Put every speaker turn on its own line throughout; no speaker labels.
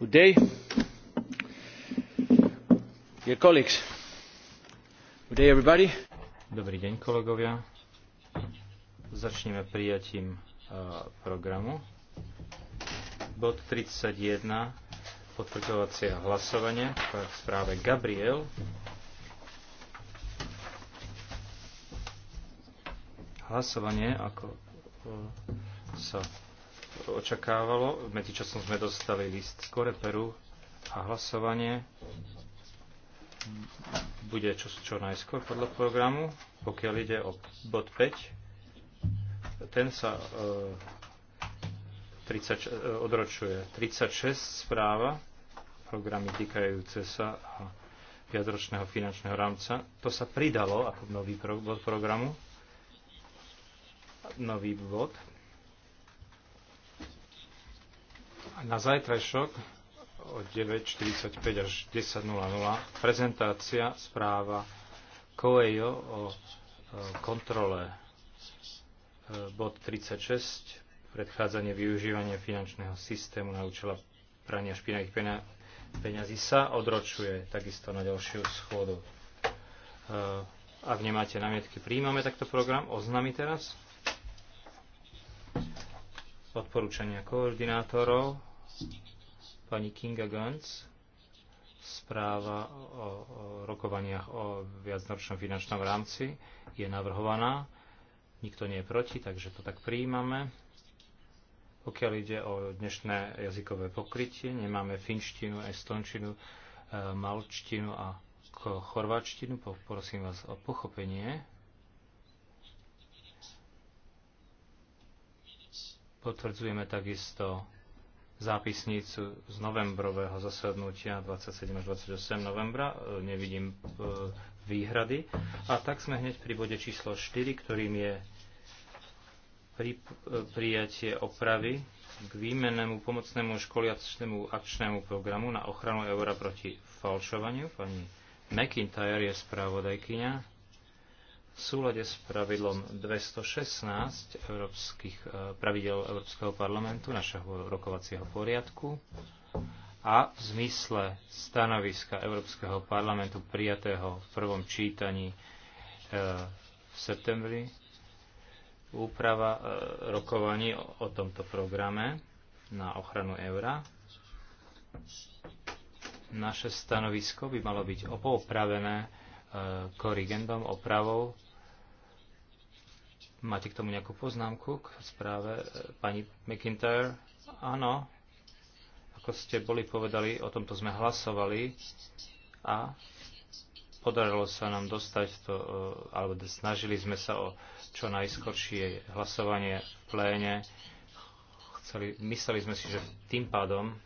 good day. Dear colleagues, good day everybody. Dobrý deň, kolegovia. Začneme prijatím e, programu. Bod 31, potvrdzovacie hlasovanie v správe Gabriel. Hlasovanie, ako e, sa očakávalo. Medzičasom sme dostali list z Koreperu a hlasovanie bude čo, čo najskôr podľa programu. Pokiaľ ide o bod 5, ten sa e, 30, e, odročuje. 36 správa, programy týkajúce sa a viadročného finančného rámca. To sa pridalo ako nový pro, bod programu. Nový bod na zajtrajšok od 9.45 až 10.00 prezentácia správa Coelho o e, kontrole e, bod 36 predchádzanie využívania finančného systému na účela prania špinavých peňazí sa odročuje takisto na ďalšiu schôdu. E, ak nemáte námietky, príjmame takto program. Oznami teraz odporúčania koordinátorov Pani Kinga Gantz, správa o, o rokovaniach o viacnoročnom finančnom rámci je navrhovaná. Nikto nie je proti, takže to tak prijímame. Pokiaľ ide o dnešné jazykové pokrytie, nemáme finštinu, estončinu, e, malčtinu a chorváčtinu. Poprosím vás o pochopenie. Potvrdzujeme takisto zápisnicu z novembrového zasadnutia 27 až 28 novembra. E, nevidím e, výhrady. A tak sme hneď pri bode číslo 4, ktorým je e, prijatie opravy k výmennému pomocnému školiacnému akčnému programu na ochranu eura proti falšovaniu. Pani McIntyre je spravodajkyňa v súlade s pravidlom 216 európskych, e, pravidel Európskeho parlamentu, našeho rokovacieho poriadku a v zmysle stanoviska Európskeho parlamentu prijatého v prvom čítaní e, v septembri úprava e, rokovaní o tomto programe na ochranu eura. Naše stanovisko by malo byť opravené korigendom, opravou Máte k tomu nejakú poznámku k správe e, pani McIntyre? Áno. Ako ste boli povedali, o tomto sme hlasovali a podarilo sa nám dostať to, e, alebo snažili sme sa o čo najskoršie hlasovanie v pléne. Chceli, mysleli sme si, že tým pádom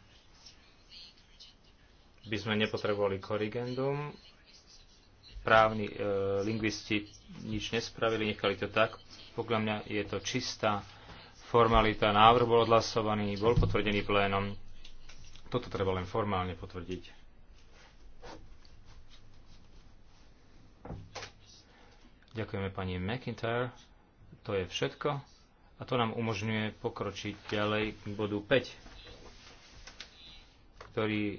by sme nepotrebovali korrigendum. Právni e, lingvisti nič nespravili, nechali to tak, podľa mňa je to čistá formalita. Návrh bol odhlasovaný, bol potvrdený plénom. Toto treba len formálne potvrdiť. Ďakujeme pani McIntyre. To je všetko. A to nám umožňuje pokročiť ďalej k bodu 5, ktorý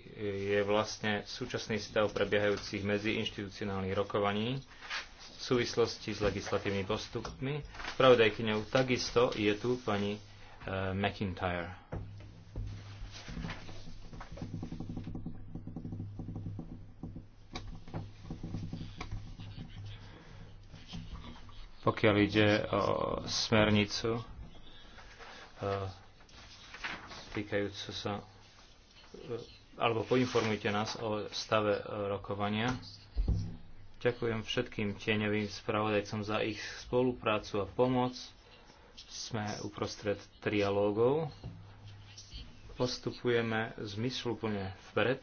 je vlastne súčasný stav prebiehajúcich medziinštitucionálnych rokovaní súvislosti s legislatívnymi postupmi. Spravodajkyňou takisto je tu pani uh, McIntyre. Pokiaľ ide o smernicu uh, týkajúcu sa uh, alebo poinformujte nás o stave rokovania. Ďakujem všetkým tieňovým spravodajcom za ich spoluprácu a pomoc. Sme uprostred trialógov. Postupujeme zmysluplne vpred.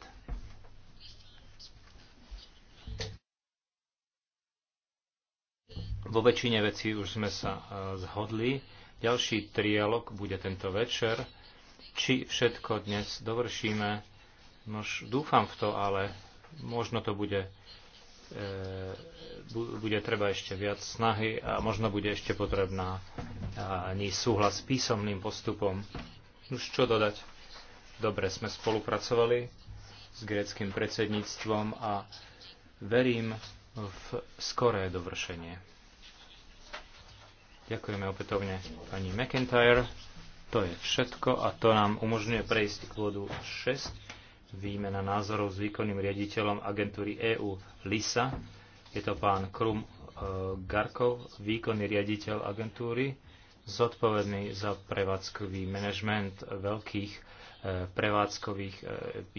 Vo väčšine vecí už sme sa e, zhodli. Ďalší trialog bude tento večer. Či všetko dnes dovršíme, nož dúfam v to, ale možno to bude E, bude treba ešte viac snahy a možno bude ešte potrebná ani súhlas s písomným postupom. Už čo dodať? Dobre sme spolupracovali s gréckým predsedníctvom a verím v skoré dovršenie. Ďakujeme opätovne pani McIntyre. To je všetko a to nám umožňuje prejsť k vodu 6 výmena názorov s výkonným riaditeľom agentúry EU LISA. Je to pán Krum e, Garkov, výkonný riaditeľ agentúry, zodpovedný za prevádzkový manažment veľkých e, prevádzkových e,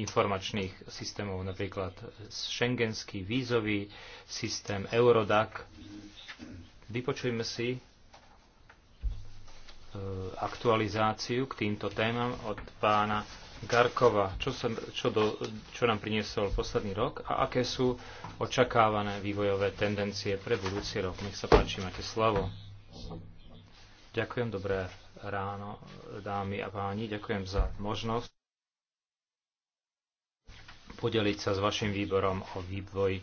informačných systémov, napríklad šengenský vízový systém Eurodac. Vypočujme si aktualizáciu k týmto témam od pána Garkova, čo, sa, čo, do, čo nám priniesol posledný rok a aké sú očakávané vývojové tendencie pre budúci rok. Nech sa páči, máte slovo. Ďakujem, dobré ráno, dámy a páni. Ďakujem za možnosť podeliť sa s vašim výborom o vývoj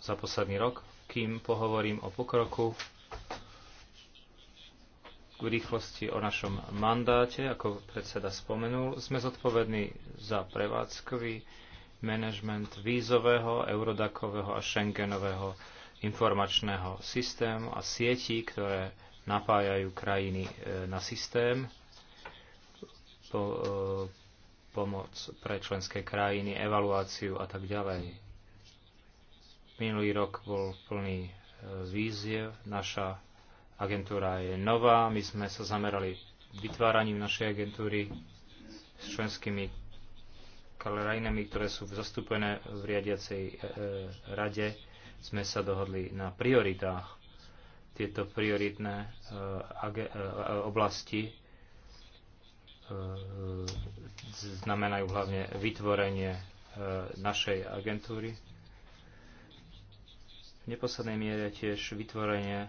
za posledný rok, kým pohovorím o pokroku v rýchlosti o našom mandáte. Ako predseda spomenul, sme zodpovední za prevádzkový manažment vízového, eurodakového a schengenového informačného systému a sietí, ktoré napájajú krajiny e, na systém. Po, e, pomoc pre členské krajiny, evaluáciu a tak ďalej. Minulý rok bol plný e, víziev. Naša Agentúra je nová, my sme sa zamerali vytváraním našej agentúry s členskými krajinami, ktoré sú zastúpené v riadiacej e, e, rade. Sme sa dohodli na prioritách. Tieto prioritné e, e, e, oblasti e, znamenajú hlavne vytvorenie našej agentúry. V neposlednej miere tiež vytvorenie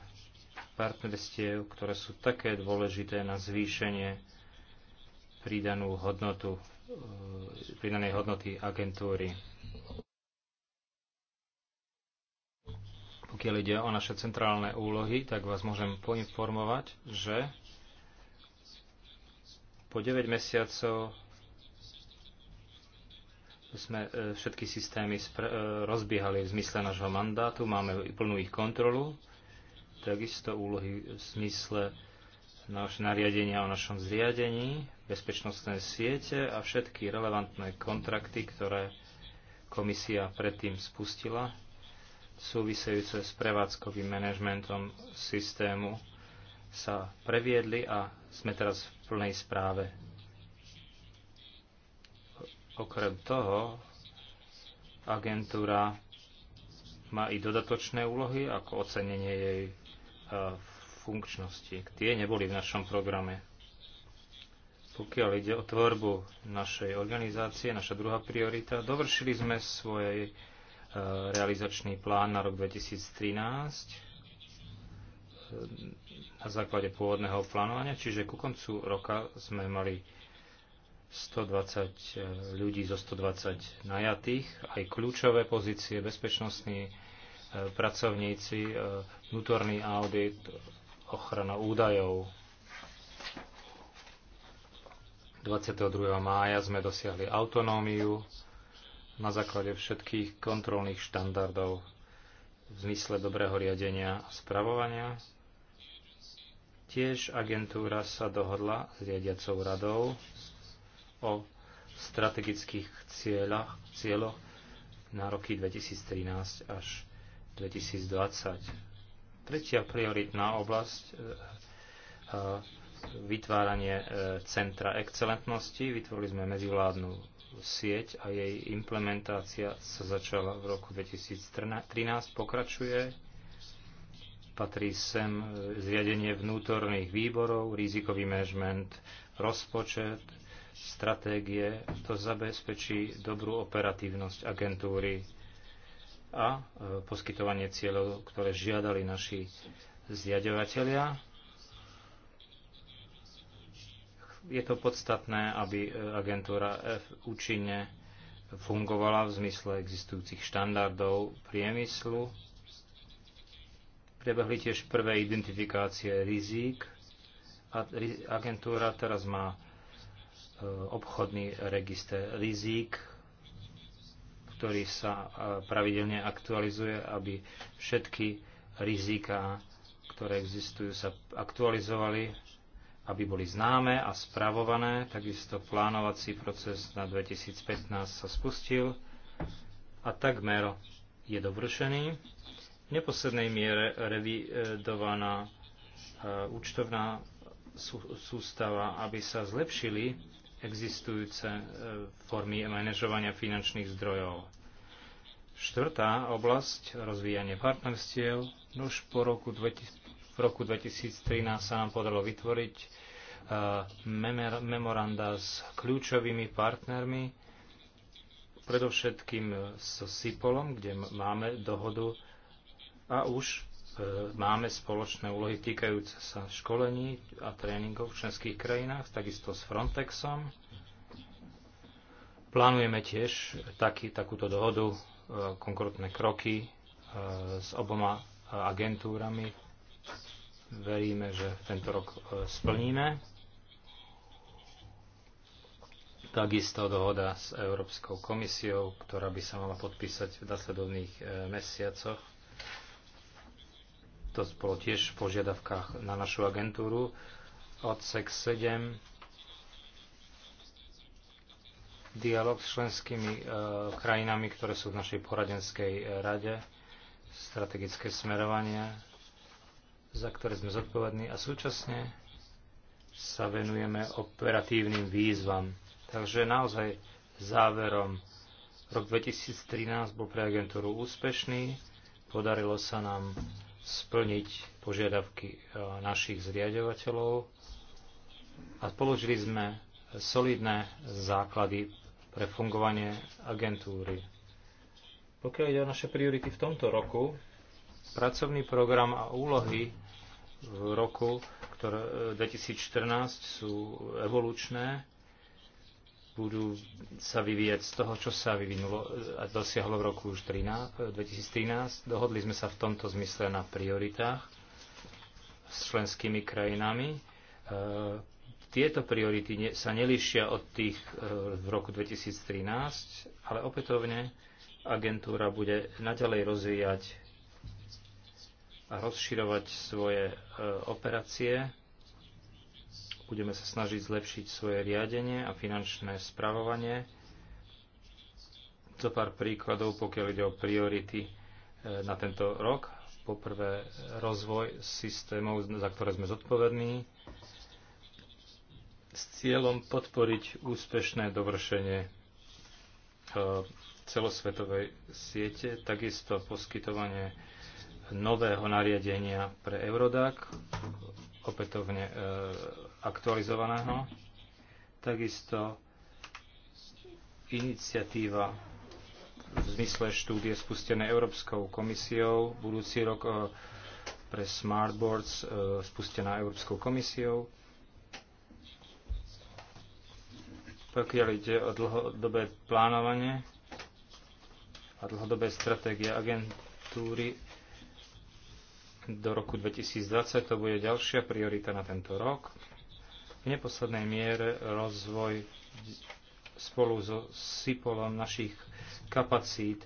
partnerstiev, ktoré sú také dôležité na zvýšenie pridanú hodnotu, e, pridanej hodnoty agentúry. Pokiaľ ide o naše centrálne úlohy, tak vás môžem poinformovať, že po 9 mesiacov sme e, všetky systémy e, rozbiehali v zmysle nášho mandátu, máme plnú ich kontrolu takisto úlohy v smysle náš nariadenia o našom zriadení, bezpečnostné siete a všetky relevantné kontrakty, ktoré komisia predtým spustila, súvisejúce s prevádzkovým manažmentom systému, sa previedli a sme teraz v plnej správe. Okrem toho, agentúra má i dodatočné úlohy, ako ocenenie jej E, funkčnosti. Tie neboli v našom programe. Pokiaľ ide o tvorbu našej organizácie, naša druhá priorita, dovršili sme svoj e, realizačný plán na rok 2013 e, na základe pôvodného plánovania, čiže ku koncu roka sme mali 120 ľudí zo 120 najatých, aj kľúčové pozície, bezpečnostní pracovníci, e, vnútorný audit, ochrana údajov. 22. mája sme dosiahli autonómiu na základe všetkých kontrolných štandardov v zmysle dobrého riadenia a spravovania. Tiež agentúra sa dohodla s riadiacou radou o strategických cieľach, cieľoch na roky 2013 až 2020. Tretia prioritná oblasť e, e, vytváranie e, Centra excelentnosti. Vytvorili sme medzivládnu sieť a jej implementácia sa začala v roku 2013, pokračuje. Patrí sem zriadenie vnútorných výborov, rizikový manažment, rozpočet, stratégie. To zabezpečí dobrú operatívnosť agentúry a e, poskytovanie cieľov, ktoré žiadali naši zriadovateľia. Je to podstatné, aby e, agentúra F účinne fungovala v zmysle existujúcich štandardov priemyslu. Prebehli tiež prvé identifikácie rizík. Agentúra teraz má e, obchodný register rizík, ktorý sa e, pravidelne aktualizuje, aby všetky rizika, ktoré existujú, sa aktualizovali, aby boli známe a spravované. Takisto plánovací proces na 2015 sa spustil a takmer je dovršený. V neposlednej miere revidovaná e, účtovná sústava, aby sa zlepšili existujúce e, formy manažovania finančných zdrojov. Štvrtá oblasť, rozvíjanie partnerstiev. Už po roku, v roku 2013 sa nám podalo vytvoriť e, memoranda s kľúčovými partnermi, predovšetkým s SIPOLom, kde máme dohodu a už E, máme spoločné úlohy týkajúce sa školení a tréningov v členských krajinách, takisto s Frontexom. Plánujeme tiež taký, takúto dohodu, e, konkrétne kroky e, s oboma agentúrami. Veríme, že tento rok splníme. Takisto dohoda s Európskou komisiou, ktorá by sa mala podpísať v nasledovných mesiacoch to bolo tiež v požiadavkách na našu agentúru. Odsek 7. dialog s členskými e, krajinami, ktoré sú v našej poradenskej e, rade, strategické smerovania, za ktoré sme zodpovední a súčasne sa venujeme operatívnym výzvam. Takže naozaj záverom rok 2013 bol pre agentúru úspešný, podarilo sa nám splniť požiadavky e, našich zriadovateľov a položili sme solidné základy pre fungovanie agentúry. Pokiaľ ide o naše priority v tomto roku, pracovný program a úlohy v roku ktoré e, 2014 sú evolučné budú sa vyvíjať z toho, čo sa vyvinulo a dosiahlo v roku už 2013. Dohodli sme sa v tomto zmysle na prioritách s členskými krajinami. E, tieto priority sa nelišia od tých e, v roku 2013, ale opätovne agentúra bude naďalej rozvíjať a rozširovať svoje e, operácie budeme sa snažiť zlepšiť svoje riadenie a finančné spravovanie. Zo pár príkladov, pokiaľ ide o priority e, na tento rok. Poprvé, rozvoj systémov, za ktoré sme zodpovední, s cieľom podporiť úspešné dovršenie e, celosvetovej siete, takisto poskytovanie nového nariadenia pre Eurodac, opätovne e, aktualizovaného. Takisto iniciatíva v zmysle štúdie spustené Európskou komisiou budúci rok e, pre smartboards e, spustená Európskou komisiou. Pokiaľ ide o dlhodobé plánovanie a dlhodobé stratégie agentúry do roku 2020, to bude ďalšia priorita na tento rok v neposlednej miere rozvoj spolu so SIPOLom našich kapacít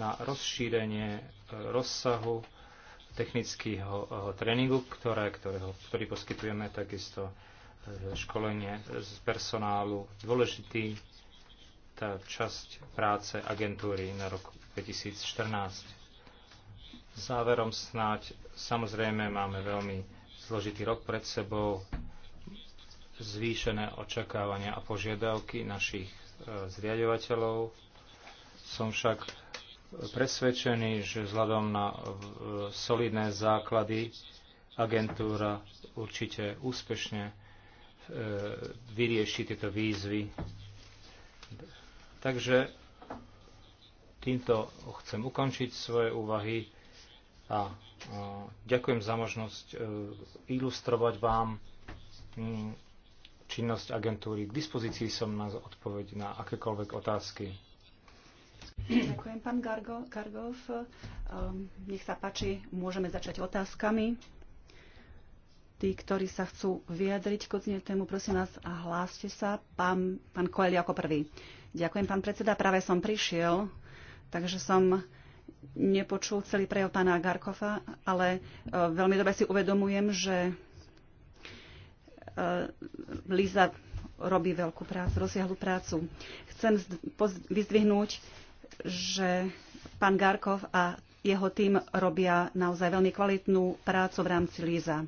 na rozšírenie e, rozsahu technického e, tréningu, ktoré, ktorého, ktorý poskytujeme takisto e, školenie z personálu. Dôležitý tá časť práce agentúry na rok 2014. Záverom snáď, samozrejme máme veľmi zložitý rok pred sebou, zvýšené očakávania a požiadavky našich e, zriadovateľov. Som však presvedčený, že vzhľadom na e, solidné základy agentúra určite úspešne e, vyrieši tieto výzvy. Takže týmto chcem ukončiť svoje úvahy a ďakujem za možnosť ilustrovať vám činnosť agentúry. K dispozícii som na odpoveď na akékoľvek otázky.
Ďakujem, pán Gargo, Gargov. Um, nech sa páči, môžeme začať otázkami. Tí, ktorí sa chcú vyjadriť k tému, prosím vás, a hláste sa. Pán, pán Koeli ako prvý. Ďakujem, pán predseda. Práve som prišiel, takže som nepočul celý prejav pána Garkova, ale e, veľmi dobre si uvedomujem, že E, Liza robí veľkú prácu, rozsiahlu prácu. Chcem vyzdvihnúť, že pán Garkov a jeho tým robia naozaj veľmi kvalitnú prácu v rámci Líza.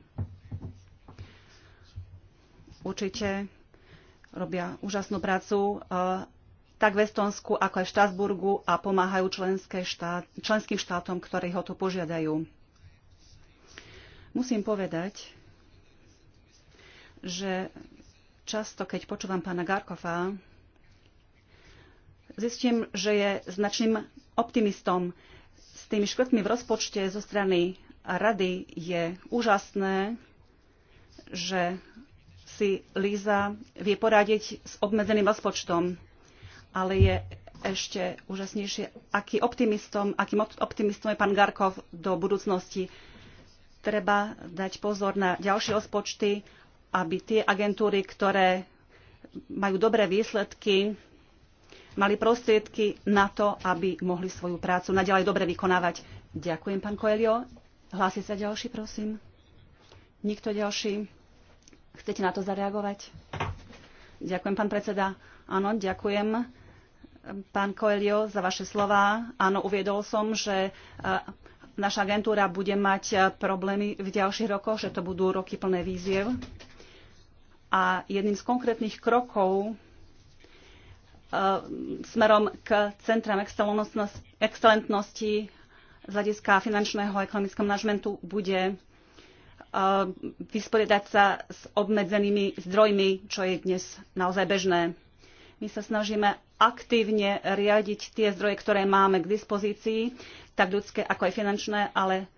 Určite robia úžasnú prácu e, tak v Estonsku, ako aj v Štrasburgu a pomáhajú štát, členským štátom, ktorí ho to požiadajú. Musím povedať, že často, keď počúvam pána Garkova, zistím, že je značným optimistom. S tými škrtmi v rozpočte zo strany rady je úžasné, že si Líza vie poradiť s obmedzeným rozpočtom, ale je ešte úžasnejšie, aký optimistom, akým optimistom je pán Garkov do budúcnosti. Treba dať pozor na ďalšie rozpočty aby tie agentúry, ktoré majú dobré výsledky, mali prostriedky na to, aby mohli svoju prácu naďalej dobre vykonávať. Ďakujem, pán Koelio. Hlási sa ďalší, prosím. Nikto ďalší? Chcete na to zareagovať? Ďakujem, pán predseda. Áno, ďakujem. Pán Koelio, za vaše slova. Áno, uviedol som, že e, naša agentúra bude mať e, problémy v ďalších rokoch, že to budú roky plné výziev a jedným z konkrétnych krokov e, smerom k centram excelentnosti z hľadiska finančného a ekonomického manažmentu bude e, vysporiadať sa s obmedzenými zdrojmi, čo je dnes naozaj bežné. My sa snažíme aktívne riadiť tie zdroje, ktoré máme k dispozícii, tak ľudské ako aj finančné, ale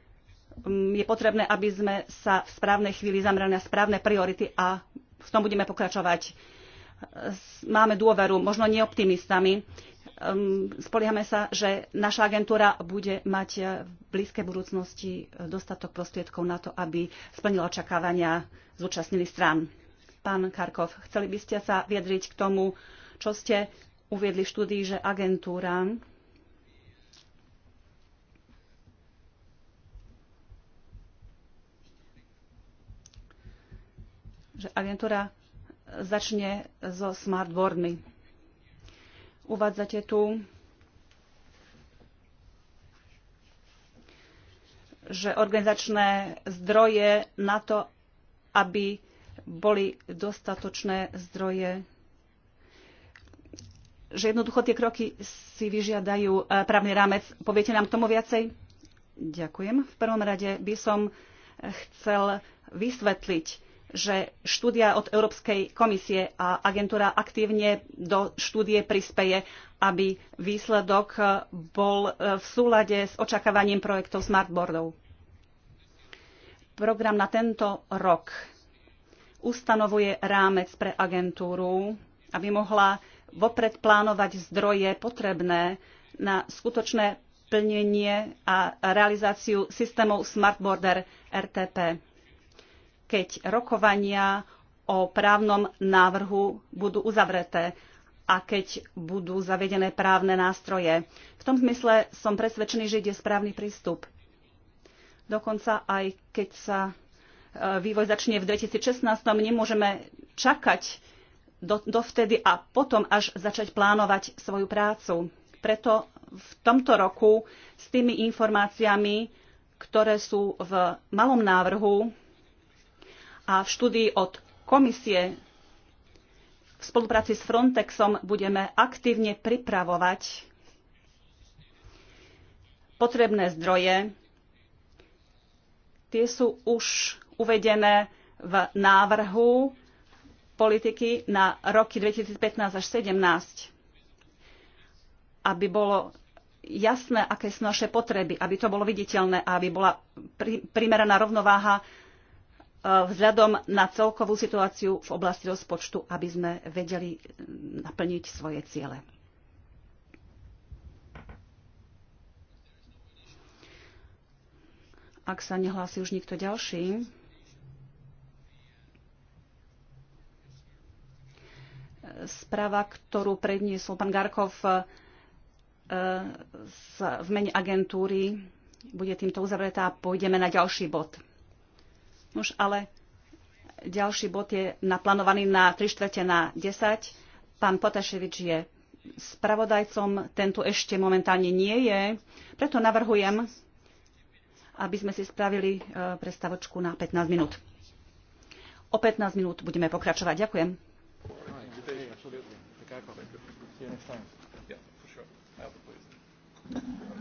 mm, je potrebné, aby sme sa v správnej chvíli zamerali na správne priority a v tom budeme pokračovať. Máme dôveru, možno nie optimistami. Ehm, spoliehame sa, že naša agentúra bude mať eh, v blízkej budúcnosti eh, dostatok prostriedkov na to, aby splnila očakávania zúčastnených strán. Pán Karkov, chceli by ste sa viedriť k tomu, čo ste uviedli v štúdii, že agentúra že agentúra začne so smart boardmi. Uvádzate tu, že organizačné zdroje na to, aby boli dostatočné zdroje, že jednoducho tie kroky si vyžiadajú e, právny rámec. Poviete nám k tomu viacej? Ďakujem. V prvom rade by som chcel vysvetliť, že štúdia od Európskej komisie a agentúra aktívne do štúdie prispeje, aby výsledok eh, bol eh, v súlade s očakávaním projektov smartboardov. Program na tento rok ustanovuje rámec pre agentúru, aby mohla vopred plánovať zdroje potrebné na skutočné plnenie a realizáciu systémov Smart Border RTP keď rokovania o právnom návrhu budú uzavreté a keď budú zavedené právne nástroje. V tom zmysle som presvedčený, že ide správny prístup. Dokonca aj keď sa e, vývoj začne v 2016, nemôžeme čakať do, dovtedy a potom až začať plánovať svoju prácu. Preto v tomto roku s tými informáciami, ktoré sú v malom návrhu, a v štúdii od komisie v spolupráci s Frontexom budeme aktívne pripravovať potrebné zdroje. Tie sú už uvedené v návrhu politiky na roky 2015 až 2017, aby bolo jasné, aké sú naše potreby, aby to bolo viditeľné a aby bola primeraná rovnováha vzhľadom na celkovú situáciu v oblasti rozpočtu, aby sme vedeli eh, naplniť svoje ciele. Ak sa nehlási už nikto ďalší, správa, ktorú predniesol pán Garkov eh, v mene agentúry, bude týmto uzavretá a pôjdeme na ďalší bod. Nuž, ale ďalší bod je naplánovaný na 3 čtvrte na 10. Pán Potaševič je spravodajcom, ten tu ešte momentálne nie je, preto navrhujem, aby sme si spravili e, prestavočku na 15 minút. O 15 minút budeme pokračovať. Ďakujem. Thank you.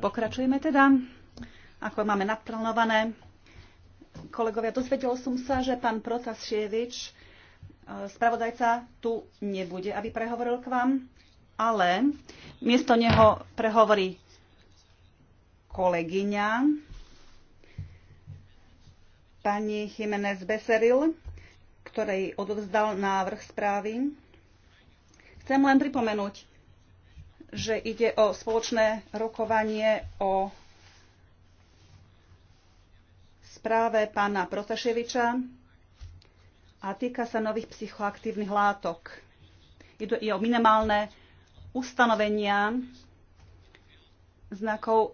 Pokračujeme teda, ako máme naplánované. Kolegovia, dozvedel som sa, že pán Šievič, e, spravodajca, tu nebude, aby prehovoril k vám, ale miesto neho prehovorí kolegyňa, pani Jiménez Beseril, ktorej odovzdal návrh správy. Chcem len pripomenúť, že ide o spoločné rokovanie o správe pána Protaševiča a týka sa nových psychoaktívnych látok. Ide o minimálne ustanovenia znakov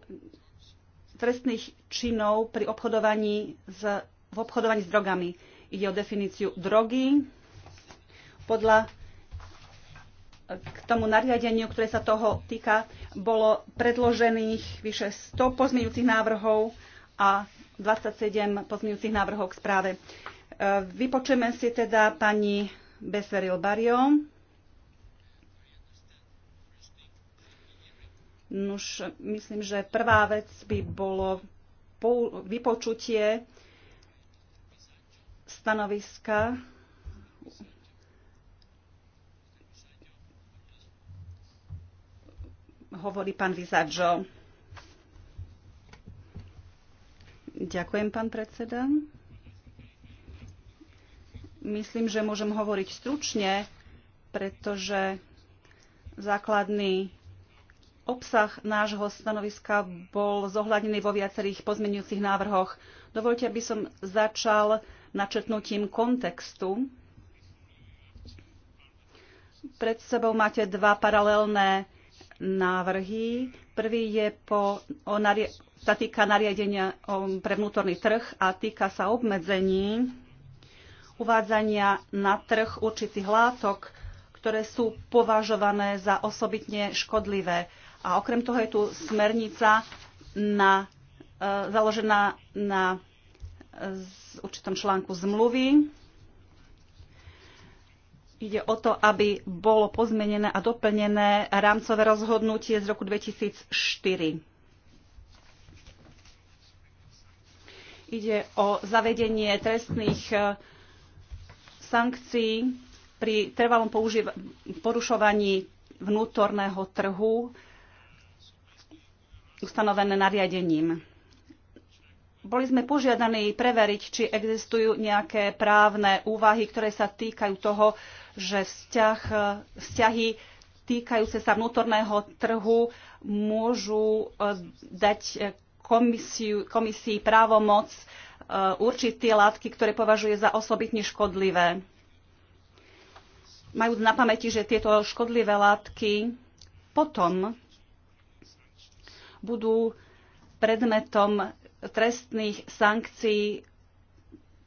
trestných činov pri obchodovaní s, v obchodovaní s drogami. Ide o definíciu drogy podľa k tomu nariadeniu, ktoré sa toho týka, bolo predložených vyše 100 pozmeňujúcich návrhov a 27 pozmeňujúcich návrhov k správe. E, vypočujeme si teda pani Beseril Barrio. Nuž, myslím, že prvá vec by bolo vypočutie stanoviska hovorí pán Vizadžo. Ďakujem, pán predseda. Myslím, že môžem hovoriť stručne, pretože základný obsah nášho stanoviska bol zohľadnený vo viacerých pozmeňujúcich návrhoch. Dovolte, aby som začal načetnutím kontextu. Pred sebou máte dva paralelné návrhy. Prvý je po, o nari- sa týka nariadenia o, pre vnútorný trh a týka sa obmedzení uvádzania na trh určitých látok, ktoré sú považované za osobitne škodlivé. A okrem toho je tu smernica na, e, založená na e, z určitom článku zmluvy Ide o to, aby bolo pozmenené a doplnené rámcové rozhodnutie z roku 2004. Ide o zavedenie trestných e, sankcií pri trvalom porušovaní vnútorného trhu ustanovené nariadením. Boli sme požiadaní preveriť, či existujú nejaké právne úvahy, ktoré sa týkajú toho, že vzťah, vzťahy týkajúce sa vnútorného trhu môžu eh, dať eh, komisiu, komisii právomoc eh, určiť tie látky, ktoré považuje za osobitne škodlivé. majú na pamäti, že tieto škodlivé látky potom budú predmetom trestných sankcií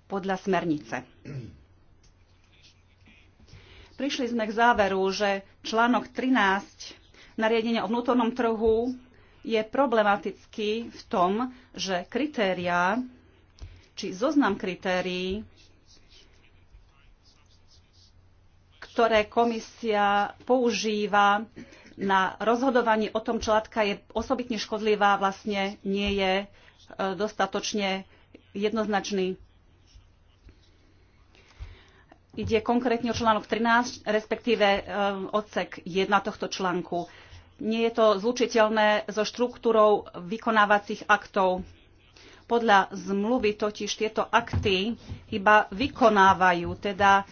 podľa smernice. Prišli sme k záveru, že článok 13 nariadenia o vnútornom trhu je problematický v tom, že kritériá či zoznam kritérií, ktoré komisia používa na rozhodovanie o tom, čo látka je osobitne škodlivá, vlastne nie je dostatočne jednoznačný. Ide konkrétne o článok 13, respektíve e, odsek 1 tohto článku. Nie je to zlučiteľné so štruktúrou vykonávacích aktov. Podľa zmluvy totiž tieto akty iba vykonávajú, teda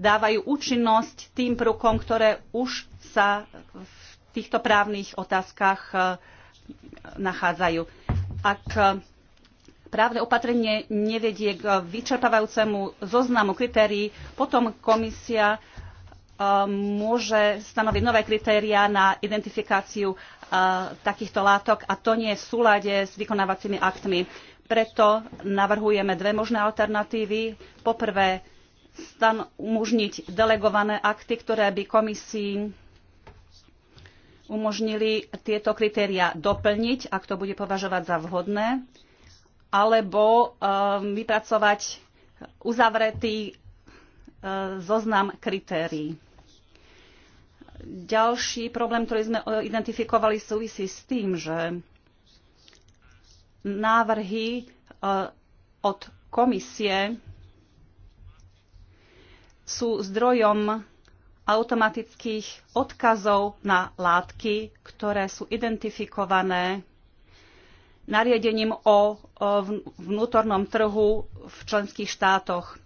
dávajú účinnosť tým prúkom, ktoré už sa v týchto právnych otázkach e, nachádzajú ak e, právne opatrenie nevedie k vyčerpávajúcemu zoznamu kritérií, potom komisia e, môže stanoviť nové kritériá na identifikáciu e, takýchto látok a to nie je v súlade s vykonávacími aktmi. Preto navrhujeme dve možné alternatívy. Poprvé, umožniť delegované akty, ktoré by komisii umožnili tieto kritéria doplniť, ak to bude považovať za vhodné, alebo um, vypracovať uzavretý uh, zoznam kritérií. Ďalší problém, ktorý sme uh, identifikovali, súvisí s tým, že návrhy uh, od komisie sú zdrojom automatických odkazov na látky, ktoré sú identifikované nariadením o vnútornom trhu v členských štátoch.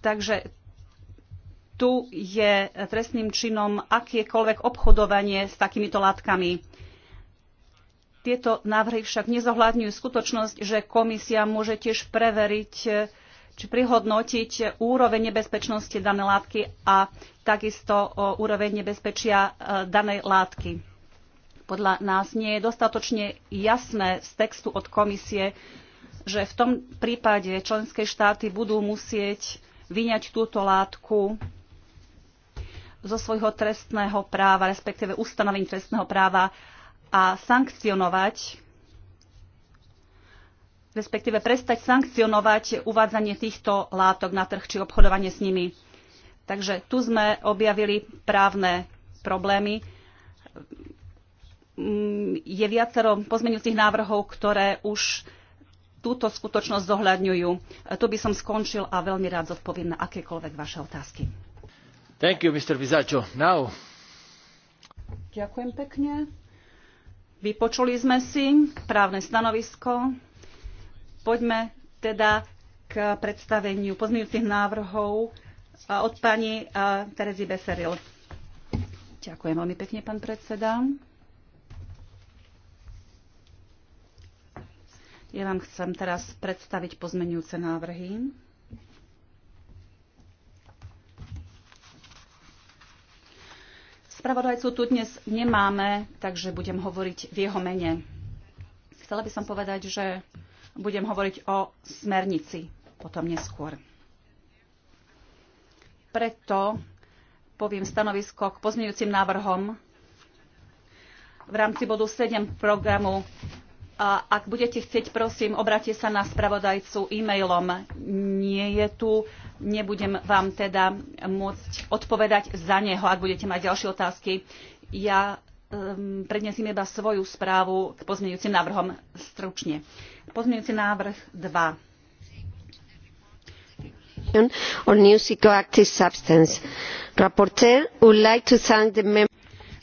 Takže tu je trestným činom akékoľvek obchodovanie s takýmito látkami. Tieto návrhy však nezohľadňujú skutočnosť, že komisia môže tiež preveriť či prihodnotiť úroveň nebezpečnosti danej látky a takisto e, úroveň nebezpečia e, danej látky. Podľa nás nie je dostatočne jasné z textu od komisie, že v tom prípade členské štáty budú musieť vyňať túto látku zo svojho trestného práva, respektíve ustanovení trestného práva a sankcionovať respektíve prestať sankcionovať uvádzanie týchto látok na trh či obchodovanie s nimi. Takže tu sme objavili právne problémy. Mm, je viacero pozmeňujúcich návrhov, ktoré už túto skutočnosť zohľadňujú. Tu by som skončil a veľmi rád zodpoviem na akékoľvek vaše otázky.
Thank you, Mr. Now.
Ďakujem pekne. Vypočuli sme si právne stanovisko Poďme teda k predstaveniu pozmeňujúcich návrhov od pani Terezy Beseril. Ďakujem veľmi pekne, pán predseda. Ja vám chcem teraz predstaviť pozmenujúce návrhy. Spravodajcu tu dnes nemáme, takže budem hovoriť v jeho mene. Chcela by som povedať, že budem hovoriť o smernici potom neskôr. Preto poviem stanovisko k pozmeňujúcim návrhom v rámci bodu 7 programu. A ak budete chcieť, prosím, obráte sa na spravodajcu e-mailom. Nie je tu, nebudem vám teda môcť odpovedať za neho, ak budete mať ďalšie otázky. Ja um, prednesím iba svoju správu k pozmeňujúcim návrhom stručne. Uh, Pozmienujúci návrh 2
regulation on new psychoactive substance. rapporteur would like to thank the members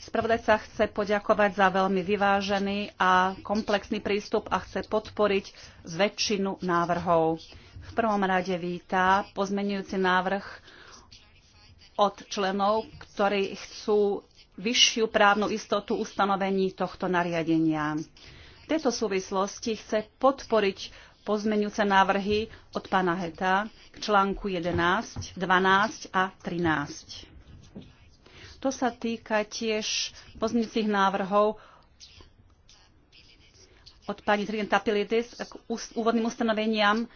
Spravodajca chce poďakovať za veľmi vyvážený a komplexný prístup a chce podporiť zväčšinu návrhov. V prvom rade víta pozmenujúci návrh od členov, ktorí chcú vyššiu právnu istotu ustanovení tohto nariadenia. V tejto súvislosti chce podporiť pozmeňujúce návrhy od pána Heta k článku 11, 12 a 13. To sa týka tiež pozmeňujúcich návrhov od pani Trident Tapilitis k úvodným ustanoveniam.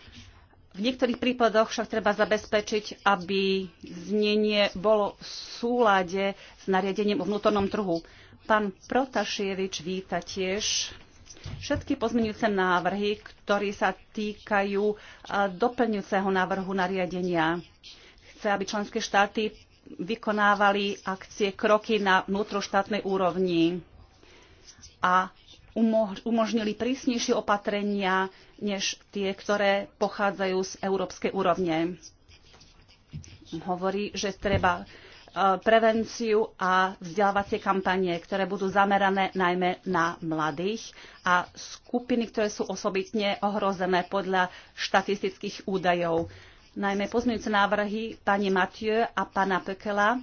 V niektorých prípadoch však treba zabezpečiť, aby znenie bolo v súlade s nariadením o vnútornom trhu. Pán Protašievič víta tiež všetky pozmeňujúce návrhy, ktoré sa týkajú doplňujúceho návrhu nariadenia. Chce, aby členské štáty vykonávali akcie, kroky na vnútroštátnej úrovni a umožnili prísnejšie opatrenia než tie, ktoré pochádzajú z európskej úrovne. Hovorí, že treba E, prevenciu a vzdelávacie kampanie, ktoré budú zamerané najmä na mladých a skupiny, ktoré sú osobitne ohrozené podľa štatistických údajov. Najmä pozmeňujúce návrhy pani Mathieu a pana Pekela,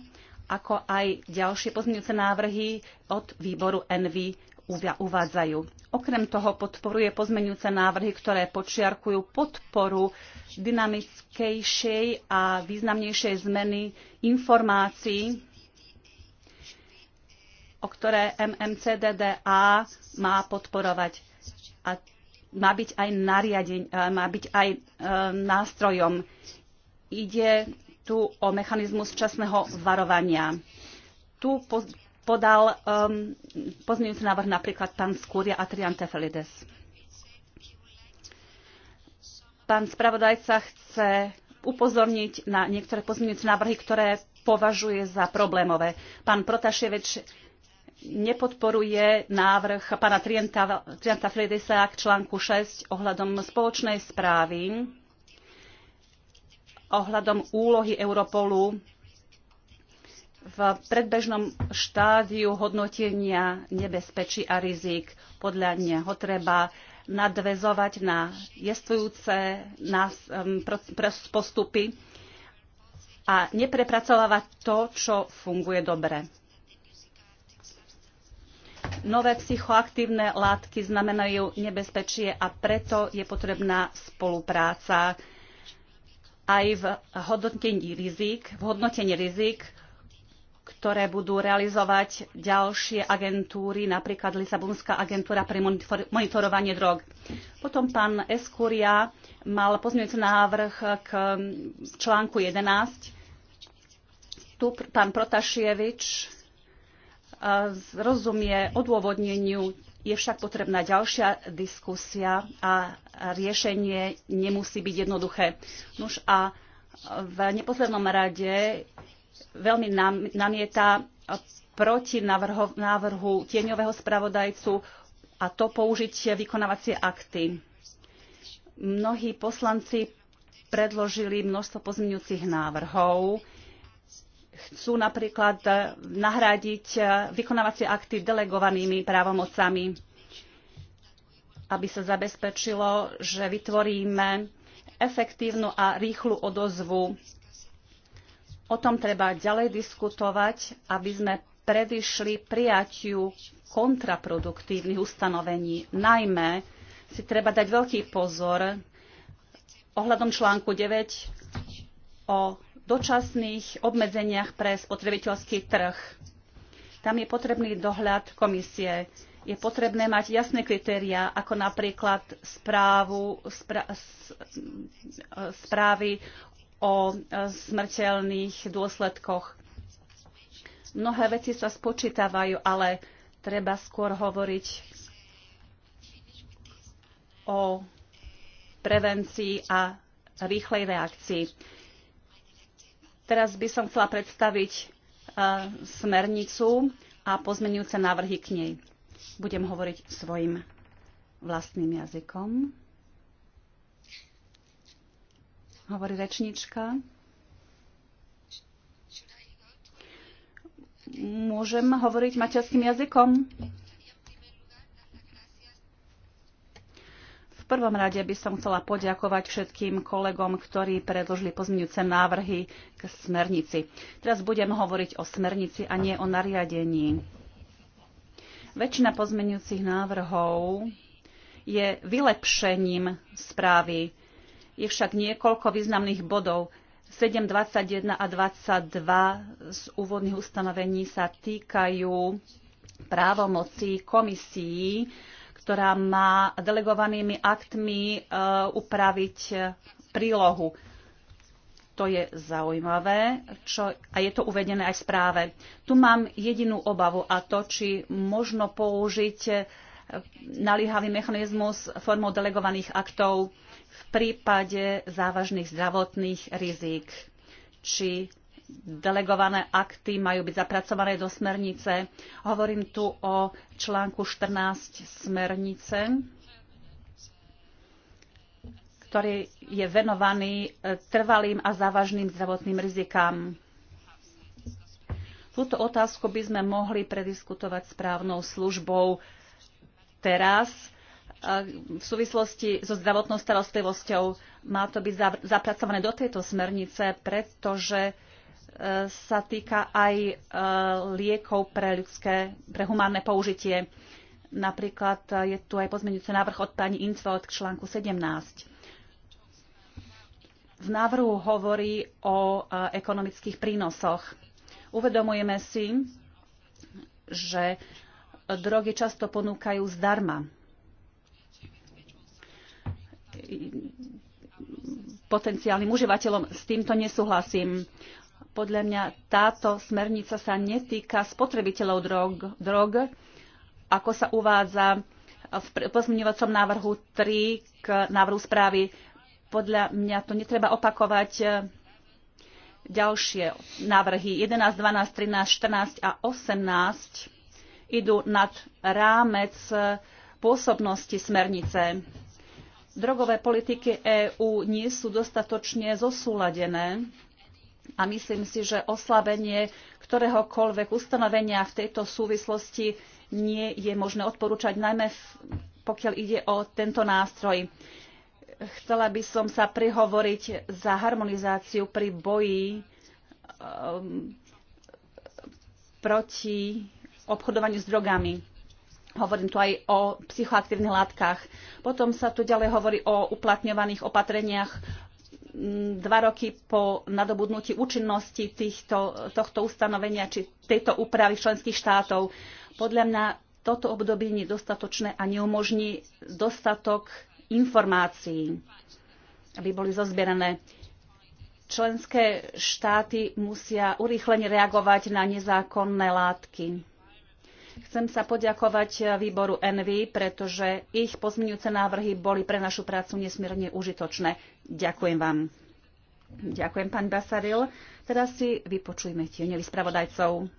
ako aj ďalšie pozmeňujúce návrhy od výboru Envy uvádzajú. Okrem toho podporuje pozmeňujúce návrhy, ktoré počiarkujú podporu dynamickejšej a významnejšej zmeny informácií, o ktoré MMCDDA má podporovať a má byť aj, nariadeň, e, má byť aj e, nástrojom. Ide tu o mechanizmus časného varovania. Tu podal um, pozmeňujúci návrh napríklad pán Skúria a Trian Tefelides. Pán spravodajca chce upozorniť na niektoré pozmeňujúce návrhy, ktoré považuje za problémové. Pán Protaševič nepodporuje návrh pána Trienta, Trienta Fredesa k článku 6 ohľadom spoločnej správy, ohľadom úlohy Europolu v predbežnom štádiu hodnotenia nebezpečí a rizik. Podľa neho treba nadvezovať na jestujúce postupy a neprepracovávať to, čo funguje dobre. Nové psychoaktívne látky znamenajú nebezpečie a preto je potrebná spolupráca aj v hodnotení rizik, v hodnotení rizik ktoré budú realizovať ďalšie agentúry, napríklad Lisabonská agentúra pre monitor monitorovanie drog. Potom pán Eskúria mal pozmeňujúci návrh k článku 11. Tu pán Protašievič e, rozumie odôvodneniu, je však potrebná ďalšia diskusia a riešenie nemusí byť jednoduché. Nuž a v neposlednom rade veľmi namieta proti návrhu, návrhu tieňového spravodajcu a to použiť vykonávacie akty. Mnohí poslanci predložili množstvo pozmeňujúcich návrhov. Chcú napríklad nahradiť vykonávacie akty delegovanými právomocami, aby sa zabezpečilo, že vytvoríme efektívnu a rýchlu odozvu O tom treba ďalej diskutovať, aby sme predišli prijatiu kontraproduktívnych ustanovení. Najmä si treba dať veľký pozor ohľadom článku 9 o dočasných obmedzeniach pre spotrebiteľský trh. Tam je potrebný dohľad komisie. Je potrebné mať jasné kritéria, ako napríklad správu, spra, správy o e, smrteľných dôsledkoch. Mnohé veci sa spočítavajú, ale treba skôr hovoriť o prevencii a rýchlej reakcii. Teraz by som chcela predstaviť e, smernicu a pozmenujúce návrhy k nej. Budem hovoriť svojim vlastným jazykom hovorí rečnička. Môžem hovoriť materským jazykom? V prvom rade by som chcela poďakovať všetkým kolegom, ktorí predložili pozmeňujúce návrhy k smernici. Teraz budem hovoriť o smernici a nie o nariadení. Väčšina pozmeňujúcich návrhov je vylepšením správy je však niekoľko významných bodov. 7, 21 a 22 z úvodných ustanovení sa týkajú právomoci komisií, ktorá má delegovanými aktmi e, upraviť e, prílohu. To je zaujímavé čo, a je to uvedené aj v správe. Tu mám jedinú obavu a to, či možno použiť e, naliehavý mechanizmus formou delegovaných aktov prípade závažných zdravotných rizík, či delegované akty majú byť zapracované do smernice. Hovorím tu o článku 14 smernice, ktorý je venovaný e, trvalým a závažným zdravotným rizikám. Túto otázku by sme mohli prediskutovať správnou službou teraz, v súvislosti so zdravotnou starostlivosťou. Má to byť zapracované do tejto smernice, pretože e, sa týka aj e, liekov pre ľudské, pre humánne použitie. Napríklad e, je tu aj pozmeňujúci návrh od pani Infeld k článku 17. V návrhu hovorí o ekonomických prínosoch. Uvedomujeme si, že drogy často ponúkajú zdarma potenciálnym užívateľom. S týmto nesúhlasím. Podľa mňa táto smernica sa netýka spotrebiteľov drog, drog ako sa uvádza v pozmeňovacom návrhu 3 k návrhu správy. Podľa mňa to netreba opakovať ďalšie návrhy 11, 12, 13, 14 a 18 idú nad rámec pôsobnosti smernice drogové politiky EÚ nie sú dostatočne zosúladené a myslím si, že oslabenie ktoréhokoľvek ustanovenia v tejto súvislosti nie je možné odporúčať, najmä pokiaľ ide o tento nástroj. Chcela by som sa prihovoriť za harmonizáciu pri boji um, proti obchodovaniu s drogami Hovorím tu aj o psychoaktívnych látkach. Potom sa tu ďalej hovorí o uplatňovaných opatreniach mm, dva roky po nadobudnutí účinnosti týchto, tohto ustanovenia či tejto úpravy členských štátov. Podľa mňa toto obdobie je dostatočné a neumožní dostatok informácií, aby boli zozbierané. Členské štáty musia urýchlene reagovať na nezákonné látky Chcem sa poďakovať výboru Envy, pretože ich pozmeňujúce návrhy boli pre našu prácu nesmierne užitočné. Ďakujem vám. Ďakujem, pán Basaril. Teraz si vypočujme tieňových spravodajcov.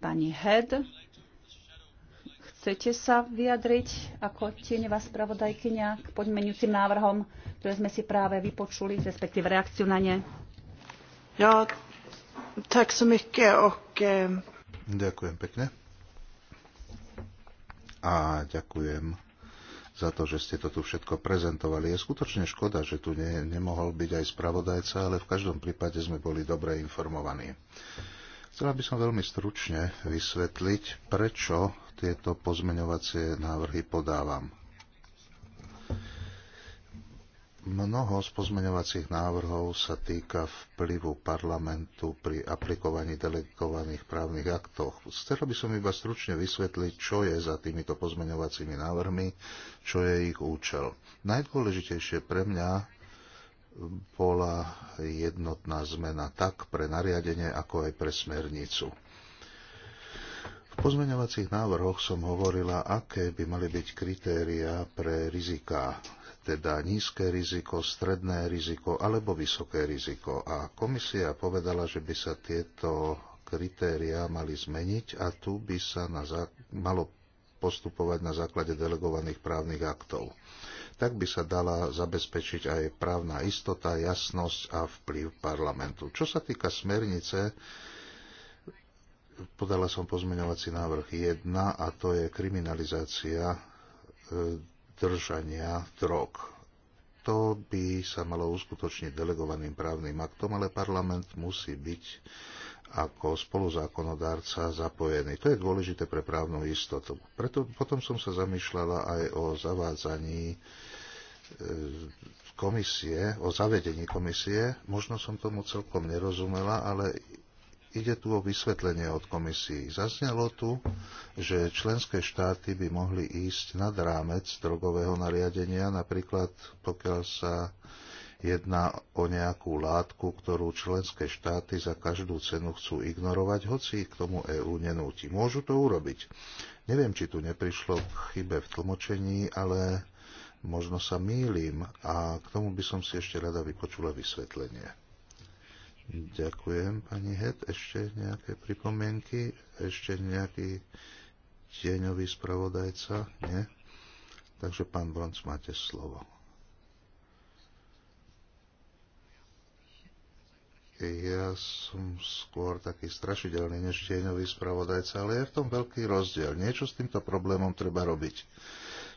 Pani Head, chcete sa vyjadriť ako tieňová spravodajkyňa k podmenujúcim návrhom, ktoré sme si práve vypočuli, respektíve reakciu na ne? Ja, tak so eh,
Ďakujem pekne. A ďakujem za to, že ste to tu všetko prezentovali. Je skutočne škoda, že tu ne, nemohol byť aj spravodajca, ale v každom prípade sme boli dobre informovaní. Chcela by som veľmi stručne vysvetliť, prečo tieto pozmeňovacie návrhy podávam. Mnoho z pozmeňovacích návrhov sa týka vplyvu parlamentu pri aplikovaní delegovaných právnych aktov. Chcel by som iba stručne vysvetliť, čo je za týmito pozmeňovacími návrhmi, čo je ich účel. Najdôležitejšie pre mňa bola jednotná zmena tak pre nariadenie, ako aj pre smernicu. V pozmeňovacích návrhoch som hovorila, aké by mali byť kritéria pre riziká teda nízke riziko, stredné riziko alebo vysoké riziko. A komisia povedala, že by sa tieto kritériá mali zmeniť a tu by sa na zá... malo postupovať na základe delegovaných právnych aktov. Tak by sa dala zabezpečiť aj právna istota, jasnosť a vplyv parlamentu. Čo sa týka smernice, podala som pozmeňovací návrh 1 a to je kriminalizácia e, držania drog. To by sa malo uskutočniť delegovaným právnym aktom, ale parlament musí byť ako spoluzákonodárca zapojený. To je dôležité pre právnu istotu. Preto potom som sa zamýšľala aj o zavádzaní e, komisie, o zavedení komisie. Možno som tomu celkom nerozumela, ale ide tu o vysvetlenie od komisii. Zaznelo tu, že členské štáty by mohli ísť nad rámec drogového nariadenia, napríklad pokiaľ sa jedná o nejakú látku, ktorú členské štáty za každú cenu chcú ignorovať, hoci ich k tomu EÚ nenúti. Môžu to urobiť. Neviem, či tu neprišlo k chybe v tlmočení, ale možno sa mýlim a k tomu by som si ešte rada vypočula vysvetlenie. Ďakujem, pani Het. Ešte nejaké pripomienky? Ešte nejaký tieňový spravodajca? Nie? Takže, pán Bronc, máte slovo. Ja som skôr taký strašidelný než tieňový spravodajca, ale je v tom veľký rozdiel. Niečo s týmto problémom treba robiť.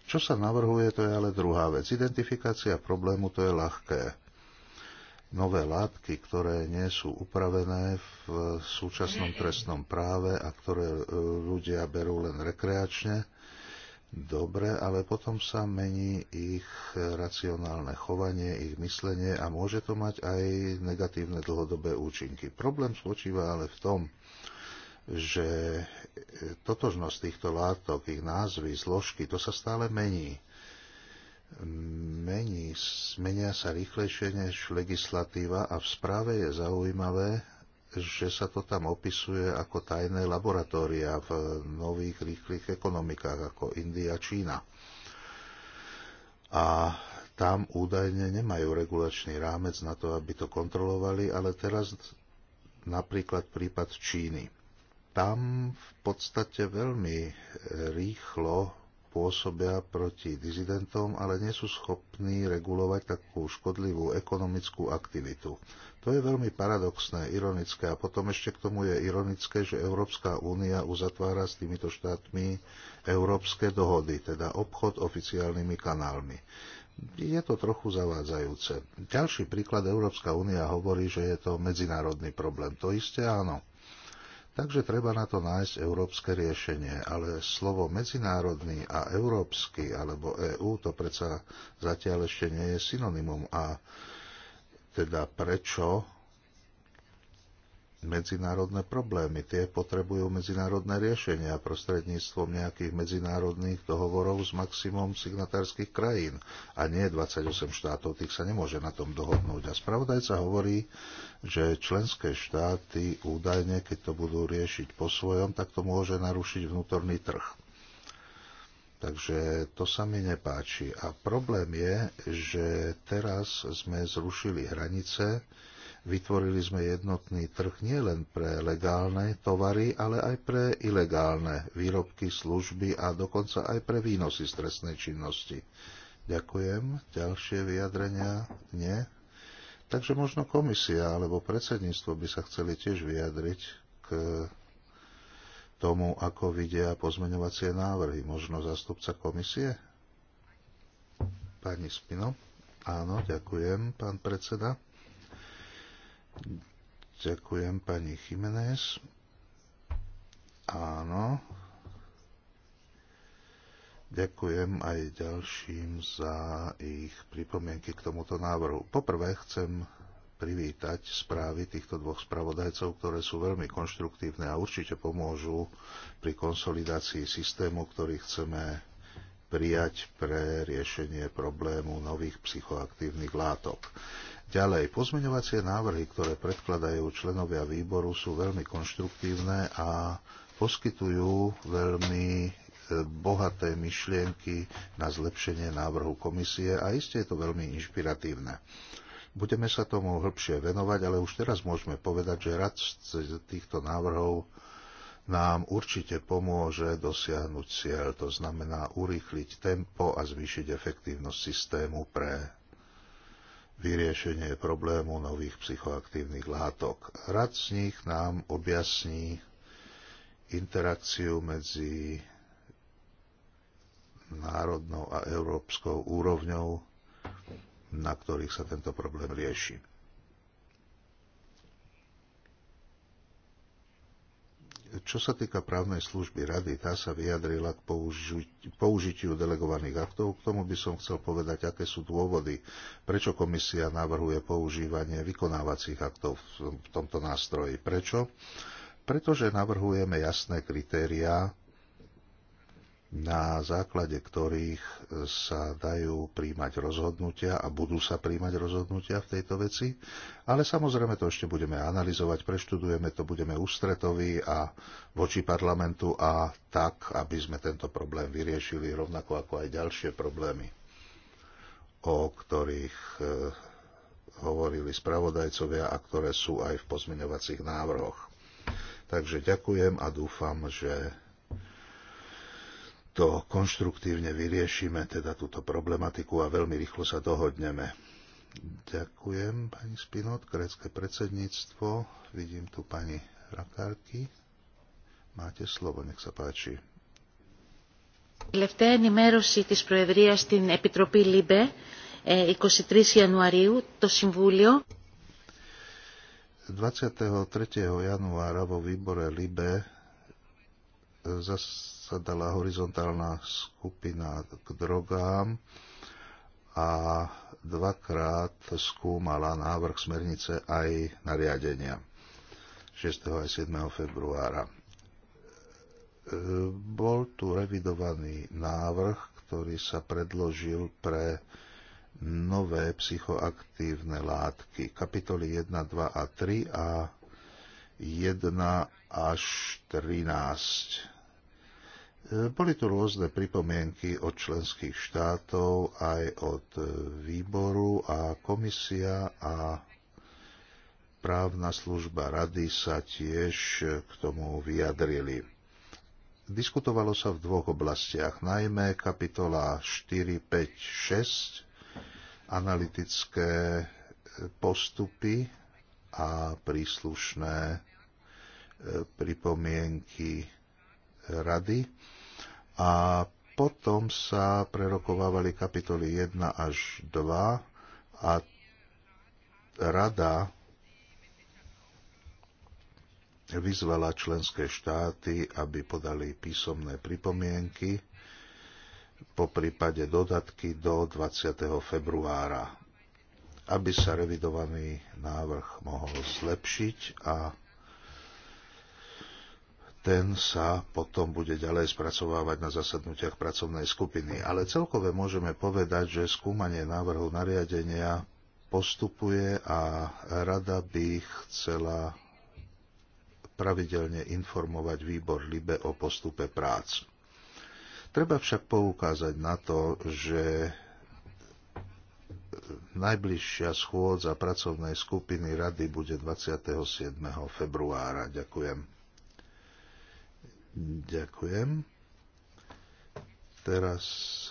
Čo sa navrhuje, to je ale druhá vec. Identifikácia problému, to je ľahké nové látky, ktoré nie sú upravené v eh, súčasnom trestnom práve a ktoré eh, ľudia berú len rekreačne. Dobre, ale potom sa mení ich racionálne chovanie, ich myslenie a môže to mať aj negatívne dlhodobé účinky. Problém spočíva ale v tom, že eh, totožnosť týchto látok, ich názvy, zložky, to sa stále mení mení, menia sa rýchlejšie než legislatíva a v správe je zaujímavé, že sa to tam opisuje ako tajné laboratória v nových rýchlych ekonomikách ako India, Čína. A tam údajne nemajú regulačný rámec na to, aby to kontrolovali, ale teraz napríklad prípad Číny. Tam v podstate veľmi rýchlo pôsobia proti dizidentom, ale nie sú schopní regulovať takú škodlivú ekonomickú aktivitu. To je veľmi paradoxné, ironické a potom ešte k tomu je ironické, že Európska únia uzatvára s týmito štátmi európske dohody, teda obchod oficiálnymi kanálmi. Je to trochu zavádzajúce. Ďalší príklad Európska únia hovorí, že je to medzinárodný problém. To isté áno. Takže treba na to nájsť európske riešenie, ale slovo medzinárodný a európsky alebo EÚ to predsa zatiaľ ešte nie je synonymum a teda prečo medzinárodné problémy. Tie potrebujú medzinárodné riešenia prostredníctvom nejakých medzinárodných dohovorov s maximum signatárskych krajín. A nie 28 štátov, tých sa nemôže na tom dohodnúť. A spravodajca hovorí, že členské štáty údajne, keď to budú riešiť po svojom, tak to môže narušiť vnútorný trh. Takže to sa mi nepáči. A problém je, že teraz sme zrušili hranice, Vytvorili sme jednotný trh nielen pre legálne tovary, ale aj pre ilegálne výrobky, služby a dokonca aj pre výnosy z trestnej činnosti. Ďakujem. Ďalšie vyjadrenia? Nie? Takže možno komisia alebo predsedníctvo by sa chceli tiež vyjadriť k tomu, ako vidia pozmeňovacie návrhy. Možno zastupca komisie? Pani Spino? Áno, ďakujem, pán predseda. Ďakujem pani Jiménez. Áno. Ďakujem aj ďalším za ich pripomienky k tomuto návrhu. Poprvé chcem privítať správy týchto dvoch spravodajcov, ktoré sú veľmi konštruktívne a určite pomôžu pri konsolidácii systému, ktorý chceme prijať pre riešenie problému nových psychoaktívnych látok. Ďalej, pozmeňovacie návrhy, ktoré predkladajú členovia výboru, sú veľmi konštruktívne a poskytujú veľmi e, bohaté myšlienky na zlepšenie návrhu komisie a iste je to veľmi inšpiratívne. Budeme sa tomu hĺbšie venovať, ale už teraz môžeme povedať, že rad z týchto návrhov nám určite pomôže dosiahnuť cieľ, to znamená urýchliť tempo a zvýšiť efektívnosť systému pre vyriešenie problému nových psychoaktívnych látok. Rad z nich nám objasní interakciu medzi národnou a európskou úrovňou, na ktorých sa tento problém rieši. Čo sa týka právnej služby rady, tá sa vyjadrila k použitiu delegovaných aktov. K tomu by som chcel povedať, aké sú dôvody, prečo komisia navrhuje používanie vykonávacích aktov v tomto nástroji. Prečo? Pretože navrhujeme jasné kritériá na základe ktorých sa dajú príjmať rozhodnutia a budú sa príjmať rozhodnutia v tejto veci. Ale samozrejme to ešte budeme analyzovať, preštudujeme to, budeme ústretoví a voči parlamentu a tak, aby sme tento problém vyriešili rovnako ako aj ďalšie problémy, o ktorých eh, hovorili spravodajcovia a ktoré sú aj v pozmeňovacích návrhoch. Takže ďakujem a dúfam, že to konštruktívne vyriešime, teda túto problematiku a veľmi rýchlo sa dohodneme. Ďakujem, pani Spinot, grécké predsedníctvo. Vidím tu pani Rakárky. Máte slovo, nech sa páči.
Τελευταία ενημέρωση της Προεδρίας στην Επιτροπή ΛΥΜΠΕ 23 Ιανουαρίου, το Συμβούλιο.
23. januára vo výbore LIBE zas Dala horizontálna skupina k drogám a dvakrát skúmala návrh smernice aj nariadenia 6. a 7. februára. E, bol tu revidovaný návrh, ktorý sa predložil pre nové psychoaktívne látky. Kapitoly 1, 2 a 3 a 1 až 13 boli tu rôzne pripomienky od členských štátov, aj od e, výboru a komisia a právna služba rady sa tiež e, k tomu vyjadrili. Diskutovalo sa v dvoch oblastiach, najmä kapitola 4, 5, 6, analytické e, postupy a príslušné pripomienky rady a potom sa prerokovávali kapitoly 1 až 2 a rada vyzvala členské štáty, aby podali písomné pripomienky, po prípade dodatky do 20. februára, aby sa revidovaný návrh mohol zlepšiť a ten sa potom bude ďalej spracovávať na zasadnutiach pracovnej skupiny. Ale celkové môžeme povedať, že skúmanie návrhu nariadenia postupuje a rada by chcela pravidelne informovať výbor LIBE o postupe prác. Treba však poukázať na to, že najbližšia schôdza pracovnej skupiny rady bude 27. februára. Ďakujem. Ďakujem. Teraz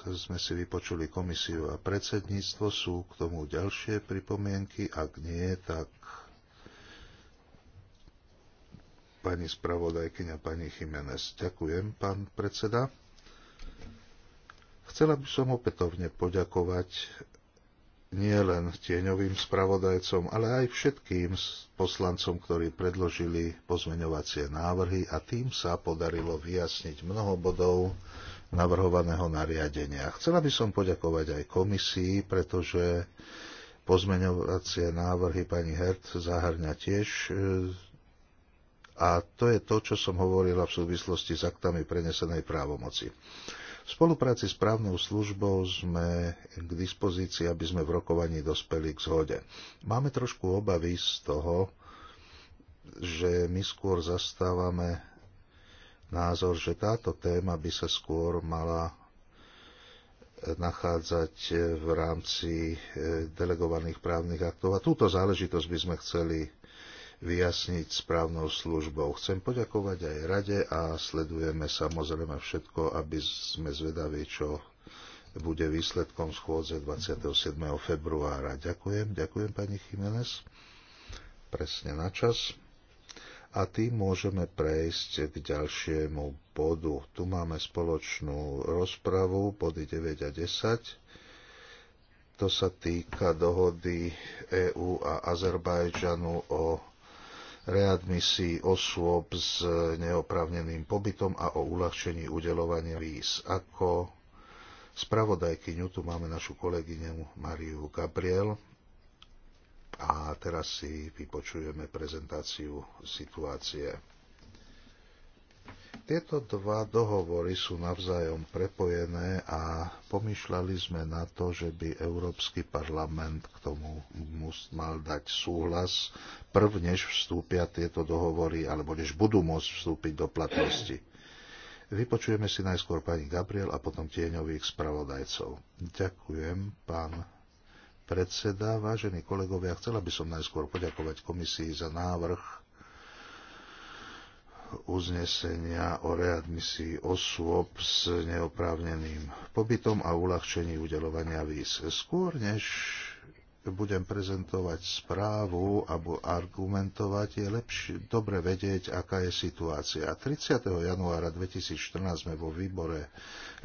sme si vypočuli komisiu a predsedníctvo. Sú k tomu ďalšie pripomienky? Ak nie, tak pani spravodajkyňa, pani Jiménez. Ďakujem, pán predseda. Chcela by som opätovne poďakovať nie len tieňovým spravodajcom, ale aj všetkým poslancom, ktorí predložili pozmeňovacie návrhy a tým sa podarilo vyjasniť mnoho bodov navrhovaného nariadenia. Chcela by som poďakovať aj komisii, pretože pozmeňovacie návrhy pani Hert zahrňa tiež e, a to je to, čo som hovorila v súvislosti s aktami prenesenej právomoci. V spolupráci s právnou službou sme k dispozícii, aby sme v rokovaní dospeli k zhode. Máme trošku obavy z toho, že my skôr zastávame názor, že táto téma by sa skôr mala nachádzať v rámci eh, delegovaných právnych aktov. A túto záležitosť by sme chceli vyjasniť správnou službou. Chcem poďakovať aj rade a sledujeme samozrejme všetko, aby sme zvedaví, čo bude výsledkom schôdze 27. februára. Ďakujem, ďakujem pani Jiménez. Presne na čas. A tým môžeme prejsť k ďalšiemu bodu. Tu máme spoločnú rozpravu, body 9 a 10. To sa týka dohody EÚ a Azerbajdžanu o readmisii osôb s neoprávneným pobytom a o uľahčení udelovania víz. Ako spravodajkyňu tu máme našu kolegyňu Mariu Gabriel a teraz si vypočujeme prezentáciu situácie. Tieto dva dohovory sú navzájom prepojené a pomýšľali sme na to, že by Európsky parlament k tomu mal dať súhlas, prv než vstúpia tieto dohovory, alebo než budú môcť vstúpiť do platnosti. Vypočujeme si najskôr pani Gabriel a potom tieňových spravodajcov. Ďakujem, pán predseda. Vážení kolegovia, chcela by som najskôr poďakovať komisii za návrh uznesenia o readmisii osôb s neoprávneným pobytom a uľahčení udelovania víz. Skôr než budem prezentovať správu alebo argumentovať, je lepšie dobre vedieť, aká je situácia. 30. januára 2014 sme vo výbore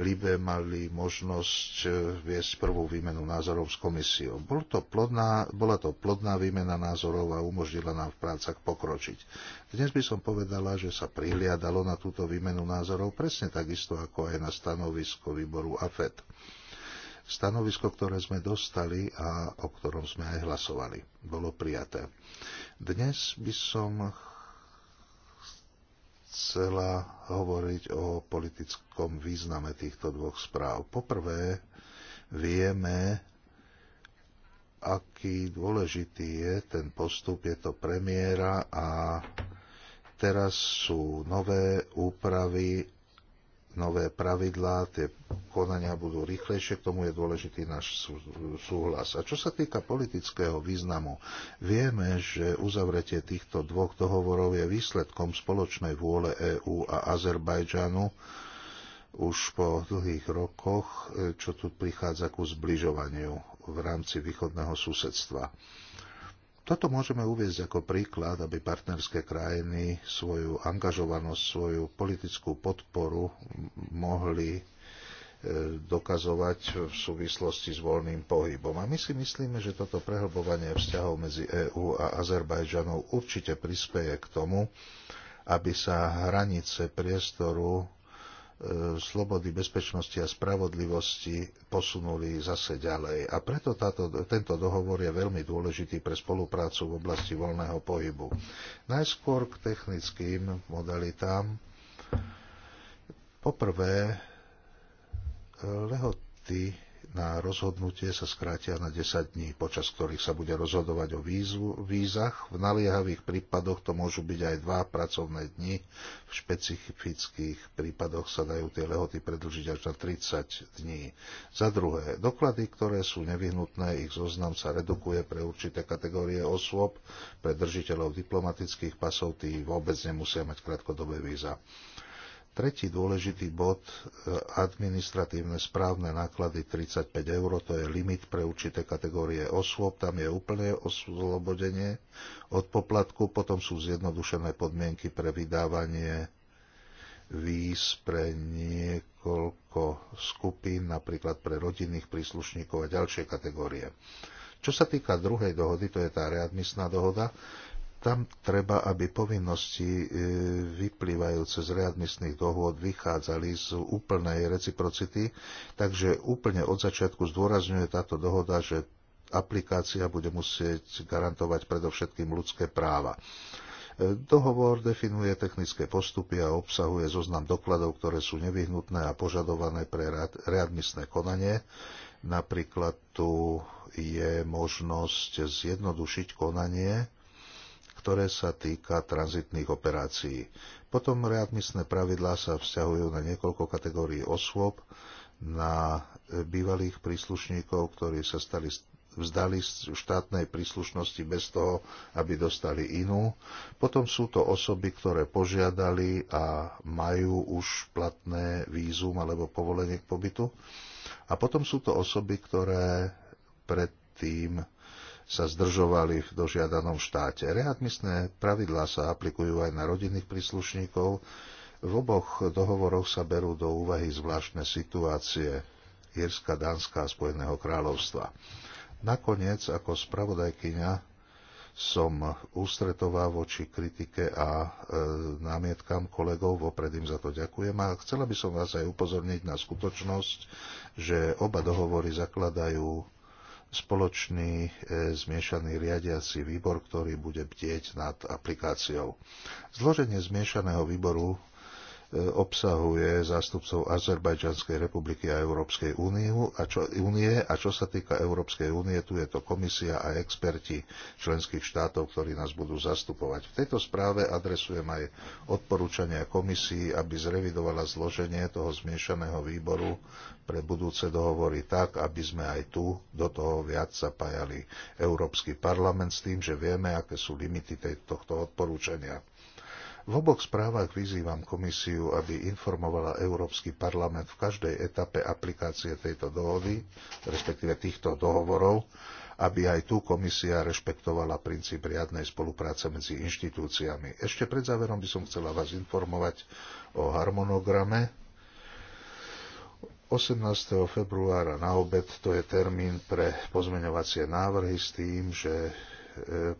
Libe mali možnosť eh, viesť prvú výmenu názorov s komisiou. Bol to plodná, bola to plodná výmena názorov a umožnila nám v prácach pokročiť. Dnes by som povedala, že sa prihliadalo na túto výmenu názorov presne takisto, ako aj na stanovisko výboru AFED. Stanovisko, ktoré sme dostali a o ktorom sme aj hlasovali, bolo prijaté. Dnes by som chcela hovoriť o politickom význame týchto dvoch správ. Poprvé, vieme, aký dôležitý je ten postup, je to premiéra a teraz sú nové úpravy nové pravidlá, tie konania budú rýchlejšie, k tomu je dôležitý náš súhlas. A čo sa týka politického významu, vieme, že uzavretie týchto dvoch dohovorov je výsledkom spoločnej vôle EÚ a Azerbajdžanu už po dlhých rokoch, čo tu prichádza ku zbližovaniu v rámci východného susedstva. Toto môžeme uviezť ako príklad, aby partnerské krajiny svoju angažovanosť, svoju politickú podporu mohli e, dokazovať v súvislosti s voľným pohybom. A my si myslíme, že toto prehlbovanie vzťahov medzi EÚ a Azerbajdžanom určite prispieje k tomu, aby sa hranice priestoru E, slobody, bezpečnosti a spravodlivosti posunuli zase ďalej. A preto táto, tento dohovor je veľmi dôležitý pre spoluprácu v oblasti voľného pohybu. Najskôr k technickým modalitám. Poprvé, e, lehoty na rozhodnutie sa skrátia na 10 dní, počas ktorých sa bude rozhodovať o výzvu, vízach. V naliehavých prípadoch to môžu byť aj dva pracovné dni. V špecifických prípadoch sa dajú tie lehoty predlžiť až na 30 dní. Za druhé, doklady, ktoré sú nevyhnutné, ich zoznam sa redukuje pre určité kategórie osôb. Pre držiteľov diplomatických pasov tí vôbec nemusia mať krátkodobé víza. Tretí dôležitý bod, e, administratívne správne náklady 35 eur, to je limit pre určité kategórie osôb, tam je úplné oslobodenie od poplatku, potom sú zjednodušené podmienky pre vydávanie víz pre niekoľko skupín, napríklad pre rodinných príslušníkov a ďalšie kategórie. Čo sa týka druhej dohody, to je tá readmisná dohoda, tam treba, aby povinnosti e, vyplývajúce z readmisných dohôd vychádzali z úplnej reciprocity, takže úplne od začiatku zdôrazňuje táto dohoda, že aplikácia bude musieť garantovať predovšetkým ľudské práva. E, dohovor definuje technické postupy a obsahuje zoznam dokladov, ktoré sú nevyhnutné a požadované pre readmisné konanie. Napríklad tu je možnosť zjednodušiť konanie, ktoré sa týka tranzitných operácií. Potom readmisné pravidlá sa vzťahujú na niekoľko kategórií osôb, na e, bývalých príslušníkov, ktorí sa stali vzdali štátnej príslušnosti bez toho, aby dostali inú. Potom sú to osoby, ktoré požiadali a majú už platné vízum alebo povolenie k pobytu. A potom sú to osoby, ktoré predtým sa zdržovali v dožiadanom štáte. Readmisné pravidlá sa aplikujú aj na rodinných príslušníkov. V oboch dohovoroch sa berú do úvahy zvláštne situácie Jirska, Dánska a Spojeného kráľovstva. Nakoniec, ako spravodajkyňa, som ústretová voči kritike a e, námietkam kolegov, vopred im za to ďakujem a chcela by som vás aj upozorniť na skutočnosť, že oba dohovory zakladajú spoločný e, zmiešaný riadiaci výbor, ktorý bude bdieť nad aplikáciou. Zloženie zmiešaného výboru E, obsahuje zástupcov Azerbajdžanskej republiky a Európskej únie a, čo, sa týka Európskej únie, tu je to komisia a experti členských štátov, ktorí nás budú zastupovať. V tejto správe adresujem aj odporúčania komisii, aby zrevidovala zloženie toho zmiešaného výboru pre budúce dohovory tak, aby sme aj tu do toho viac zapájali Európsky parlament s tým, že vieme, aké sú limity tohto odporúčania. V oboch správach vyzývam komisiu, aby informovala Európsky parlament v každej etape aplikácie tejto dohody, respektíve týchto dohovorov, aby aj tu komisia rešpektovala princíp riadnej spolupráce medzi inštitúciami. Ešte pred záverom by som chcela vás informovať o harmonograme 18. februára na obed to je termín pre pozmeňovacie návrhy s tým, že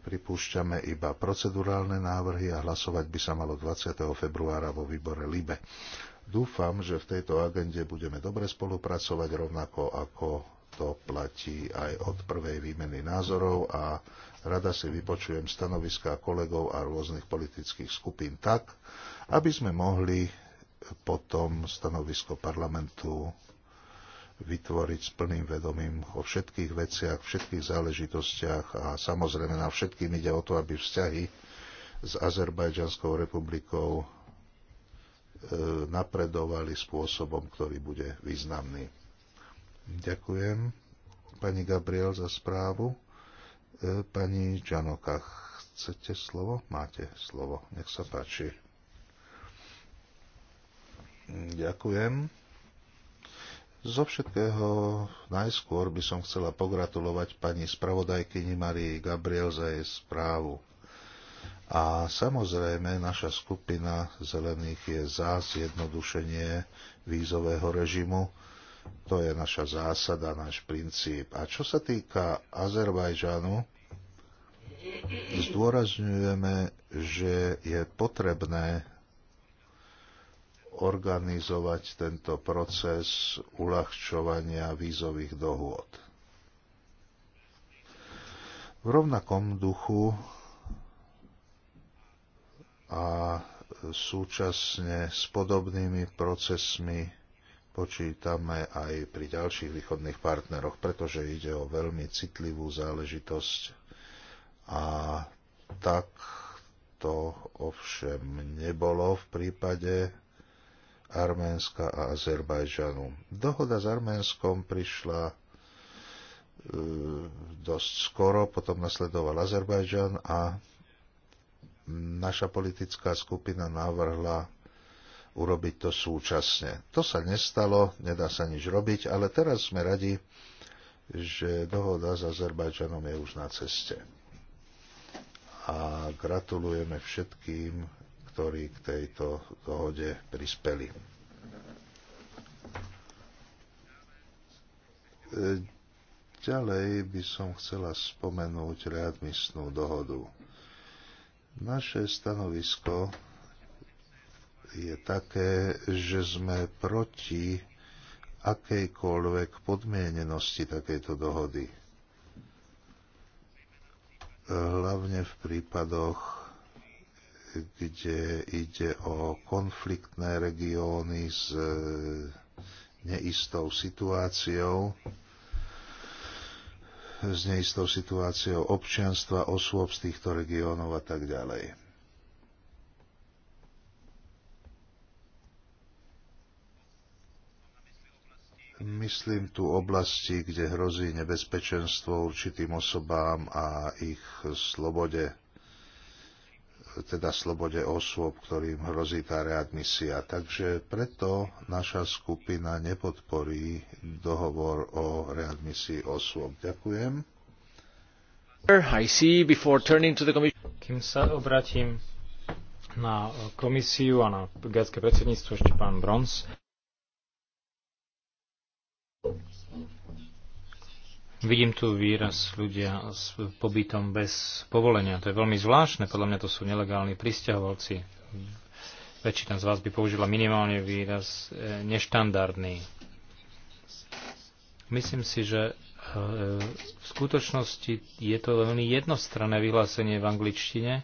pripúšťame iba procedurálne návrhy a hlasovať by sa malo 20. februára vo výbore LIBE. Dúfam, že v tejto agende budeme dobre spolupracovať, rovnako ako to platí aj od prvej výmeny názorov a rada si vypočujem stanoviská kolegov a rôznych politických skupín tak, aby sme mohli potom stanovisko parlamentu vytvoriť s plným vedomím o všetkých veciach, všetkých záležitostiach a samozrejme na všetkým ide o to, aby vzťahy s Azerbajdžanskou republikou e, napredovali spôsobom, ktorý bude významný. Ďakujem pani Gabriel za správu. E, pani Čanoka, chcete slovo? Máte slovo. Nech sa páči. Ďakujem zo všetkého najskôr by som chcela pogratulovať pani spravodajkyni Marii Gabriel za jej správu. A samozrejme, naša skupina zelených je za zjednodušenie vízového režimu. To je naša zásada, náš princíp. A čo sa týka Azerbajžanu, zdôrazňujeme, že je potrebné organizovať tento proces uľahčovania vízových dohôd. V rovnakom duchu a súčasne s podobnými procesmi počítame aj pri ďalších východných partneroch, pretože ide o veľmi citlivú záležitosť a tak to ovšem nebolo v prípade Arménska a Azerbajdžanu. Dohoda s Arménskom prišla e, dosť skoro, potom nasledoval Azerbajdžan a naša politická skupina navrhla urobiť to súčasne. To sa nestalo, nedá sa nič robiť, ale teraz sme radi, že dohoda s Azerbajdžanom je už na ceste. A gratulujeme všetkým ktorí k tejto dohode prispeli. Ďalej by som chcela spomenúť readmisnú dohodu. Naše stanovisko je také, že sme proti akejkoľvek podmienenosti takejto dohody. Hlavne v prípadoch kde ide o konfliktné regióny s e, neistou situáciou s neistou situáciou občianstva, osôb z týchto regiónov a tak ďalej. Myslím tu oblasti, kde hrozí nebezpečenstvo určitým osobám a ich slobode teda slobode osôb, ktorým hrozí tá readmisia. Takže preto naša skupina nepodporí dohovor o readmisii osôb. Ďakujem.
Kým sa obratím na komisiu a na grécke predsedníctvo, ešte pán Brons. Vidím tu výraz ľudia s pobytom bez povolenia. To je veľmi zvláštne, podľa mňa to sú nelegálni pristahovalci. Väčšina z vás by použila minimálne výraz e, neštandardný. Myslím si, že e, v skutočnosti je to veľmi jednostranné vyhlásenie v angličtine. E,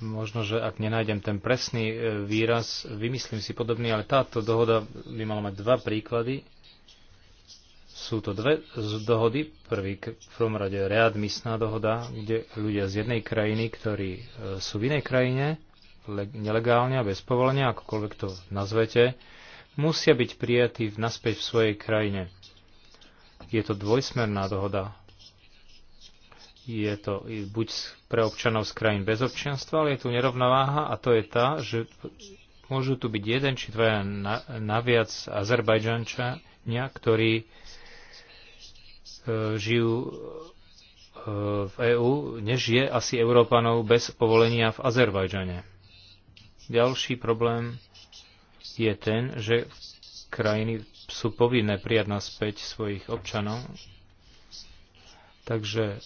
možno, že ak nenájdem ten presný výraz, vymyslím si podobný, ale táto dohoda by mala mať dva príklady sú to dve dohody. Prvý, v prvom rade readmisná dohoda, kde ľudia z jednej krajiny, ktorí e, sú v inej krajine, nelegálne a bez povolenia, akokoľvek to nazvete, musia byť prijatí naspäť v svojej krajine. Je to dvojsmerná dohoda. Je to buď pre občanov z krajín bez občianstva, ale je tu nerovnováha a to je tá, že môžu tu byť jeden či dvaja naviac Azerbajdžančania, ktorí E, žijú e, v EÚ, než je asi Európanov bez povolenia v Azerbajdžane. Ďalší problém je ten, že krajiny sú povinné prijať naspäť svojich občanov. Takže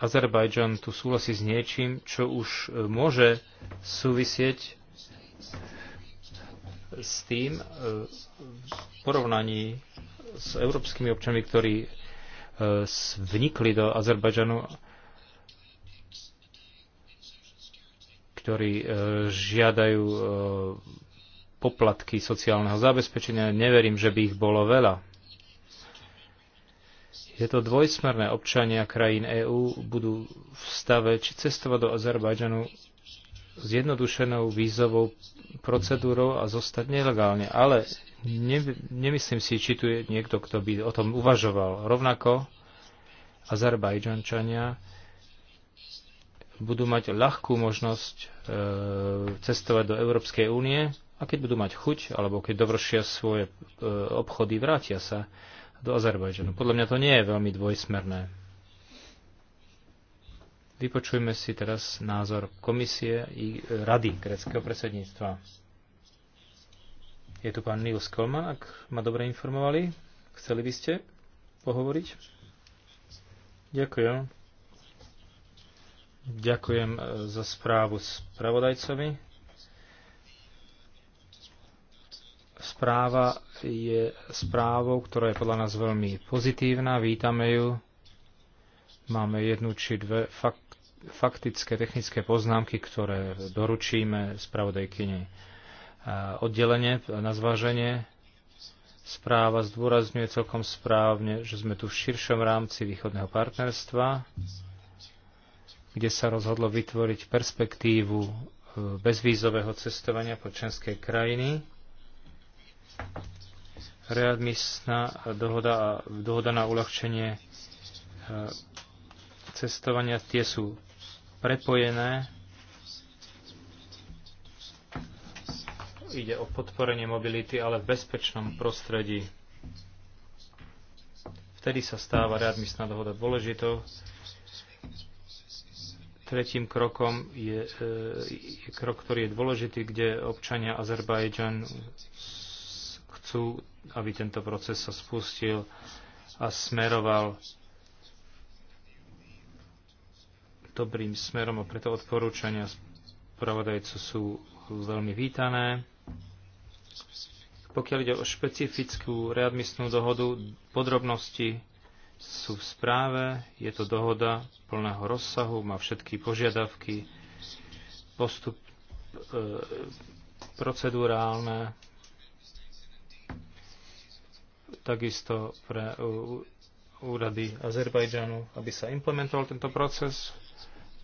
Azerbajdžan tu súhlasí s niečím, čo už e, môže súvisieť s tým v porovnaní s európskymi občanmi, ktorí vnikli do Azerbajdžanu, ktorí e, žiadajú e, poplatky sociálneho zabezpečenia. Neverím, že by ich bolo veľa. Je to dvojsmerné. Občania krajín EÚ budú v stave či cestovať do Azerbajdžanu zjednodušenou vízovou procedúrou a zostať nelegálne. Ale Ne, nemyslím si, či tu je niekto, kto by o tom uvažoval. Rovnako Azerbajdžančania budú mať ľahkú možnosť e, cestovať do Európskej únie a keď budú mať chuť, alebo keď dovršia svoje e, obchody, vrátia sa do Azerbajdžanu. Podľa mňa to nie je veľmi dvojsmerné. Vypočujme si teraz názor komisie i rady greckého predsedníctva. Je tu pán Nils Kolman, ak ma dobre informovali. Chceli by ste pohovoriť? Ďakujem. Ďakujem e, za správu spravodajcovi. Správa je správou, ktorá je podľa nás veľmi pozitívna. Vítame ju. Máme jednu či dve faktické technické poznámky, ktoré doručíme spravodajkyni oddelenie na zváženie. Správa zdôrazňuje celkom správne, že sme tu v širšom rámci východného partnerstva, kde sa rozhodlo vytvoriť perspektívu e, bezvízového cestovania po členskej krajiny. Readmisná dohoda a dohoda na uľahčenie e, cestovania tie sú prepojené ide o podporenie mobility, ale v bezpečnom prostredí. Vtedy sa stáva readmisná dohoda dôležitou. Tretím krokom je, e, je krok, ktorý je dôležitý, kde občania Azerbajďan chcú, aby tento proces sa spustil a smeroval dobrým smerom a preto odporúčania spravodajcu sú veľmi vítané. Pokiaľ ide o špecifickú readmisnú dohodu, podrobnosti sú v správe, je to dohoda plného rozsahu, má všetky požiadavky, postup e, procedurálne, takisto pre úrady Azerbajdžanu, aby sa implementoval tento proces.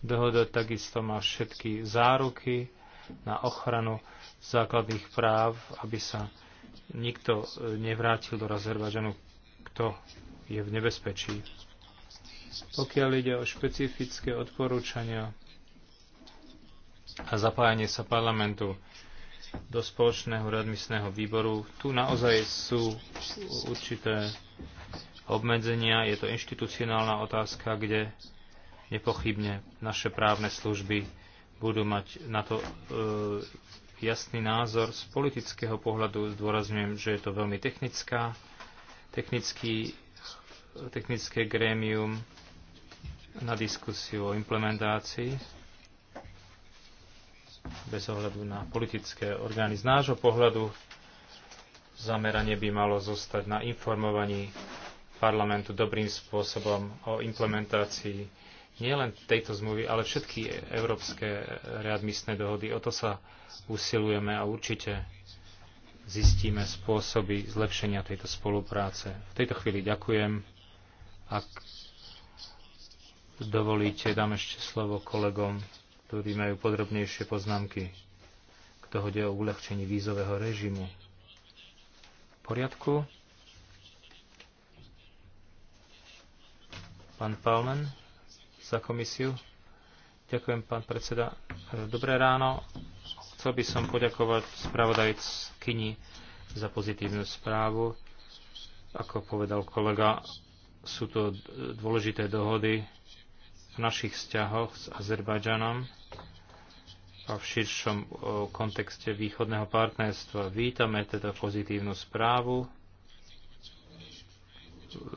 Dohoda takisto má všetky záruky na ochranu základných práv, aby sa nikto e, nevrátil do Azerbajdžanu, kto je v nebezpečí. Pokiaľ ide o špecifické odporúčania a zapájanie sa parlamentu do spoločného radmisného výboru, tu naozaj sú určité obmedzenia. Je to inštitucionálna otázka, kde nepochybne naše právne služby budú mať na to e, jasný názor z politického pohľadu. Zdôrazňujem, že je to veľmi technická, technický, technické grémium na diskusiu o implementácii bez ohľadu na politické orgány. Z nášho pohľadu zameranie by malo zostať na informovaní parlamentu dobrým spôsobom o implementácii nielen tejto zmluvy, ale všetky európske readmisné dohody. O to sa usilujeme a určite zistíme spôsoby zlepšenia tejto spolupráce. V tejto chvíli ďakujem. Ak dovolíte, dám ešte slovo kolegom, ktorí majú podrobnejšie poznámky k dohode o uľahčení vízového režimu. V poriadku? Pán Palmen? za komisiu. Ďakujem, pán predseda. Dobré ráno. Chcel by som poďakovať Kini za pozitívnu správu. Ako povedal kolega, sú to dôležité dohody v našich vzťahoch s Azerbajdžanom a v širšom kontexte východného partnerstva. Vítame teda pozitívnu správu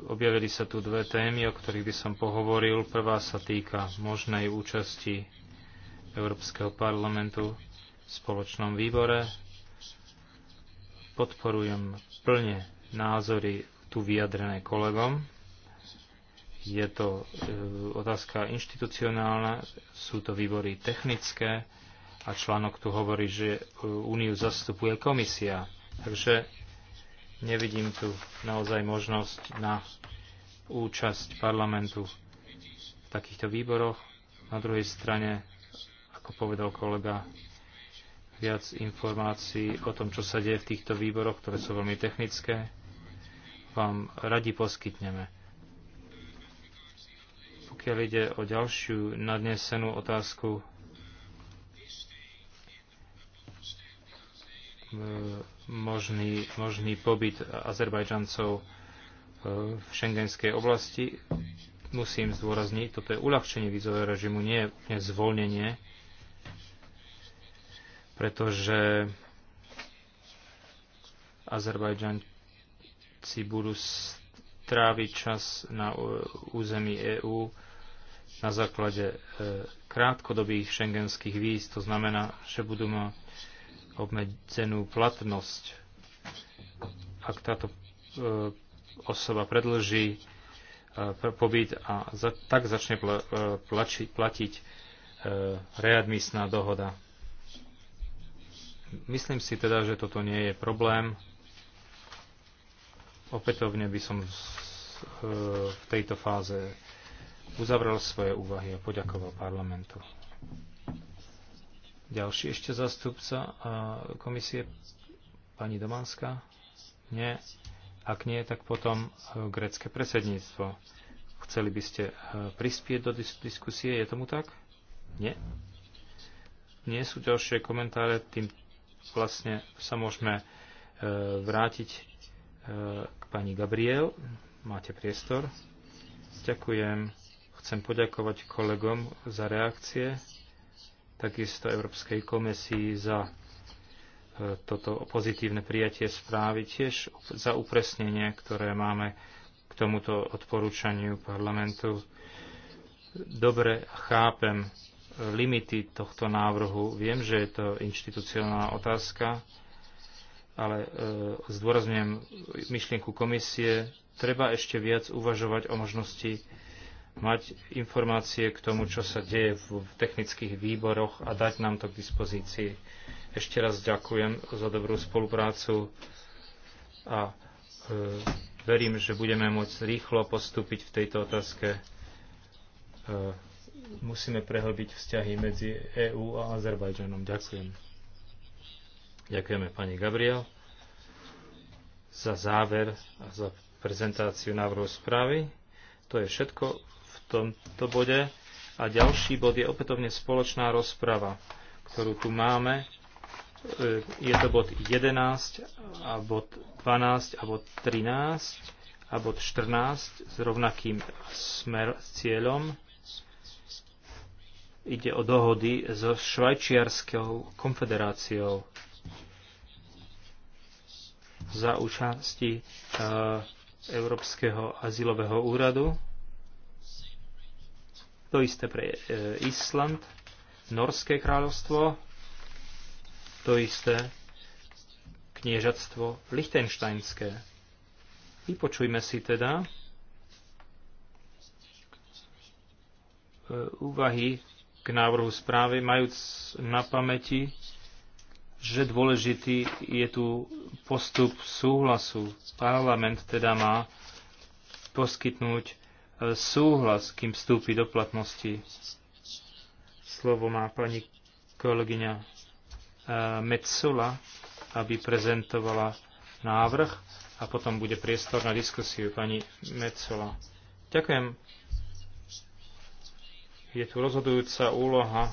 objavili sa tu dve témy, o ktorých by som pohovoril. Prvá sa týka možnej účasti Európskeho parlamentu v spoločnom výbore. Podporujem plne názory tu vyjadrené kolegom. Je to e, otázka inštitucionálna, sú to výbory technické a článok tu hovorí, že e, úniu zastupuje komisia. Takže Nevidím tu naozaj možnosť na účasť parlamentu v takýchto výboroch. Na druhej strane, ako povedal kolega, viac informácií o tom, čo sa deje v týchto výboroch, ktoré sú veľmi technické, vám radi poskytneme. Pokiaľ ide o ďalšiu nadnesenú otázku možný, možný pobyt Azerbajdžancov e, v šengenskej oblasti. Musím zdôrazniť, toto je uľahčenie vízového režimu, nie úplne zvolnenie, pretože Azerbajdžanci budú tráviť čas na e, území EÚ na základe e, krátkodobých šengenských víz. To znamená, že budú mať obmedzenú platnosť. Ak táto e, osoba predlží e, pobyt a tak začne e, platiť readmisná dohoda. Myslím si teda, že toto nie je problém. Opätovne by som v tejto fáze uzavrel svoje úvahy a poďakoval parlamentu. Ďalší ešte zastupca komisie, pani Domanská? Nie. Ak nie, tak potom e, grecké predsedníctvo. Chceli by ste e, prispieť do diskusie, je tomu tak? Nie. Nie sú ďalšie komentáre, tým vlastne sa môžeme e, vrátiť k pani Gabriel. Máte priestor. Ďakujem. Chcem poďakovať kolegom za reakcie takisto Európskej komisii za e, toto pozitívne prijatie správy, tiež za upresnenie, ktoré máme k tomuto odporúčaniu parlamentu. Dobre chápem limity tohto návrhu. Viem, že je to inštitucionálna otázka, ale e, zdôrazňujem myšlienku komisie. Treba ešte viac uvažovať o možnosti mať informácie k tomu, čo sa deje v technických výboroch a dať nám to k dispozícii. Ešte raz ďakujem za dobrú spoluprácu a e, verím, že budeme môcť rýchlo postúpiť v tejto otázke. E, musíme prehlbiť vzťahy medzi EÚ a Azerbajdžanom. Ďakujem. Ďakujeme pani Gabriel za záver a za prezentáciu návrhu správy. To je všetko tomto bode. A ďalší bod je opätovne spoločná rozprava, ktorú tu máme. E, je to bod 11 a bod 12 a bod 13 a bod 14 s rovnakým smer cieľom. Ide o dohody so Švajčiarskou konfederáciou za účasti e, Európskeho azylového úradu. To isté pre e, Island, Norské kráľovstvo, to isté kniežatstvo Lichtensteinské. Vypočujme si teda e, úvahy k návrhu správy, majúc na pamäti, že dôležitý je tu postup súhlasu. Parlament teda má poskytnúť súhlas, kým vstúpi do platnosti. Slovo má pani kolegyňa e, Metzola, aby prezentovala návrh a potom bude priestor na diskusiu pani Metzola. Ďakujem. Je tu rozhodujúca úloha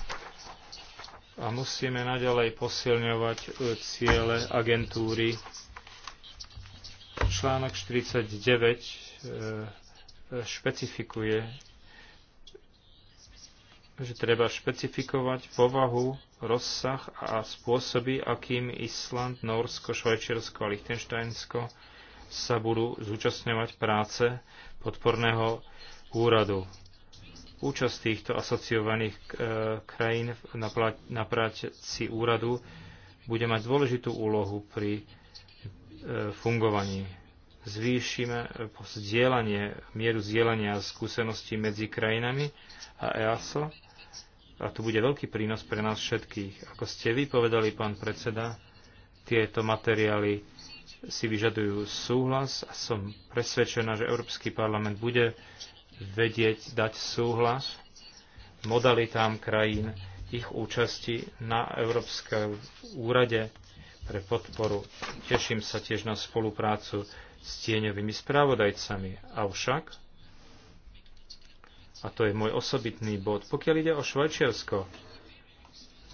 a musíme naďalej posilňovať e, ciele agentúry. Článok 49 špecifikuje, že treba špecifikovať povahu, rozsah a spôsoby, akým Island, Norsko, Švajčiarsko a Liechtensteinsko sa budú zúčastňovať práce podporného úradu. Účasť týchto asociovaných e, krajín na práci úradu bude mať dôležitú úlohu pri e, fungovaní zvýšime eh, zdieľanie, mieru zdieľania skúseností medzi krajinami a EASO. A tu bude veľký prínos pre nás všetkých. Ako ste vy povedali, pán predseda, tieto materiály si vyžadujú súhlas a som presvedčená, že Európsky parlament bude vedieť dať súhlas modalitám krajín ich účasti na Európskej úrade pre podporu. Teším sa tiež na spoluprácu s tieňovými správodajcami. Avšak, a to je môj osobitný bod, pokiaľ ide o Švajčiarsko,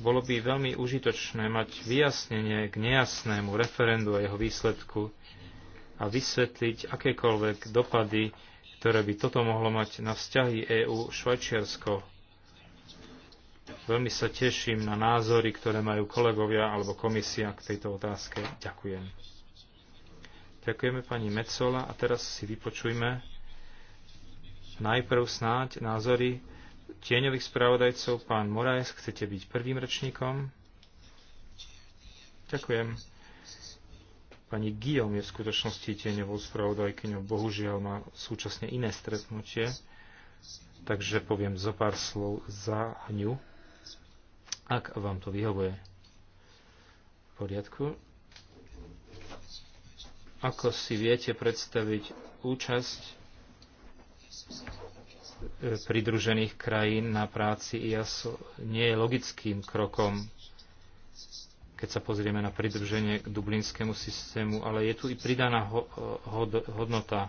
bolo by veľmi užitočné mať vyjasnenie k nejasnému referendu a jeho výsledku a vysvetliť akékoľvek dopady, ktoré by toto mohlo mať na vzťahy EÚ-Švajčiarsko. Veľmi sa teším na názory, ktoré majú kolegovia alebo komisia k tejto otázke. Ďakujem. Ďakujeme pani Mecola a teraz si vypočujme najprv snáď názory tieňových spravodajcov. Pán Moraes, chcete byť prvým rečníkom? Ďakujem. Pani Guillaume je v skutočnosti tieňovou spravodajkyňou. Bohužiaľ má súčasne iné stretnutie, takže poviem zo pár slov za ňu, ak vám to vyhovuje. V poriadku. Ako si viete predstaviť účasť e, pridružených krajín na práci IASO nie je logickým krokom, keď sa pozrieme na pridruženie k dublinskému systému, ale je tu i pridaná e, hodnota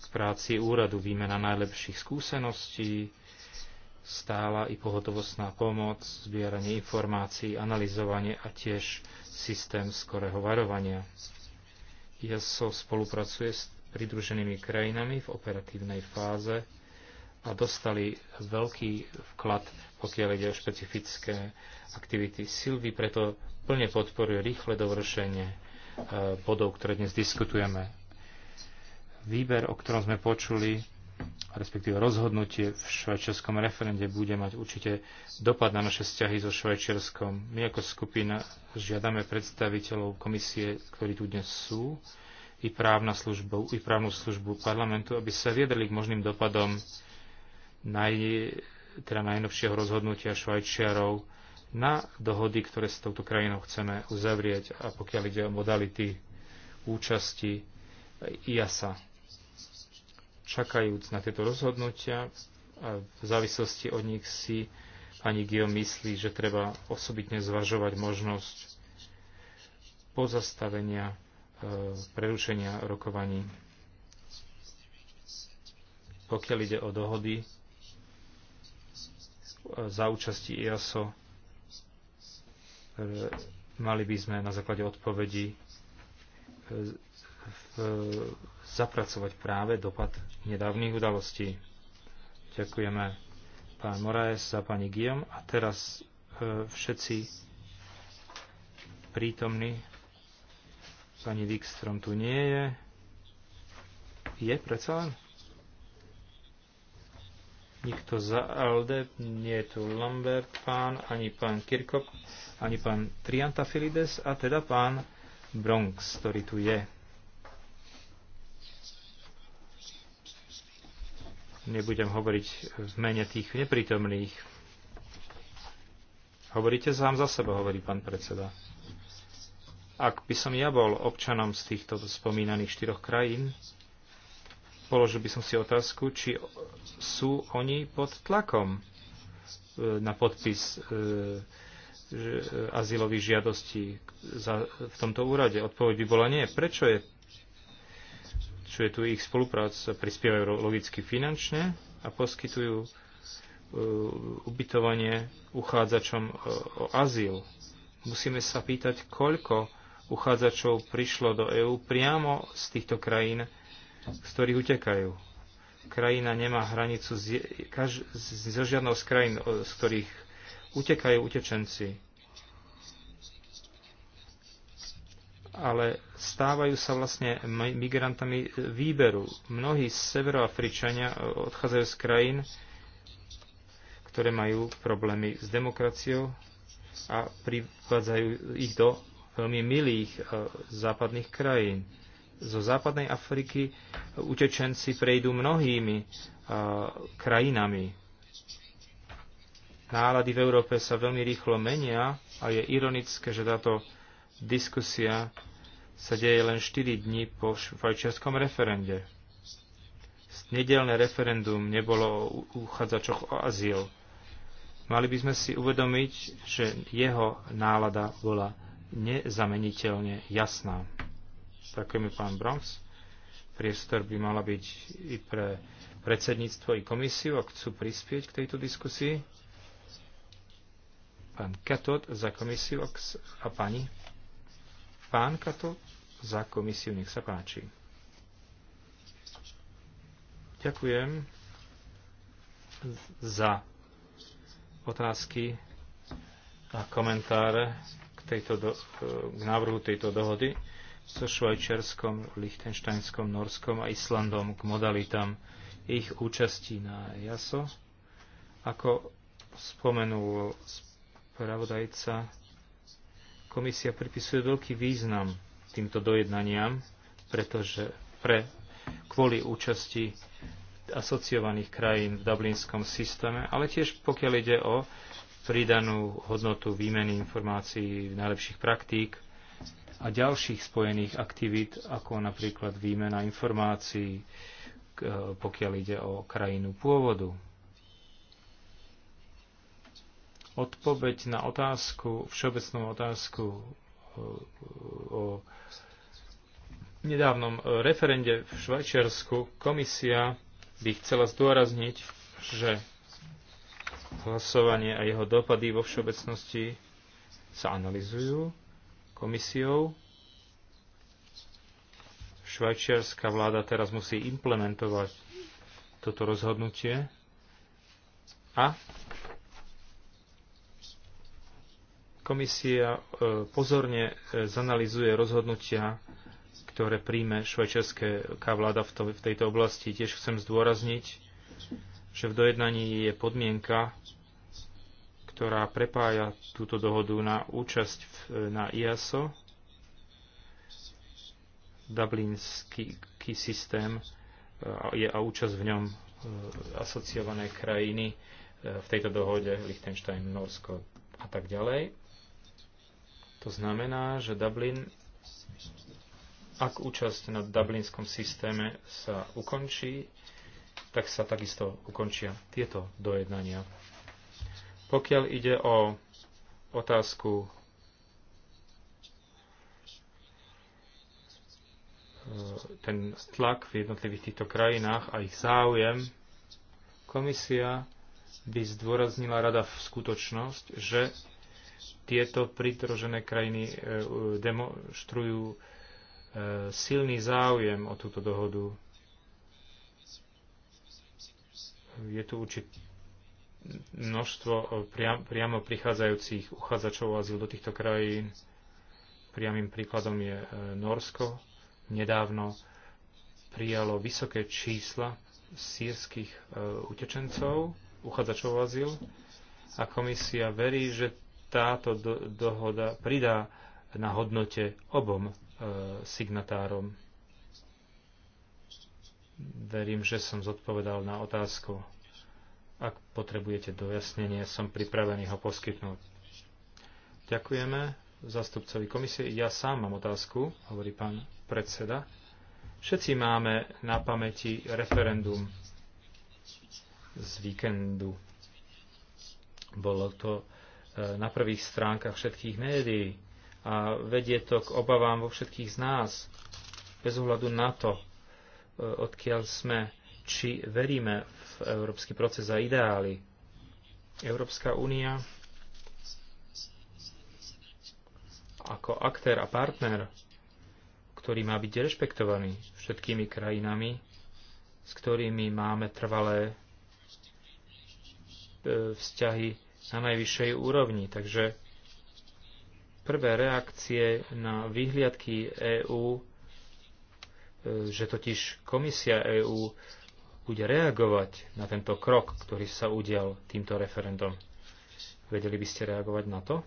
k práci úradu, výmena najlepších skúseností, stála i pohotovostná pomoc, zbieranie informácií, analyzovanie a tiež systém skorého varovania. IASO spolupracuje s pridruženými krajinami v operatívnej fáze a dostali veľký vklad, pokiaľ ide o špecifické aktivity Silvy, preto plne podporuje rýchle dovršenie e, bodov, ktoré dnes diskutujeme. Výber, o ktorom sme počuli, respektíve rozhodnutie v švajčiarskom referende bude mať určite dopad na naše vzťahy so Švajčiarskom. My ako skupina žiadame predstaviteľov komisie, ktorí tu dnes sú, i, právna službu, i právnu službu parlamentu, aby sa viedeli k možným dopadom naj, teda najnovšieho rozhodnutia Švajčiarov na dohody, ktoré s touto krajinou chceme uzavrieť a pokiaľ ide o modality účasti IASA čakajúc na tieto rozhodnutia, a v závislosti od nich si pani Gio myslí, že treba osobitne zvažovať možnosť pozastavenia, e, prerušenia rokovaní. Pokiaľ ide o dohody e, za účasti IASO, e, mali by sme na základe odpovedí e, e, zapracovať práve dopad nedávnych udalostí. Ďakujeme pán Moraes a pani Guillaume a teraz e, všetci prítomní. Pani Wikstrom tu nie je. Je predsa len? Nikto za Alde, nie je tu Lambert pán, ani pán Kirkop, ani pán Triantafilides a teda pán Bronx, ktorý tu je. Nebudem hovoriť v mene tých neprítomných. Hovoríte sám za seba, hovorí pán predseda. Ak by som ja bol občanom z týchto spomínaných štyroch krajín, položil by som si otázku, či sú oni pod tlakom e, na podpis e, e, azylových žiadostí v tomto úrade. Odpoveď by bola nie. Prečo je čo je tu ich spolupráca, prispievajú logicky finančne a poskytujú e, ubytovanie uchádzačom e, o azyl. Musíme sa pýtať, koľko uchádzačov prišlo do EÚ priamo z týchto krajín, z ktorých utekajú. Krajina nemá hranicu zo žiadnou z krajín, z ktorých utekajú utečenci ale stávajú sa vlastne migrantami výberu. Mnohí severoafričania e, odchádzajú z krajín, ktoré majú problémy s demokraciou a privádzajú ich do veľmi milých e, západných krajín. Zo západnej Afriky e, utečenci prejdú mnohými krajinami. Nálady v Európe sa veľmi rýchlo menia a je ironické, že táto Diskusia sa deje len 4 dní po švajčiarskom referende. Nedelné referendum nebolo o uchádzačoch o azyl. Mali by sme si uvedomiť, že jeho nálada bola nezameniteľne jasná. Ďakujeme, pán Bronx. Priestor by mala byť i pre predsedníctvo, i komisiu, ak chcú prispieť k tejto diskusii. Pán Katot za komisiu a pani. Pán Kato za komisiu, nech sa páči. Ďakujem za otázky a komentáre k, tejto do, k návrhu tejto dohody so Švajčiarskom, Lichtensteinskom, Norskom a Islandom k modalitám ich účasti na JASO. Ako spomenul spravodajca, Komisia pripisuje veľký význam týmto dojednaniam, pretože pre, kvôli účasti asociovaných krajín v dublinskom systéme, ale tiež pokiaľ ide o pridanú hodnotu výmeny informácií, najlepších praktík a ďalších spojených aktivít, ako napríklad výmena informácií, pokiaľ ide o krajinu pôvodu odpoveď na otázku, všeobecnú otázku eh, o nedávnom eh, referende v Švajčiarsku komisia by chcela zdôrazniť, že hlasovanie a jeho dopady vo všeobecnosti sa analizujú komisiou. Švajčiarska vláda teraz musí implementovať toto rozhodnutie a Komisia e, pozorne e, zanalizuje rozhodnutia, ktoré príjme švajčiarská vláda v tejto oblasti. Tiež chcem zdôrazniť, že v dojednaní je podmienka, ktorá prepája túto dohodu na účasť e, na IASO, dublinský systém je a účasť v ňom asociované krajiny v tejto dohode Liechtenstein, Norsko a tak ďalej. To znamená, že Dublin, ak účasť na dublinskom systéme sa ukončí, tak sa takisto ukončia tieto dojednania. Pokiaľ ide o otázku e, ten tlak v jednotlivých týchto krajinách a ich záujem, komisia by zdôraznila rada v skutočnosť, že tieto pridružené krajiny e, demonstrujú e, silný záujem o túto dohodu. Je tu určite množstvo e, priam, priamo prichádzajúcich uchádzačov o azyl do týchto krajín. Priamým príkladom je Norsko. Nedávno prijalo vysoké čísla sírskych utečencov, uchádzačov o azyl a komisia verí, že táto do, dohoda pridá na hodnote obom e, signatárom. Verím, že som zodpovedal na otázku. Ak potrebujete dojasnenie, som pripravený ho poskytnúť. Ďakujeme zastupcovi komisie. Ja sám mám otázku, hovorí pán predseda. Všetci máme na pamäti referendum z víkendu. Bolo to E, na prvých stránkach všetkých médií a vedie to k obavám vo všetkých z nás, bez ohľadu na to, e, odkiaľ sme, či veríme v európsky proces a ideály. Európska únia ako aktér a partner, ktorý má byť rešpektovaný všetkými krajinami, s ktorými máme trvalé e, vzťahy na najvyššej úrovni. Takže prvé reakcie na výhliadky EÚ, e, že totiž komisia EÚ bude reagovať na tento krok, ktorý sa udial týmto referendum. Vedeli by ste reagovať na to?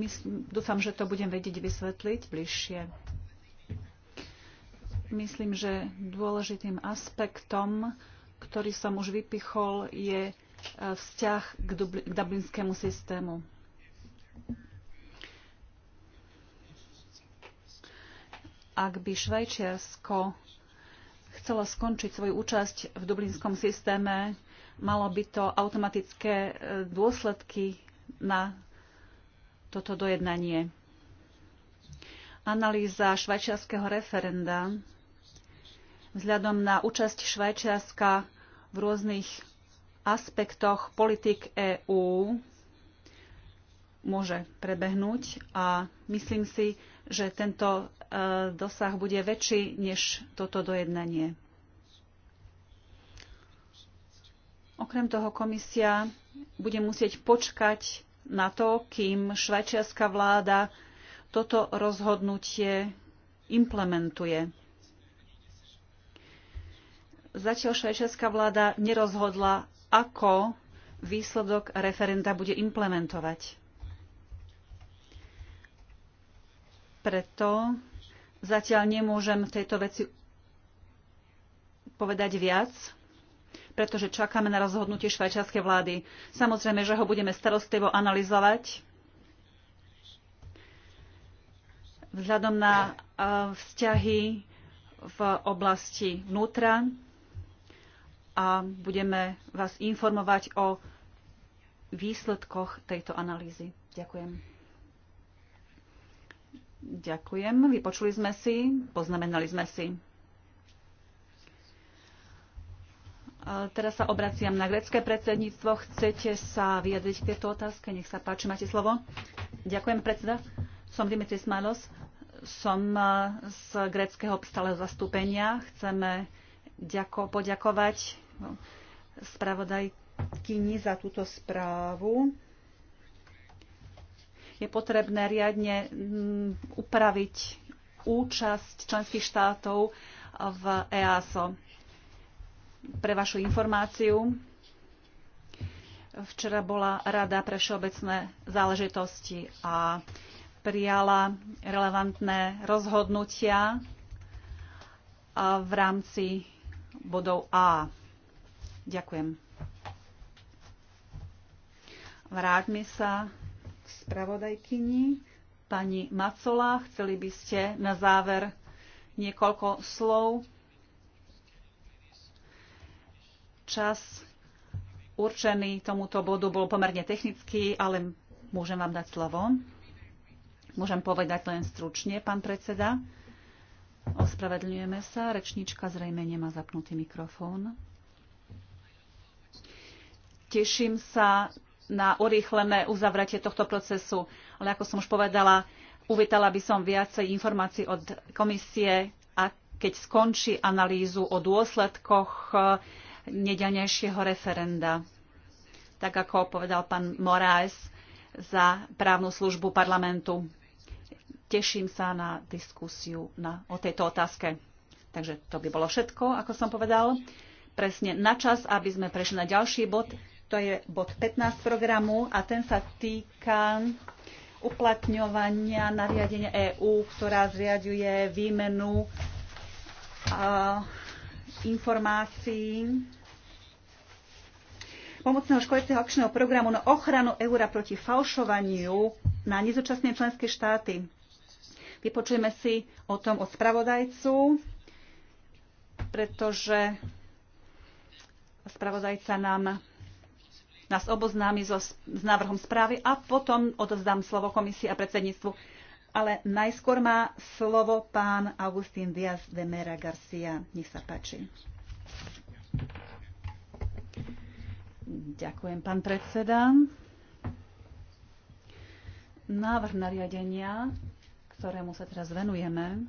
Myslím, dúfam, že to budem vedieť vysvetliť bližšie. Myslím, že dôležitým aspektom, ktorý som už vypichol, je e, vzťah k, Dubl- k dublinskému systému. Ak by Švajčiarsko chcelo skončiť svoju účasť v dublinskom systéme, malo by to automatické e, dôsledky na toto dojednanie. Analýza švajčiarského referenda vzhľadom na účasť Švajčiarska v rôznych aspektoch politik EÚ môže prebehnúť a myslím si, že tento e, dosah bude väčší než toto dojednanie. Okrem toho komisia bude musieť počkať na to, kým švajčiarska vláda toto rozhodnutie implementuje. Zatiaľ švajčiarska vláda nerozhodla, ako výsledok referenda bude implementovať. Preto zatiaľ nemôžem v tejto veci povedať viac, pretože čakáme na rozhodnutie švajčiarskej vlády. Samozrejme, že ho budeme starostlivo analyzovať. Vzhľadom na eh, vzťahy v oblasti vnútra a budeme vás informovať o výsledkoch tejto analýzy. Ďakujem. Ďakujem. Vypočuli sme si, poznamenali sme si. Teraz sa obraciam na grecké predsedníctvo. Chcete sa vyjadriť k tejto otázke? Nech sa páči, máte slovo. Ďakujem, predseda. Som Dimitris Malos, Som eh, z greckého stáleho zastúpenia. Chceme ďako, poďakovať no, spravodajkyni za túto správu. Je potrebné riadne mm, upraviť účasť členských štátov v EASO. Pre vašu informáciu, včera bola Rada pre všeobecné záležitosti a prijala relevantné rozhodnutia v rámci bodov A. Ďakujem. Vráťme sa k spravodajkyni. Pani Macola, chceli by ste na záver niekoľko slov. Čas určený tomuto bodu bol pomerne technický, ale môžem vám dať slovo. Môžem povedať len stručne, pán predseda. Ospravedlňujeme sa. Rečníčka zrejme nemá zapnutý mikrofón. Teším sa na urýchlené uzavretie tohto procesu, ale ako som už povedala, uvítala by som viacej informácií od komisie a keď skončí analýzu o dôsledkoch eh, nedanejšieho referenda. Tak ako povedal pán Moraes za právnu službu parlamentu teším sa na diskusiu na, o tejto otázke. Takže to by bolo všetko, ako som povedal. Presne na čas, aby sme prešli na ďalší bod. To je bod 15 programu a ten sa týka uplatňovania nariadenia EÚ, ktorá zriaďuje výmenu uh, informácií pomocného školského akčného programu na ochranu eura proti falšovaniu na nezúčastné členské štáty. Vypočujeme si o tom od spravodajcu, pretože spravodajca nám nás oboznámi so, s návrhom správy a potom odovzdám slovo komisii a predsedníctvu. Ale najskôr má slovo pán Augustín Diaz de Mera Garcia. Nech sa páči. Ďakujem, pán predseda. Návrh nariadenia ktorému sa teraz venujeme,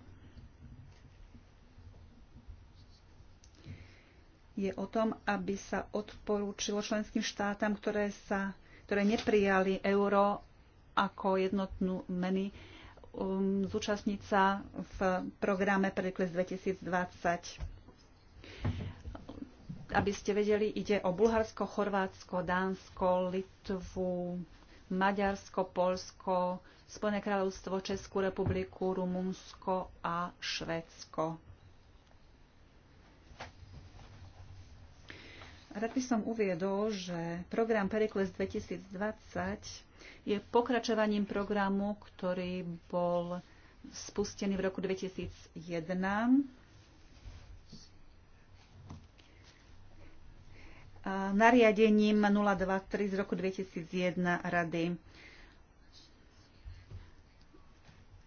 je o tom, aby sa odporúčilo členským štátam, ktoré, sa, ktoré neprijali euro ako jednotnú meny, um, zúčastniť sa v programe Prekles 2020. Aby ste vedeli, ide o Bulharsko, Chorvátsko, Dánsko, Litvu, Maďarsko, Polsko, Spojené kráľovstvo, Českú republiku, Rumunsko a Švedsko. Rád by som uviedol, že program Perikles 2020 je pokračovaním programu, ktorý bol spustený v roku 2001. nariadením 023 z roku 2001 Rady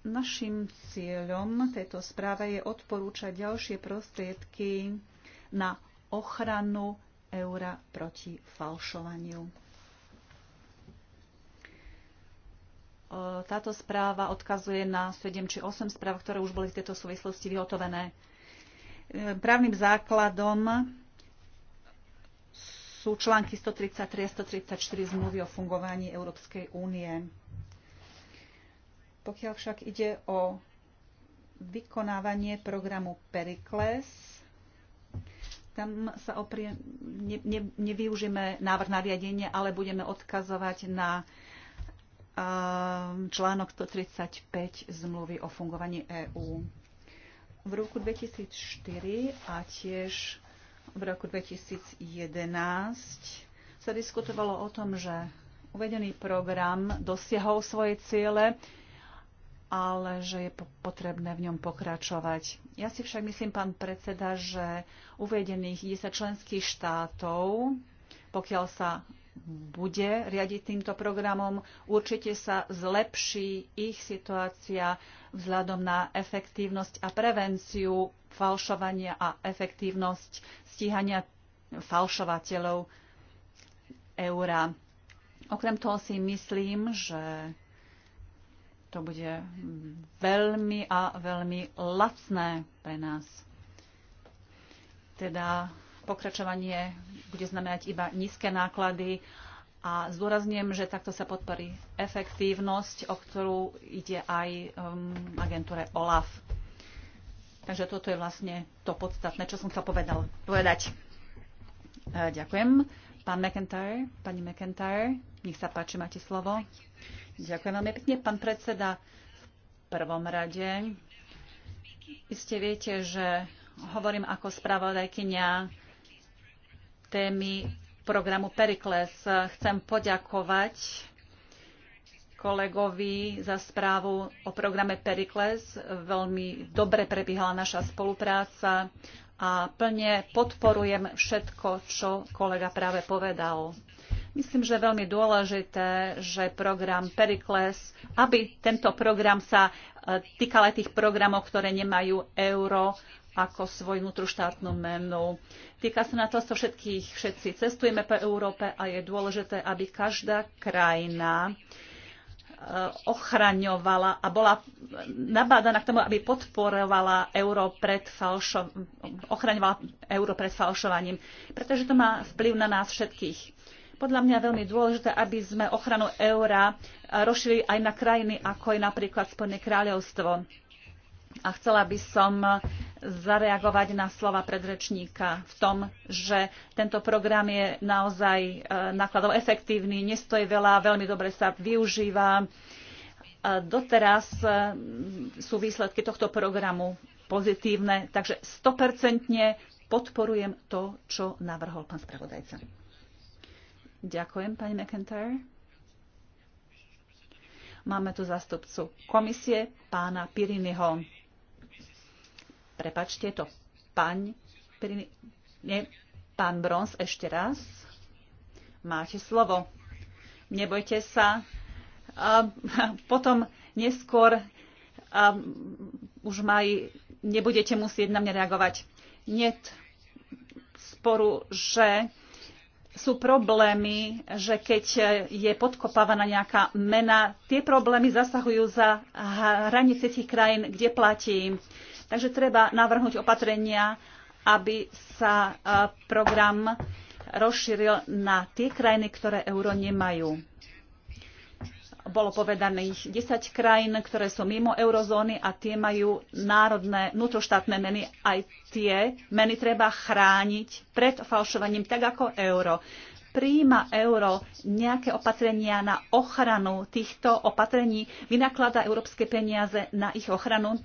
Našim cieľom tejto správe je odporúčať ďalšie prostriedky na ochranu eura proti falšovaniu. E, táto správa odkazuje na 7 či 8 správ, ktoré už boli v tejto súvislosti vyhotovené. E, právnym základom sú články 133 a 134 zmluvy o fungovaní Európskej únie pokiaľ však ide o vykonávanie programu Perikles, tam sa oprie, ne, ne, nevyužijeme návrh nariadenia, ale budeme odkazovať na článok 135 zmluvy o fungovaní EÚ. V roku 2004 a tiež v roku 2011 sa diskutovalo o tom, že uvedený program dosiahol svoje ciele, ale že je potrebné v ňom pokračovať. Ja si však myslím, pán predseda, že uvedených 10 členských štátov, pokiaľ sa bude riadiť týmto programom, určite sa zlepší ich situácia vzhľadom na efektívnosť a prevenciu falšovania a efektívnosť stíhania falšovateľov eura. Okrem toho si myslím, že to bude veľmi a veľmi lacné pre nás. Teda pokračovanie bude znamenať iba nízke náklady a zdôrazňujem, že takto sa podporí efektívnosť, o ktorú ide aj um, agentúre OLAF. Takže toto je vlastne to podstatné, čo som chcel povedal, povedať. E, ďakujem. Pán McIntyre, pani McIntyre, nech sa páči, máte slovo. Ďakujem veľmi pekne, pán predseda. V prvom rade iste viete, že hovorím ako spravodajkynia témy programu Perikles. Chcem poďakovať kolegovi za správu o programe Perikles. Veľmi dobre prebiehala naša spolupráca a plne podporujem všetko, čo kolega práve povedal. Myslím, že je veľmi dôležité, že program Pericles, aby tento program sa e, týkal aj tých programov, ktoré nemajú euro ako svoju vnútroštátnu menu. Týka sa na to, že všetkých, všetci cestujeme po Európe a je dôležité, aby každá krajina e, ochraňovala a bola nabádaná k tomu, aby podporovala euro pred falšo- ochraňovala euro pred falšovaním, pretože to má vplyv na nás všetkých podľa mňa veľmi dôležité, aby sme ochranu eura rozšili aj na krajiny, ako je napríklad Spojené kráľovstvo. A chcela by som zareagovať na slova predrečníka v tom, že tento program je naozaj e, nákladov efektívny, nestojí veľa, veľmi dobre sa využíva. E, doteraz e, sú výsledky tohto programu pozitívne, takže 100% podporujem to, čo navrhol pán spravodajca. Ďakujem, pani McIntyre. Máme tu zastupcu komisie, pána Piriniho. Prepačte, to pán Pirini... Nie, pán Brons, ešte raz. Máte slovo. Nebojte sa. Ehm, a, potom neskôr a, ehm, už maj nebudete musieť na mňa reagovať. Nie sporu, že sú problémy, že keď je podkopávaná nejaká mena, tie problémy zasahujú za hranice tých krajín, kde platí. Takže treba navrhnúť opatrenia, aby sa e, program rozšíril na tie krajiny, ktoré euro nemajú bolo povedaných 10 krajín, ktoré sú mimo eurozóny a tie majú národné, vnútroštátne meny. Aj tie meny treba chrániť pred falšovaním, tak ako euro. Príjima euro nejaké opatrenia na ochranu týchto opatrení, vynaklada európske peniaze na ich ochranu.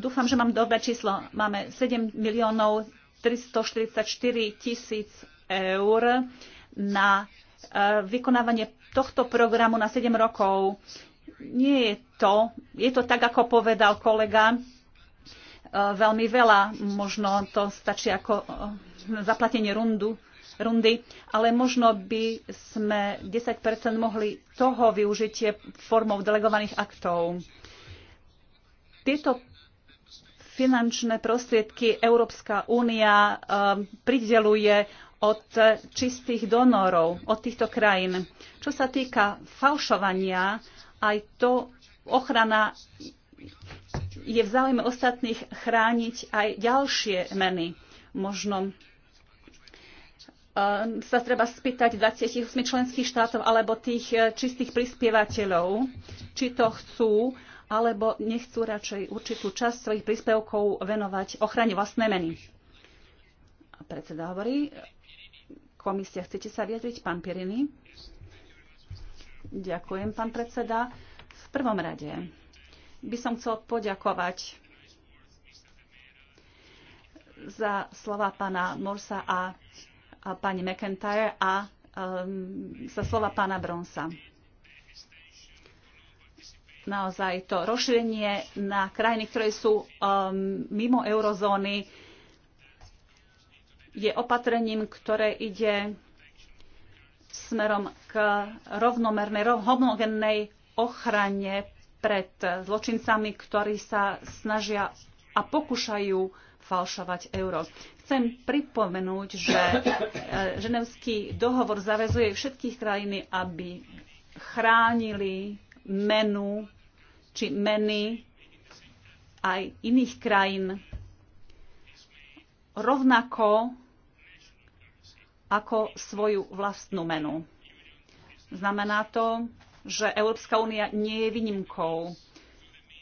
Dúfam, že mám dobré číslo. Máme 7 miliónov 344 tisíc eur na e, vykonávanie tohto programu na 7 rokov. Nie je to, je to tak, ako povedal kolega, e, veľmi veľa, možno to stačí ako e, zaplatenie rundu, rundy, ale možno by sme 10 mohli toho využitie formou delegovaných aktov. Tieto finančné prostriedky Európska únia e, prideluje od čistých donorov, od týchto krajín. Čo sa týka falšovania, aj to ochrana je v záujme ostatných chrániť aj ďalšie meny. Možno e, sa treba spýtať 28 členských štátov alebo tých e, čistých prispievateľov, či to chcú, alebo nechcú radšej určitú časť svojich príspevkov venovať ochrane vlastné meny. Predseda hovorí, komisia. Chcete sa vyjadriť, pán Pirini? Ďakujem, pán predseda. V prvom rade by som chcel poďakovať za slova pána Morsa a, a pani McIntyre a um, za slova pána Bronsa. Naozaj to rozšírenie na krajiny, ktoré sú um, mimo eurozóny, je opatrením, ktoré ide smerom k rovnomernej, homogennej ochrane pred zločincami, ktorí sa snažia a pokúšajú falšovať euro. Chcem pripomenúť, že e, Ženevský dohovor zavezuje všetkých krajiny, aby chránili menu či meny aj iných krajín rovnako ako svoju vlastnú menu. Znamená to, že Európska únia nie je výnimkou.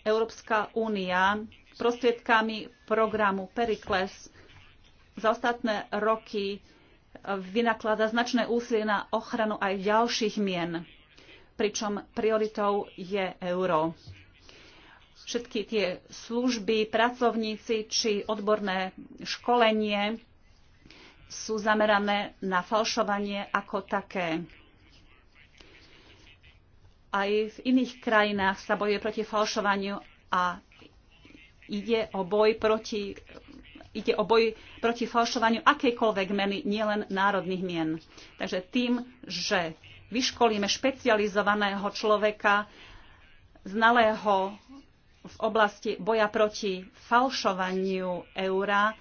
Európska únia prostriedkami programu Perikles za ostatné roky vynaklada značné úsilie na ochranu aj ďalších mien, pričom prioritou je euro všetky tie služby, pracovníci či odborné školenie sú zamerané na falšovanie ako také. Aj v iných krajinách sa bojuje proti falšovaniu a ide o boj proti, ide o boj proti falšovaniu akejkoľvek meny, nielen národných mien. Takže tým, že vyškolíme špecializovaného človeka, znalého v oblasti boja proti falšovaniu eura,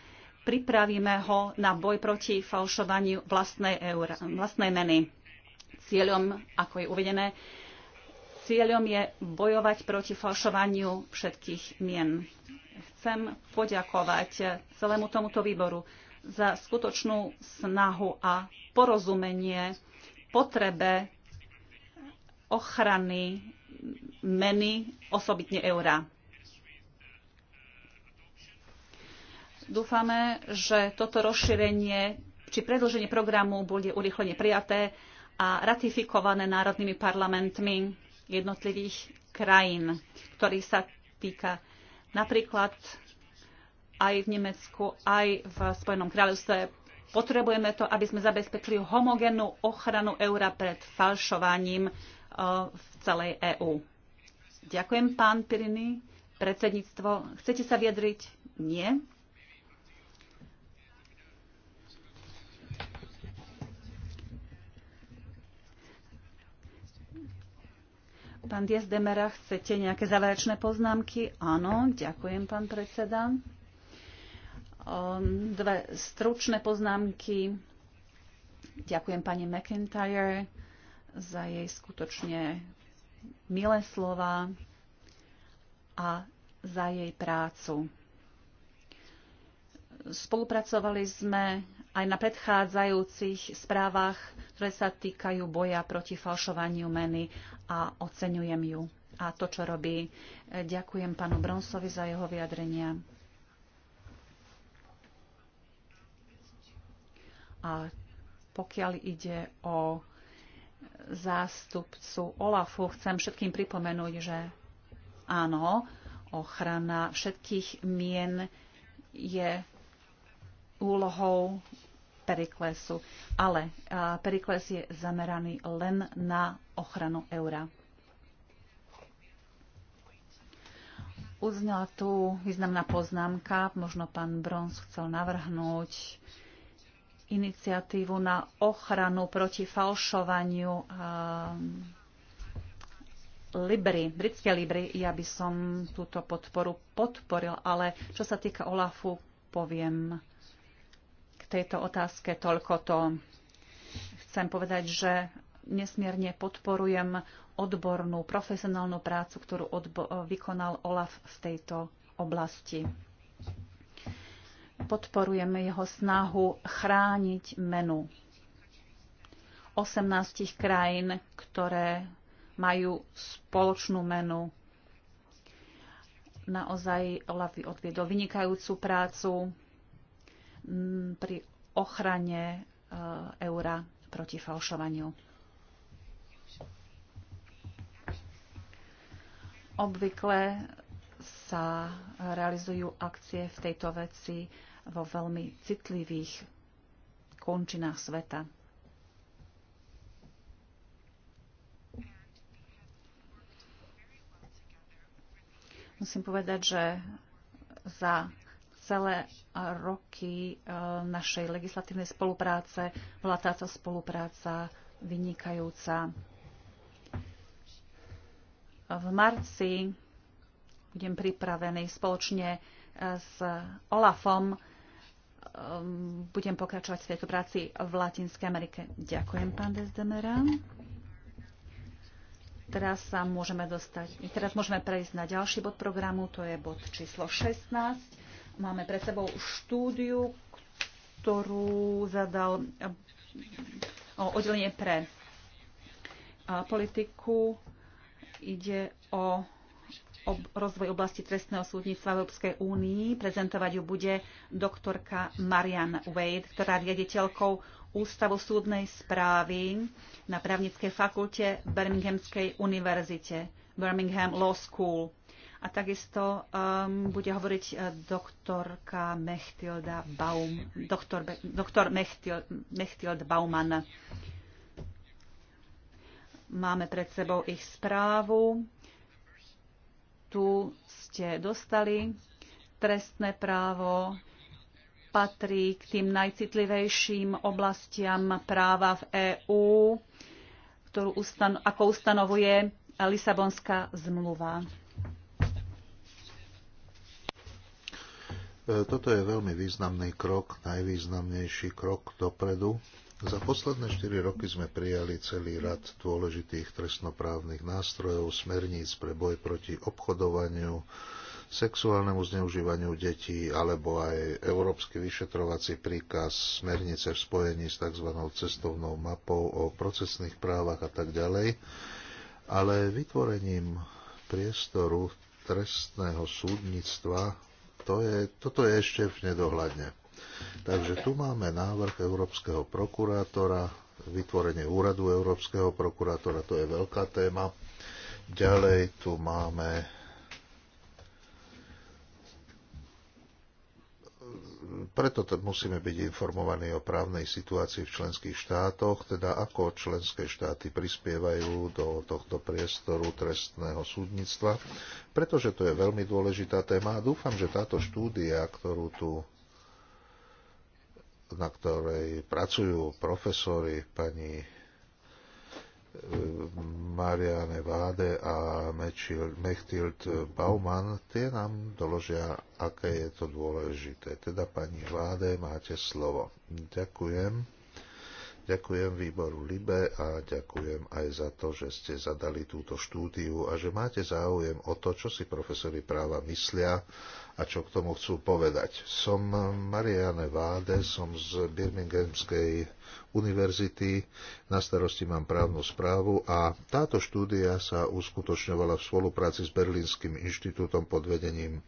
pripravíme ho na boj proti falšovaniu vlastnej, eura, vlastnej meny. Cieľom, ako je uvedené, cieľom je bojovať proti falšovaniu všetkých mien. Chcem poďakovať celému tomuto výboru za skutočnú snahu a porozumenie potrebe ochrany meny, osobitne eura. Dúfame, že toto rozšírenie či predĺženie programu bude urýchlene prijaté a ratifikované národnými parlamentmi jednotlivých krajín, ktorý sa týka napríklad aj v Nemecku, aj v Spojenom kráľovstve. Potrebujeme to, aby sme zabezpečili homogénnu ochranu eura pred falšovaním e, v celej EÚ. Ďakujem, pán Pirini, Predsedníctvo, chcete sa vyjadriť? Nie. Pán Dias Demera, chcete nejaké záverečné poznámky? Áno, ďakujem, pán predseda. Dve stručné poznámky. Ďakujem pani McIntyre za jej skutočne milé slova a za jej prácu. Spolupracovali sme aj na predchádzajúcich správach, ktoré sa týkajú boja proti falšovaniu meny a oceňujem ju a to, čo robí. Ďakujem pánu Bronsovi za jeho vyjadrenia. A pokiaľ ide o zástupcu Olafu, chcem všetkým pripomenúť, že áno, ochrana všetkých mien je úlohou Periklesu. Ale Perikles je zameraný len na ochranu eura. Uznala tu významná poznámka, možno pán Brons chcel navrhnúť iniciatívu na ochranu proti falšovaniu Libry, britské Libry, ja by som túto podporu podporil, ale čo sa týka Olafu, poviem tejto otázke toľko to. Chcem povedať, že nesmierne podporujem odbornú, profesionálnu prácu, ktorú vykonal Olaf v tejto oblasti. Podporujeme jeho snahu chrániť menu 18 krajín, ktoré majú spoločnú menu. Naozaj Olaf odviedol vynikajúcu prácu pri ochrane e, eura proti falšovaniu. Obvykle sa realizujú akcie v tejto veci vo veľmi citlivých končinách sveta. Musím povedať, že za celé roky e, našej legislatívnej spolupráce bola táto spolupráca vynikajúca. V marci budem pripravený spoločne e, s Olafom. E, budem pokračovať v tejto práci v Latinskej Amerike. Ďakujem, pán Desdemera. Teraz sa môžeme dostať, teraz môžeme prejsť na ďalší bod programu, to je bod číslo 16 Máme pred sebou štúdiu, ktorú zadal eh, oddelenie pre eh, politiku. Ide o rozvoj oblasti trestného súdnictva v Európskej únii. Prezentovať ju bude doktorka Marian Wade, ktorá je riaditeľkou Ústavu súdnej správy na právnickej fakulte Birminghamskej univerzite, Birmingham Law School. A takisto um, bude hovoriť eh, doktorka Mechtilda Baum, doktor, doktor Mechtil, Mechtild Bauman. Máme pred sebou ich správu. Tu ste dostali trestné právo patrí k tým najcitlivejším oblastiam práva v EÚ, ustano- ako ustanovuje Lisabonská zmluva.
E, toto je veľmi významný krok, najvýznamnejší krok dopredu. Za posledné 4 roky sme prijali celý rad dôležitých trestnoprávnych nástrojov, smerníc pre boj proti obchodovaniu, sexuálnemu zneužívaniu detí alebo aj Európsky vyšetrovací príkaz, smernice v spojení s tzv. cestovnou mapou o procesných právach a tak ďalej. Ale vytvorením priestoru trestného súdnictva to je, toto je ešte v nedohľadne. Takže tu máme návrh Európskeho prokurátora, vytvorenie úradu Európskeho prokurátora, to je veľká téma. Ďalej tu máme preto musíme byť informovaní o právnej situácii v členských štátoch, teda ako členské štáty prispievajú do tohto priestoru trestného súdnictva, pretože to je veľmi dôležitá téma a dúfam, že táto štúdia, ktorú tu na ktorej pracujú profesori pani Mariane Váde a Mechtild Baumann, tie nám doložia, aké je to dôležité. Teda pani Váde, máte slovo. Ďakujem. Ďakujem výboru Libe a ďakujem aj za to, že ste zadali túto štúdiu a že máte záujem o to, čo si profesori práva myslia a čo k tomu chcú povedať. Som Marianne Váde, som z Birminghamskej univerzity, na starosti mám právnu správu a táto štúdia sa uskutočňovala v spolupráci s Berlínskym inštitútom pod vedením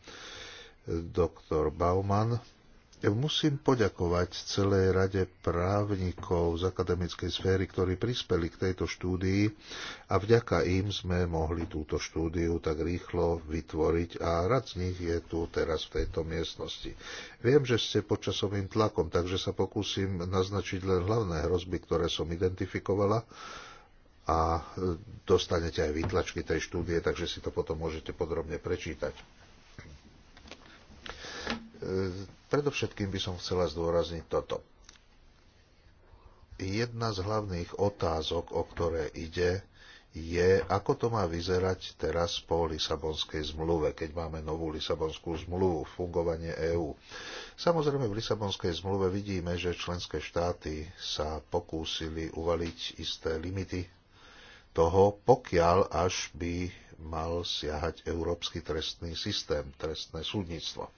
dr. Baumann ja Musím poďakovať celej rade právnikov z akademickej sféry, ktorí prispeli k tejto štúdii a vďaka im sme mohli túto štúdiu tak rýchlo vytvoriť a rad z nich je tu teraz v tejto miestnosti. Viem, že ste pod časovým tlakom, takže sa pokúsim naznačiť len hlavné hrozby, ktoré som identifikovala a dostanete aj výtlačky tej štúdie, takže si to potom môžete podrobne prečítať Predovšetkým by som chcela zdôrazniť toto. Jedna z hlavných otázok, o ktoré ide, je, ako to má vyzerať teraz po Lisabonskej zmluve, keď máme novú Lisabonskú zmluvu, fungovanie EÚ. Samozrejme, v Lisabonskej zmluve vidíme, že členské štáty sa pokúsili uvaliť isté limity toho, pokiaľ až by mal siahať európsky trestný systém, trestné súdnictvo.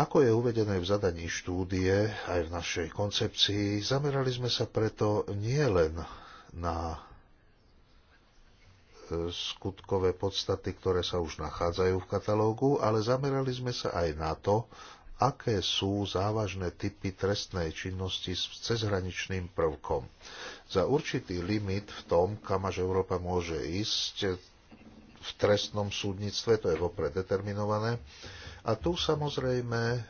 Ako je uvedené v zadaní štúdie, aj v našej koncepcii, zamerali sme sa preto nielen na e, skutkové podstaty, ktoré sa už nachádzajú v katalógu, ale zamerali sme sa aj na to, aké sú závažné typy trestnej činnosti s cezhraničným prvkom. Za určitý limit v tom, kam až Európa môže ísť v trestnom súdnictve, to je vopred determinované, a tu samozrejme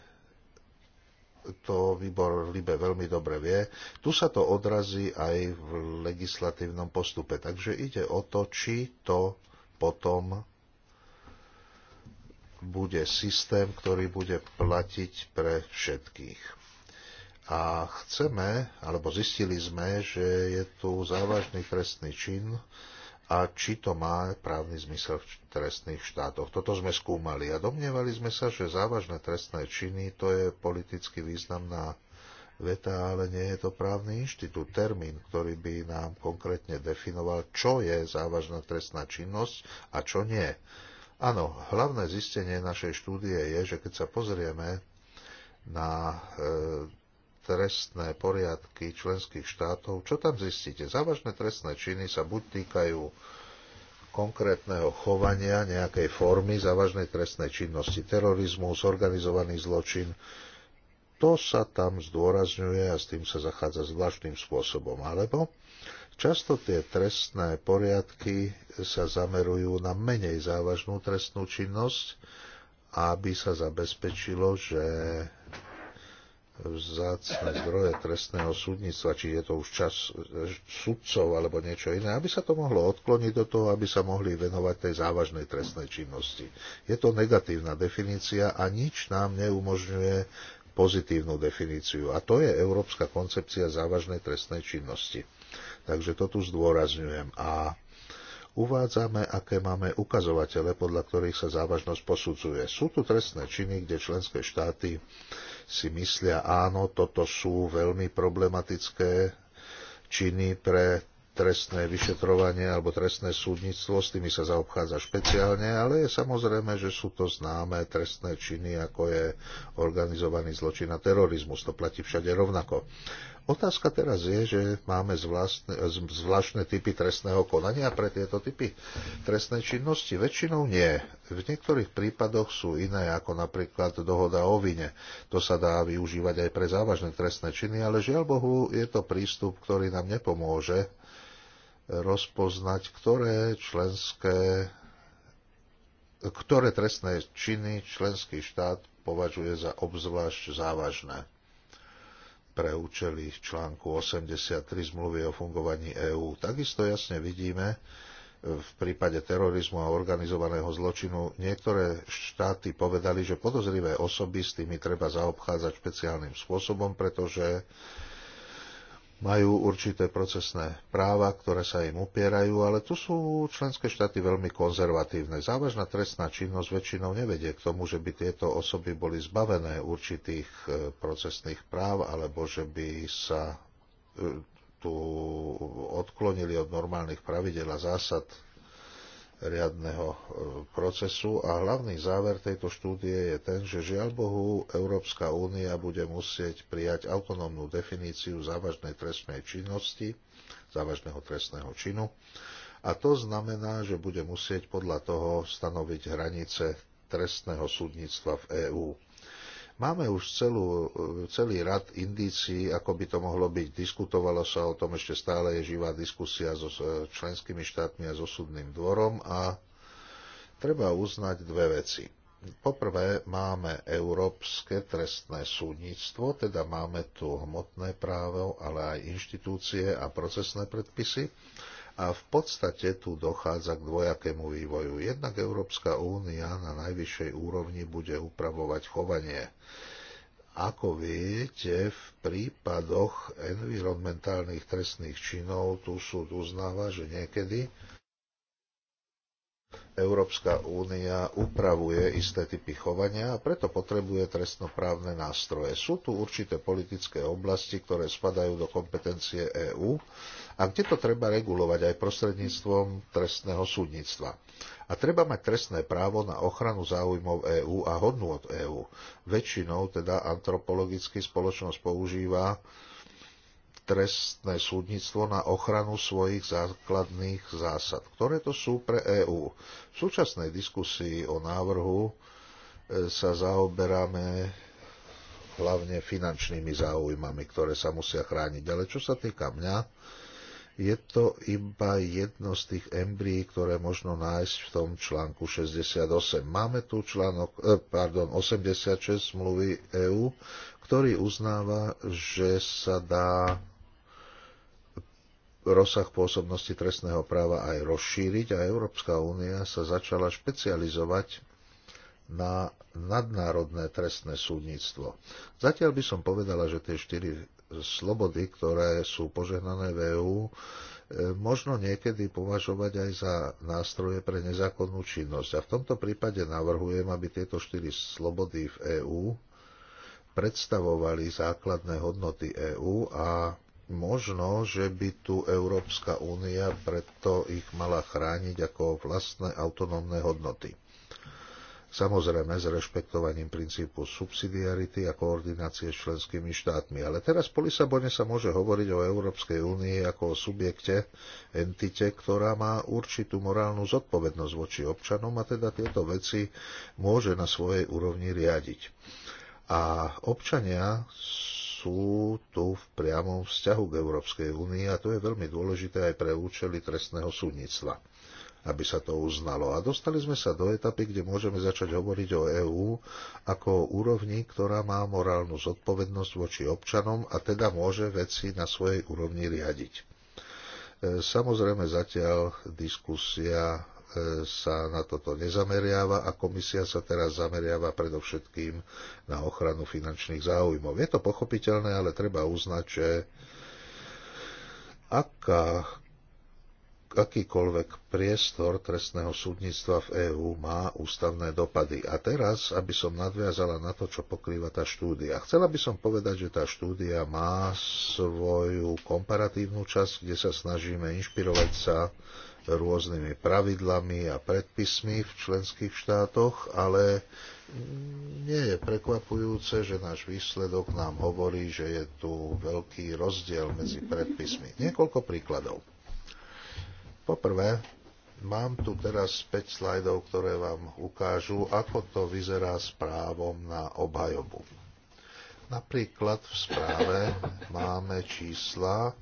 to výbor Libe veľmi dobre vie. Tu sa to odrazí aj v legislatívnom postupe. Takže ide o to, či to potom bude systém, ktorý bude platiť pre všetkých. A chceme, alebo zistili sme, že je tu závažný trestný čin, a či to má právny zmysel v trestných štátoch. Toto sme skúmali a domnievali sme sa, že závažné trestné činy to je politicky významná veta, ale nie je to právny inštitút, termín, ktorý by nám konkrétne definoval, čo je závažná trestná činnosť a čo nie. Áno, hlavné zistenie našej štúdie je, že keď sa pozrieme na e, trestné poriadky členských štátov, čo tam zistíte? Závažné trestné činy sa buď týkajú konkrétneho chovania, nejakej formy závažnej trestnej činnosti, terorizmu, zorganizovaný zločin. To sa tam zdôrazňuje a s tým sa zachádza zvláštnym spôsobom. Alebo často tie trestné poriadky sa zamerujú na menej závažnú trestnú činnosť, aby sa zabezpečilo, že vzácne zdroje trestného súdnictva, či je to už čas e, sudcov alebo niečo iné, aby sa to mohlo odkloniť do toho, aby sa mohli venovať tej závažnej trestnej činnosti. Je to negatívna definícia a nič nám neumožňuje pozitívnu definíciu. A to je Európska koncepcia závažnej trestnej činnosti. Takže to tu zdôrazňujem. A uvádzame, aké máme ukazovatele, podľa ktorých sa závažnosť posudzuje. Sú tu trestné činy, kde členské štáty si myslia, áno, toto sú veľmi problematické činy pre trestné vyšetrovanie alebo trestné súdnictvo, s tými sa zaobchádza špeciálne, ale je samozrejme, že sú to známe trestné činy, ako je organizovaný zločin a terorizmus. To platí všade rovnako. Otázka teraz je, že máme zvláštne, zvláštne typy trestného konania pre tieto typy trestnej činnosti. Väčšinou nie. V niektorých prípadoch sú iné, ako napríklad dohoda o vine. To sa dá využívať aj pre závažné trestné činy, ale žiaľ Bohu je to prístup, ktorý nám nepomôže rozpoznať, ktoré členské ktoré trestné činy členský štát považuje za obzvlášť závažné pre účely článku 83 zmluvy o fungovaní EÚ. Takisto jasne vidíme e, v prípade terorizmu a organizovaného zločinu niektoré štáty povedali, že podozrivé osoby s tými treba zaobchádzať špeciálnym spôsobom, pretože majú určité procesné práva, ktoré sa im upierajú, ale tu sú členské štáty veľmi konzervatívne. Závažná trestná činnosť väčšinou nevedie k tomu, že by tieto osoby boli zbavené určitých e, procesných práv alebo že by sa e, tu odklonili od normálnych pravidel a zásad riadneho e, procesu a hlavný záver tejto štúdie je ten, že žiaľ Bohu Európska únia bude musieť prijať autonómnu definíciu závažnej trestnej činnosti, závažného trestného činu a to znamená, že bude musieť podľa toho stanoviť hranice trestného súdnictva v EÚ. Máme už celú, celý rad indícií, ako by to mohlo byť. Diskutovalo sa o tom, ešte stále je živá diskusia so e, členskými štátmi a so súdnym dvorom a treba uznať dve veci. Poprvé máme európske trestné súdnictvo, teda máme tu hmotné právo, ale aj inštitúcie a procesné predpisy. A v podstate tu dochádza k dvojakému vývoju. Jednak Európska únia na najvyššej úrovni bude upravovať chovanie. Ako viete, v prípadoch environmentálnych trestných činov tu súd uznáva, že niekedy Európska únia upravuje isté typy chovania a preto potrebuje trestnoprávne nástroje. Sú tu určité politické oblasti, ktoré spadajú do kompetencie EÚ a kde to treba regulovať aj prostredníctvom trestného súdnictva. A treba mať trestné právo na ochranu záujmov EÚ a hodnú od EÚ. Väčšinou teda antropologicky spoločnosť používa trestné súdnictvo na ochranu svojich základných zásad, ktoré to sú pre EÚ. V súčasnej diskusii o návrhu e, sa zaoberáme hlavne finančnými záujmami, ktoré sa musia chrániť. Ale čo sa týka mňa, je to iba jedno z tých embryí, ktoré možno nájsť v tom článku 68. Máme tu článok, e, pardon, 86 zmluvy EÚ, ktorý uznáva, že sa dá rozsah pôsobnosti trestného práva aj rozšíriť a Európska únia sa začala špecializovať na nadnárodné trestné súdnictvo. Zatiaľ by som povedala, že tie štyri slobody, ktoré sú požehnané v EÚ, e, možno niekedy považovať aj za nástroje pre nezákonnú činnosť. A v tomto prípade navrhujem, aby tieto štyri slobody v EÚ predstavovali základné hodnoty EÚ a možno, že by tu Európska únia preto ich mala chrániť ako vlastné autonómne hodnoty. Samozrejme s rešpektovaním princípu subsidiarity a koordinácie s členskými štátmi. Ale teraz po Lisabone sa môže hovoriť o Európskej únii ako o subjekte, entite, ktorá má určitú morálnu zodpovednosť voči občanom a teda tieto veci môže na svojej úrovni riadiť. A občania sú tu v priamom vzťahu k Európskej únii a to je veľmi dôležité aj pre účely trestného súdnictva aby sa to uznalo. A dostali sme sa do etapy, kde môžeme začať hovoriť o EÚ ako o úrovni, ktorá má morálnu zodpovednosť voči občanom a teda môže veci na svojej úrovni riadiť. E, samozrejme zatiaľ diskusia E, sa na toto nezameriava a komisia sa teraz zameriava predovšetkým na ochranu finančných záujmov. Je to pochopiteľné, ale treba uznať, že aká, akýkoľvek priestor trestného súdnictva v EÚ má ústavné dopady. A teraz, aby som nadviazala na to, čo pokrýva tá štúdia. Chcela by som povedať, že tá štúdia má svoju komparatívnu časť, kde sa snažíme inšpirovať sa rôznymi pravidlami a predpismi v členských štátoch, ale nie je prekvapujúce, že náš výsledok nám hovorí, že je tu veľký rozdiel medzi predpismi. Niekoľko príkladov. Poprvé, mám tu teraz 5 slajdov, ktoré vám ukážu, ako to vyzerá s právom na obhajobu. Napríklad v správe máme čísla,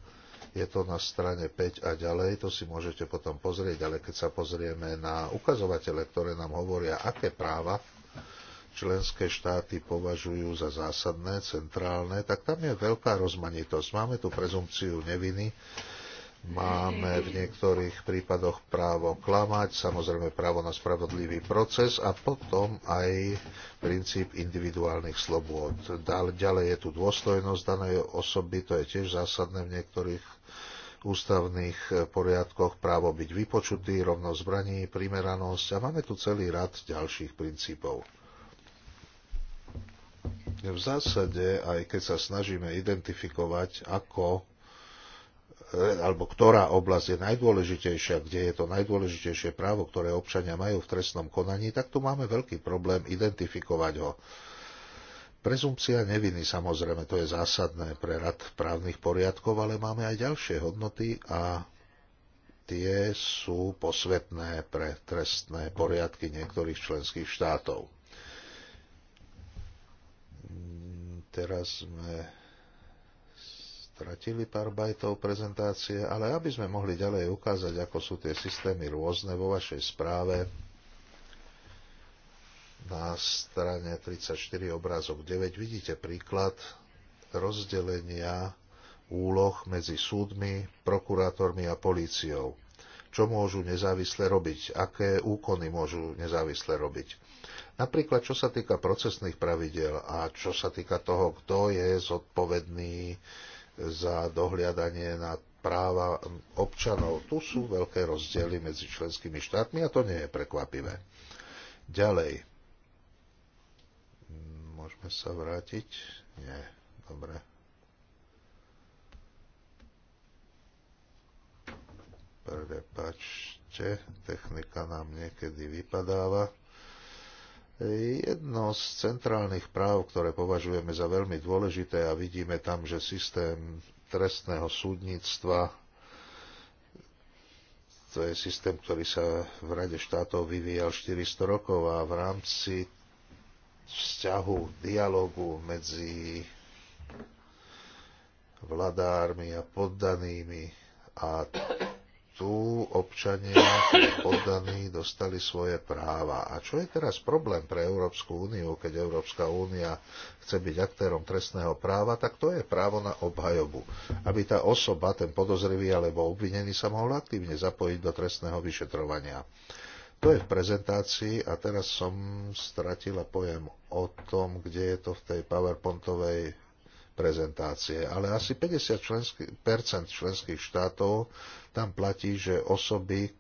je to na strane 5 a ďalej, to si môžete potom pozrieť, ale keď sa pozrieme na ukazovatele, ktoré nám hovoria, aké práva členské štáty považujú za zásadné, centrálne, tak tam je veľká rozmanitosť. Máme tu prezumpciu neviny, máme v niektorých prípadoch právo klamať, samozrejme právo na spravodlivý proces a potom aj princíp individuálnych slobôd. Ďalej je tu dôstojnosť danej osoby, to je tiež zásadné v niektorých ústavných eh, poriadkoch, právo byť vypočutý, rovnosť zbraní, primeranosť a máme tu celý rad ďalších princípov. V zásade, aj keď sa snažíme identifikovať, ako eh, alebo ktorá oblasť je najdôležitejšia, kde je to najdôležitejšie právo, ktoré občania majú v trestnom konaní, tak tu máme veľký problém identifikovať ho. Prezumpcia neviny samozrejme to je zásadné pre rad právnych poriadkov, ale máme aj ďalšie hodnoty a tie sú posvetné pre trestné poriadky niektorých členských štátov. Teraz sme stratili pár bajtov prezentácie, ale aby sme mohli ďalej ukázať, ako sú tie systémy rôzne vo vašej správe, na strane 34 obrázok 9 vidíte príklad rozdelenia úloh medzi súdmi, prokurátormi a políciou. Čo môžu nezávisle robiť? Aké úkony môžu nezávisle robiť? Napríklad, čo sa týka procesných pravidel a čo sa týka toho, kto je zodpovedný za dohliadanie na práva občanov. Tu sú veľké rozdiely medzi členskými štátmi a to nie je prekvapivé. Ďalej, Môžeme sa vrátiť? Nie, dobre. Prepačte, technika nám niekedy vypadáva. Jedno z centrálnych práv, ktoré považujeme za veľmi dôležité a vidíme tam, že systém trestného súdnictva to je systém, ktorý sa v Rade štátov vyvíjal 400 rokov a v rámci vzťahu, dialogu medzi vladármi a poddanými a tu občania poddaní dostali svoje práva. A čo je teraz problém pre Európsku úniu, keď Európska únia chce byť aktérom trestného práva, tak to je právo na obhajobu. Aby tá osoba, ten podozrivý alebo obvinený sa mohol aktívne zapojiť do trestného vyšetrovania. To je v prezentácii a teraz som stratila pojem o tom, kde je to v tej PowerPointovej prezentácie. Ale asi 50% členský, členských štátov tam platí, že osoby,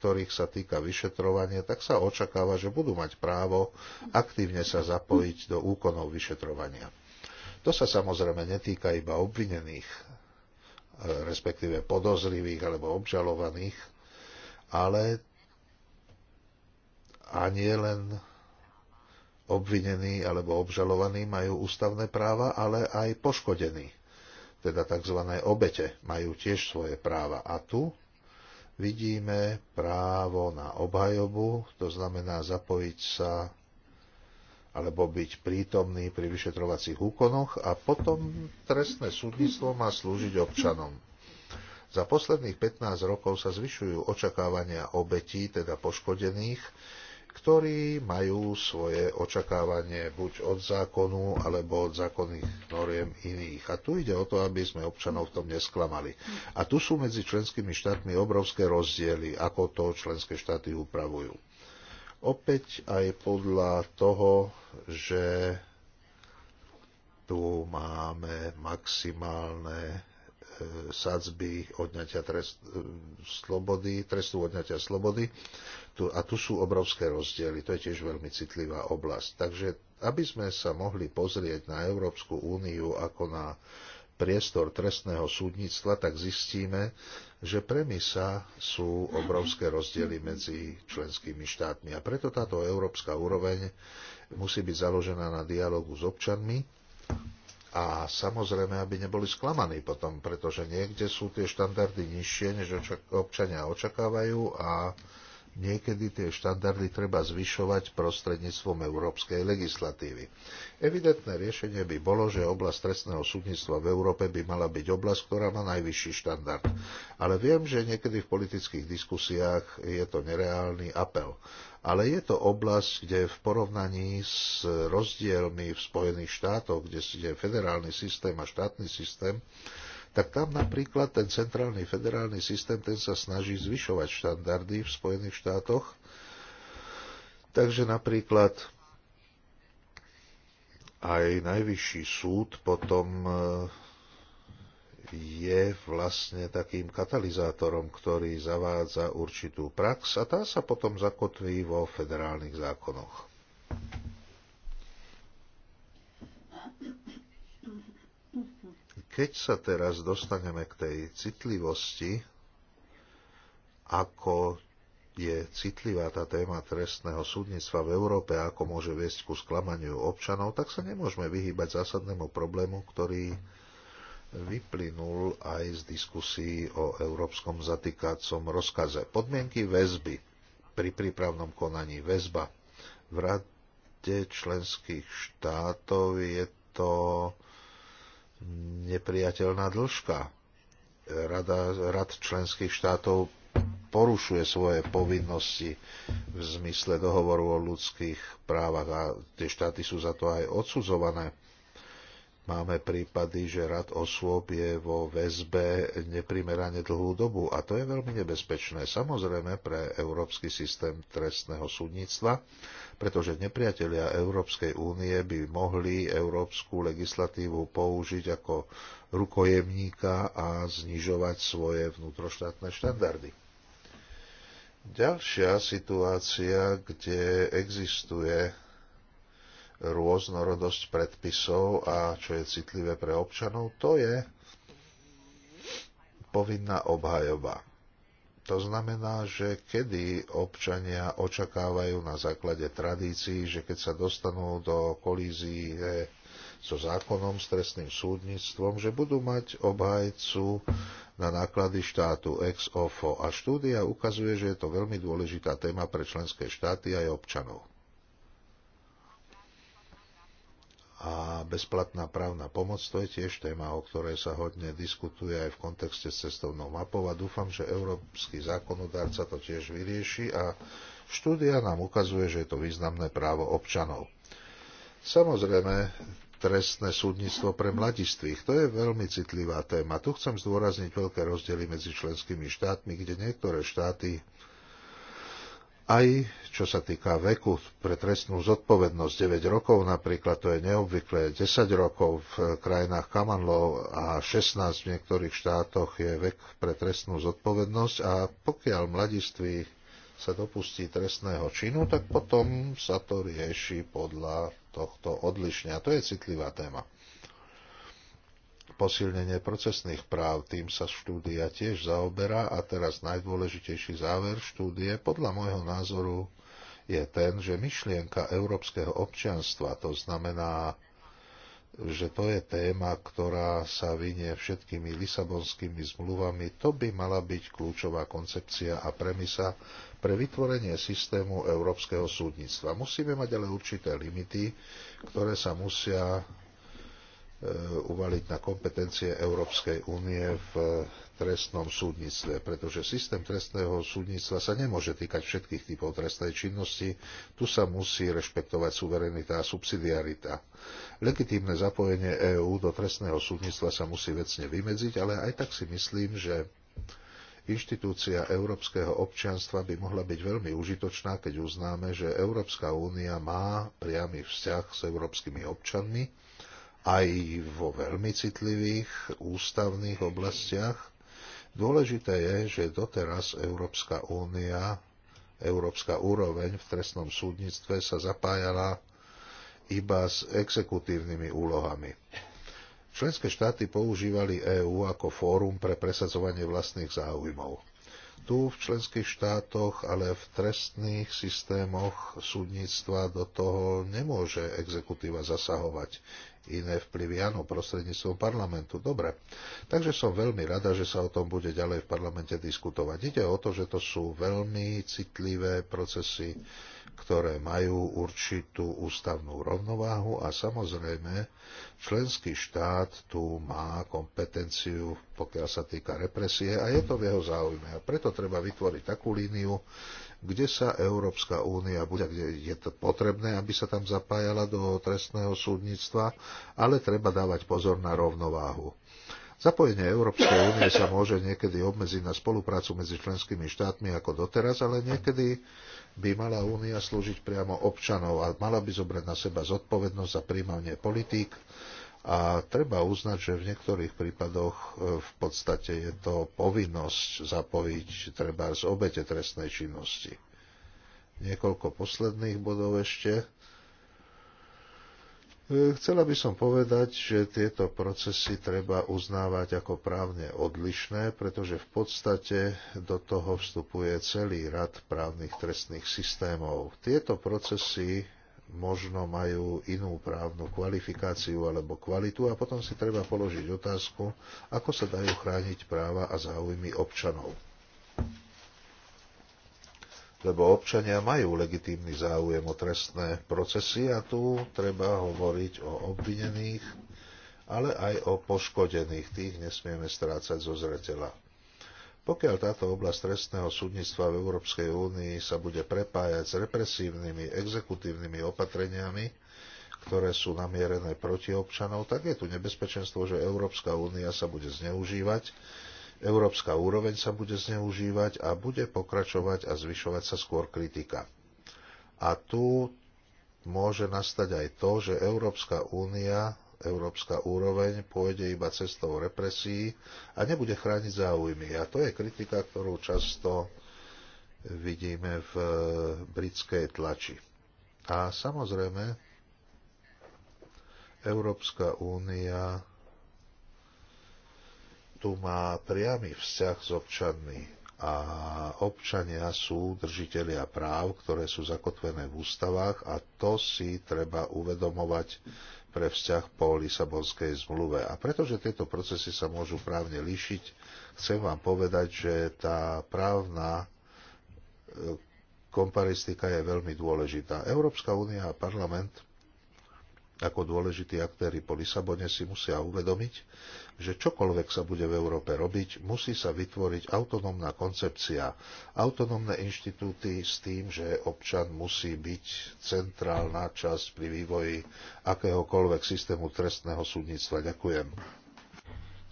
ktorých sa týka vyšetrovanie, tak sa očakáva, že budú mať právo aktívne sa zapojiť do úkonov vyšetrovania. To sa samozrejme netýka iba obvinených, respektíve podozrivých alebo obžalovaných, ale a nie len obvinení alebo obžalovaní majú ústavné práva, ale aj poškodení, teda tzv. obete, majú tiež svoje práva. A tu vidíme právo na obhajobu, to znamená zapojiť sa alebo byť prítomný pri vyšetrovacích úkonoch a potom trestné súdnictvo má slúžiť občanom. Za posledných 15 rokov sa zvyšujú očakávania obetí, teda poškodených, ktorí majú svoje očakávanie buď od zákonu alebo od zákonných noriem iných. A tu ide o to, aby sme občanov v tom nesklamali. A tu sú medzi členskými štátmi obrovské rozdiely, ako to členské štáty upravujú. Opäť aj podľa toho, že tu máme maximálne e, sadzby odňatia trest, e, slobody, trestu odňatia slobody a tu sú obrovské rozdiely, to je tiež veľmi citlivá oblasť. Takže aby sme sa mohli pozrieť na Európsku úniu ako na priestor trestného súdnictva, tak zistíme, že premisa sú obrovské rozdiely medzi členskými štátmi. A preto táto európska úroveň musí byť založená na dialogu s občanmi a samozrejme, aby neboli sklamaní potom, pretože niekde sú tie štandardy nižšie, než občania očakávajú a niekedy tie štandardy treba zvyšovať prostredníctvom európskej legislatívy. Evidentné riešenie by bolo, že oblasť trestného súdnictva v Európe by mala byť oblasť, ktorá má najvyšší štandard. Ale viem, že niekedy v politických diskusiách je to nereálny apel. Ale je to oblasť, kde v porovnaní s rozdielmi v Spojených štátoch, kde je federálny systém a štátny systém, tak tam napríklad ten centrálny federálny systém, ten sa snaží zvyšovať štandardy v Spojených štátoch. Takže napríklad aj najvyšší súd potom e, je vlastne takým katalizátorom, ktorý zavádza určitú prax a tá sa potom zakotví vo federálnych zákonoch. Keď sa teraz dostaneme k tej citlivosti, ako je citlivá tá téma trestného súdnictva v Európe ako môže viesť ku sklamaniu občanov, tak sa nemôžeme vyhýbať zásadnému problému, ktorý vyplynul aj z diskusí o európskom zatýkacom rozkaze. Podmienky väzby pri prípravnom konaní väzba. V rade členských štátov je to nepriateľná dĺžka. Rada, rad členských štátov porušuje svoje povinnosti v zmysle dohovoru o ľudských právach a tie štáty sú za to aj odsudzované. Máme prípady, že rad osôb je vo väzbe neprimerane dlhú dobu a to je veľmi nebezpečné. Samozrejme pre európsky systém trestného súdnictva, pretože nepriatelia Európskej únie by mohli európsku legislatívu použiť ako rukojemníka a znižovať svoje vnútroštátne štandardy. Ďalšia situácia, kde existuje rôznorodosť predpisov a čo je citlivé pre občanov, to je povinná obhajoba. To znamená, že kedy občania očakávajú na základe tradícií, že keď sa dostanú do kolízie so zákonom, s trestným súdnictvom, že budú mať obhajcu na náklady štátu ex ofo. A štúdia ukazuje, že je to veľmi dôležitá téma pre členské štáty aj občanov. bezplatná právna pomoc, to je tiež téma, o ktorej sa hodne diskutuje aj v kontexte s cestovnou mapou a dúfam, že európsky zákonodárca to tiež vyrieši a štúdia nám ukazuje, že je to významné právo občanov. Samozrejme, trestné súdnictvo pre mladistvých. To je veľmi citlivá téma. Tu chcem zdôrazniť veľké rozdiely medzi členskými štátmi, kde niektoré štáty aj čo sa týka veku pre trestnú zodpovednosť 9 rokov napríklad, to je neobvyklé, 10 rokov v krajinách kamanlov a 16 v niektorých štátoch je vek pre trestnú zodpovednosť a pokiaľ mladiství sa dopustí trestného činu, tak potom sa to rieši podľa tohto odlišne. A to je citlivá téma posilnenie procesných práv, tým sa štúdia tiež zaoberá a teraz najdôležitejší záver štúdie podľa môjho názoru je ten, že myšlienka európskeho občianstva, to znamená, že to je téma, ktorá sa vynie všetkými lisabonskými zmluvami, to by mala byť kľúčová koncepcia a premisa pre vytvorenie systému európskeho súdnictva. Musíme mať ale určité limity, ktoré sa musia Eh, uvaliť na kompetencie Európskej únie v trestnom súdnictve, pretože systém trestného súdnictva sa nemôže týkať všetkých typov trestnej činnosti, tu sa musí rešpektovať suverenita a subsidiarita. Legitímne zapojenie EÚ do trestného súdnictva sa musí vecne vymedziť, ale aj tak si myslím, že inštitúcia európskeho občianstva by mohla byť veľmi užitočná, keď uznáme, že Európska únia má priamy vzťah s európskymi občanmi, aj vo veľmi citlivých ústavných oblastiach. Dôležité je, že doteraz Európska únia, európska úroveň v trestnom súdnictve sa zapájala iba s exekutívnymi úlohami. Členské štáty používali EÚ ako fórum pre presadzovanie vlastných záujmov. Tu v členských štátoch, ale v trestných systémoch súdnictva do toho nemôže exekutíva zasahovať iné vplyvy, áno, prostredníctvom parlamentu. Dobre. Takže som veľmi rada, že sa o tom bude ďalej v parlamente diskutovať. Ide o to, že to sú veľmi citlivé procesy, ktoré majú určitú ústavnú rovnováhu a samozrejme členský štát tu má kompetenciu, pokiaľ sa týka represie a je to v jeho záujme. A preto treba vytvoriť takú líniu, kde sa Európska únia bude, kde je to potrebné, aby sa tam zapájala do trestného súdnictva, ale treba dávať pozor na rovnováhu. Zapojenie Európskej únie sa môže niekedy obmedziť na spoluprácu medzi členskými štátmi ako doteraz, ale niekedy by mala únia slúžiť priamo občanov a mala by zobrať na seba zodpovednosť za príjmanie politík. A treba uznať, že v niektorých prípadoch e, v podstate je to povinnosť zapojiť treba z obete trestnej činnosti. Niekoľko posledných bodov ešte. E, chcela by som povedať, že tieto procesy treba uznávať ako právne odlišné, pretože v podstate do toho vstupuje celý rad právnych trestných systémov. Tieto procesy možno majú inú právnu kvalifikáciu alebo kvalitu a potom si treba položiť otázku, ako sa dajú chrániť práva a záujmy občanov lebo občania majú legitímny záujem o trestné procesy a tu treba hovoriť o obvinených, ale aj o poškodených, tých nesmieme strácať zo zreteľa. Pokiaľ táto oblasť trestného súdnictva v Európskej únii sa bude prepájať s represívnymi, exekutívnymi opatreniami, ktoré sú namierené proti občanov, tak je tu nebezpečenstvo, že Európska únia sa bude zneužívať Európska úroveň sa bude zneužívať a bude pokračovať a zvyšovať sa skôr kritika. A tu môže nastať aj to, že Európska únia, Európska úroveň pôjde iba cestou represí a nebude chrániť záujmy. A to je kritika, ktorú často vidíme v e, britskej tlači. A samozrejme, Európska únia tu má priamy vzťah s občanmi a občania sú držiteľia práv, ktoré sú zakotvené v ústavách a to si treba uvedomovať pre vzťah po Lisabonskej zmluve. A pretože tieto procesy sa môžu právne líšiť, chcem vám povedať, že tá právna e, komparistika je veľmi dôležitá. Európska únia a parlament ako dôležití aktéry po Lisabone si musia uvedomiť, že čokoľvek sa bude v Európe robiť, musí sa vytvoriť autonómna koncepcia, autonómne inštitúty s tým, že občan musí byť centrálna časť pri vývoji akéhokoľvek systému trestného súdnictva. Ďakujem.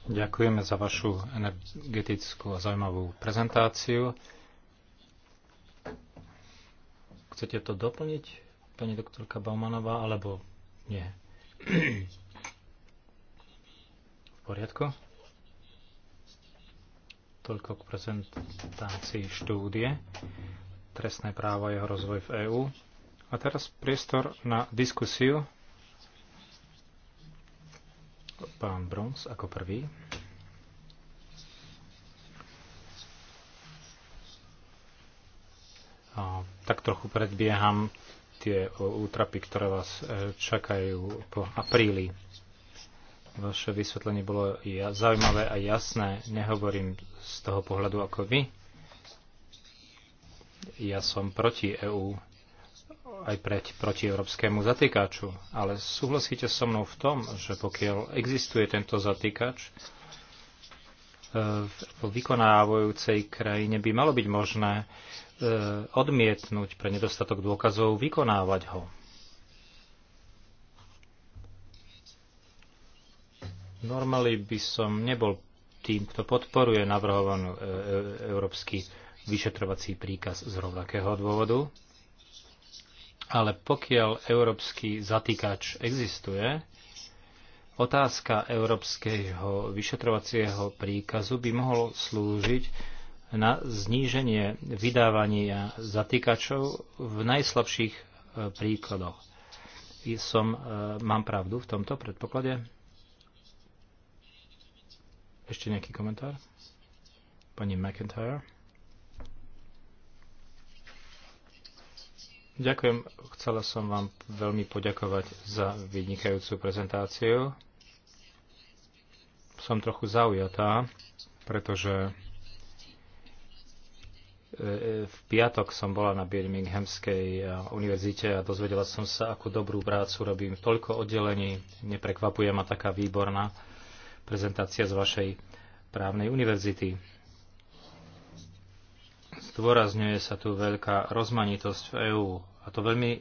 Ďakujeme za vašu energetickú a zaujímavú prezentáciu. Chcete to doplniť, pani doktorka Baumanová, alebo nie? poriadku. Toľko k prezentácii štúdie Trestné právo a jeho rozvoj v EÚ. A teraz priestor na diskusiu. Pán Brons ako prvý. A tak trochu predbieham tie útrapy, ktoré vás e, čakajú po apríli. Vaše vysvetlenie bolo zaujímavé a jasné. Nehovorím z toho pohľadu ako vy. Ja som proti EÚ, aj preť proti európskemu zatýkaču. Ale súhlasíte so mnou v tom, že pokiaľ existuje tento zatýkač, eh, v vykonávajúcej krajine by malo byť možné eh, odmietnúť pre nedostatok dôkazov vykonávať ho. Normálne by som nebol tým, kto podporuje navrhovaný e, e, európsky vyšetrovací príkaz z rovnakého dôvodu, ale pokiaľ európsky zatýkač existuje, otázka európskeho vyšetrovacieho príkazu by mohol slúžiť na zníženie vydávania zatýkačov v najslabších e, príkladoch. Som, mám pravdu v tomto predpoklade? Ešte nejaký komentár? Pani McIntyre. Ďakujem. Chcela som vám veľmi poďakovať za vynikajúcu prezentáciu. Som trochu zaujatá, pretože e, e, v piatok som bola na Birminghamskej e, univerzite a dozvedela som sa, akú dobrú prácu robím. Toľko oddelení, neprekvapuje ma taká výborná prezentácia z vašej právnej univerzity. Zdôrazňuje sa tu veľká rozmanitosť v EÚ a to veľmi e,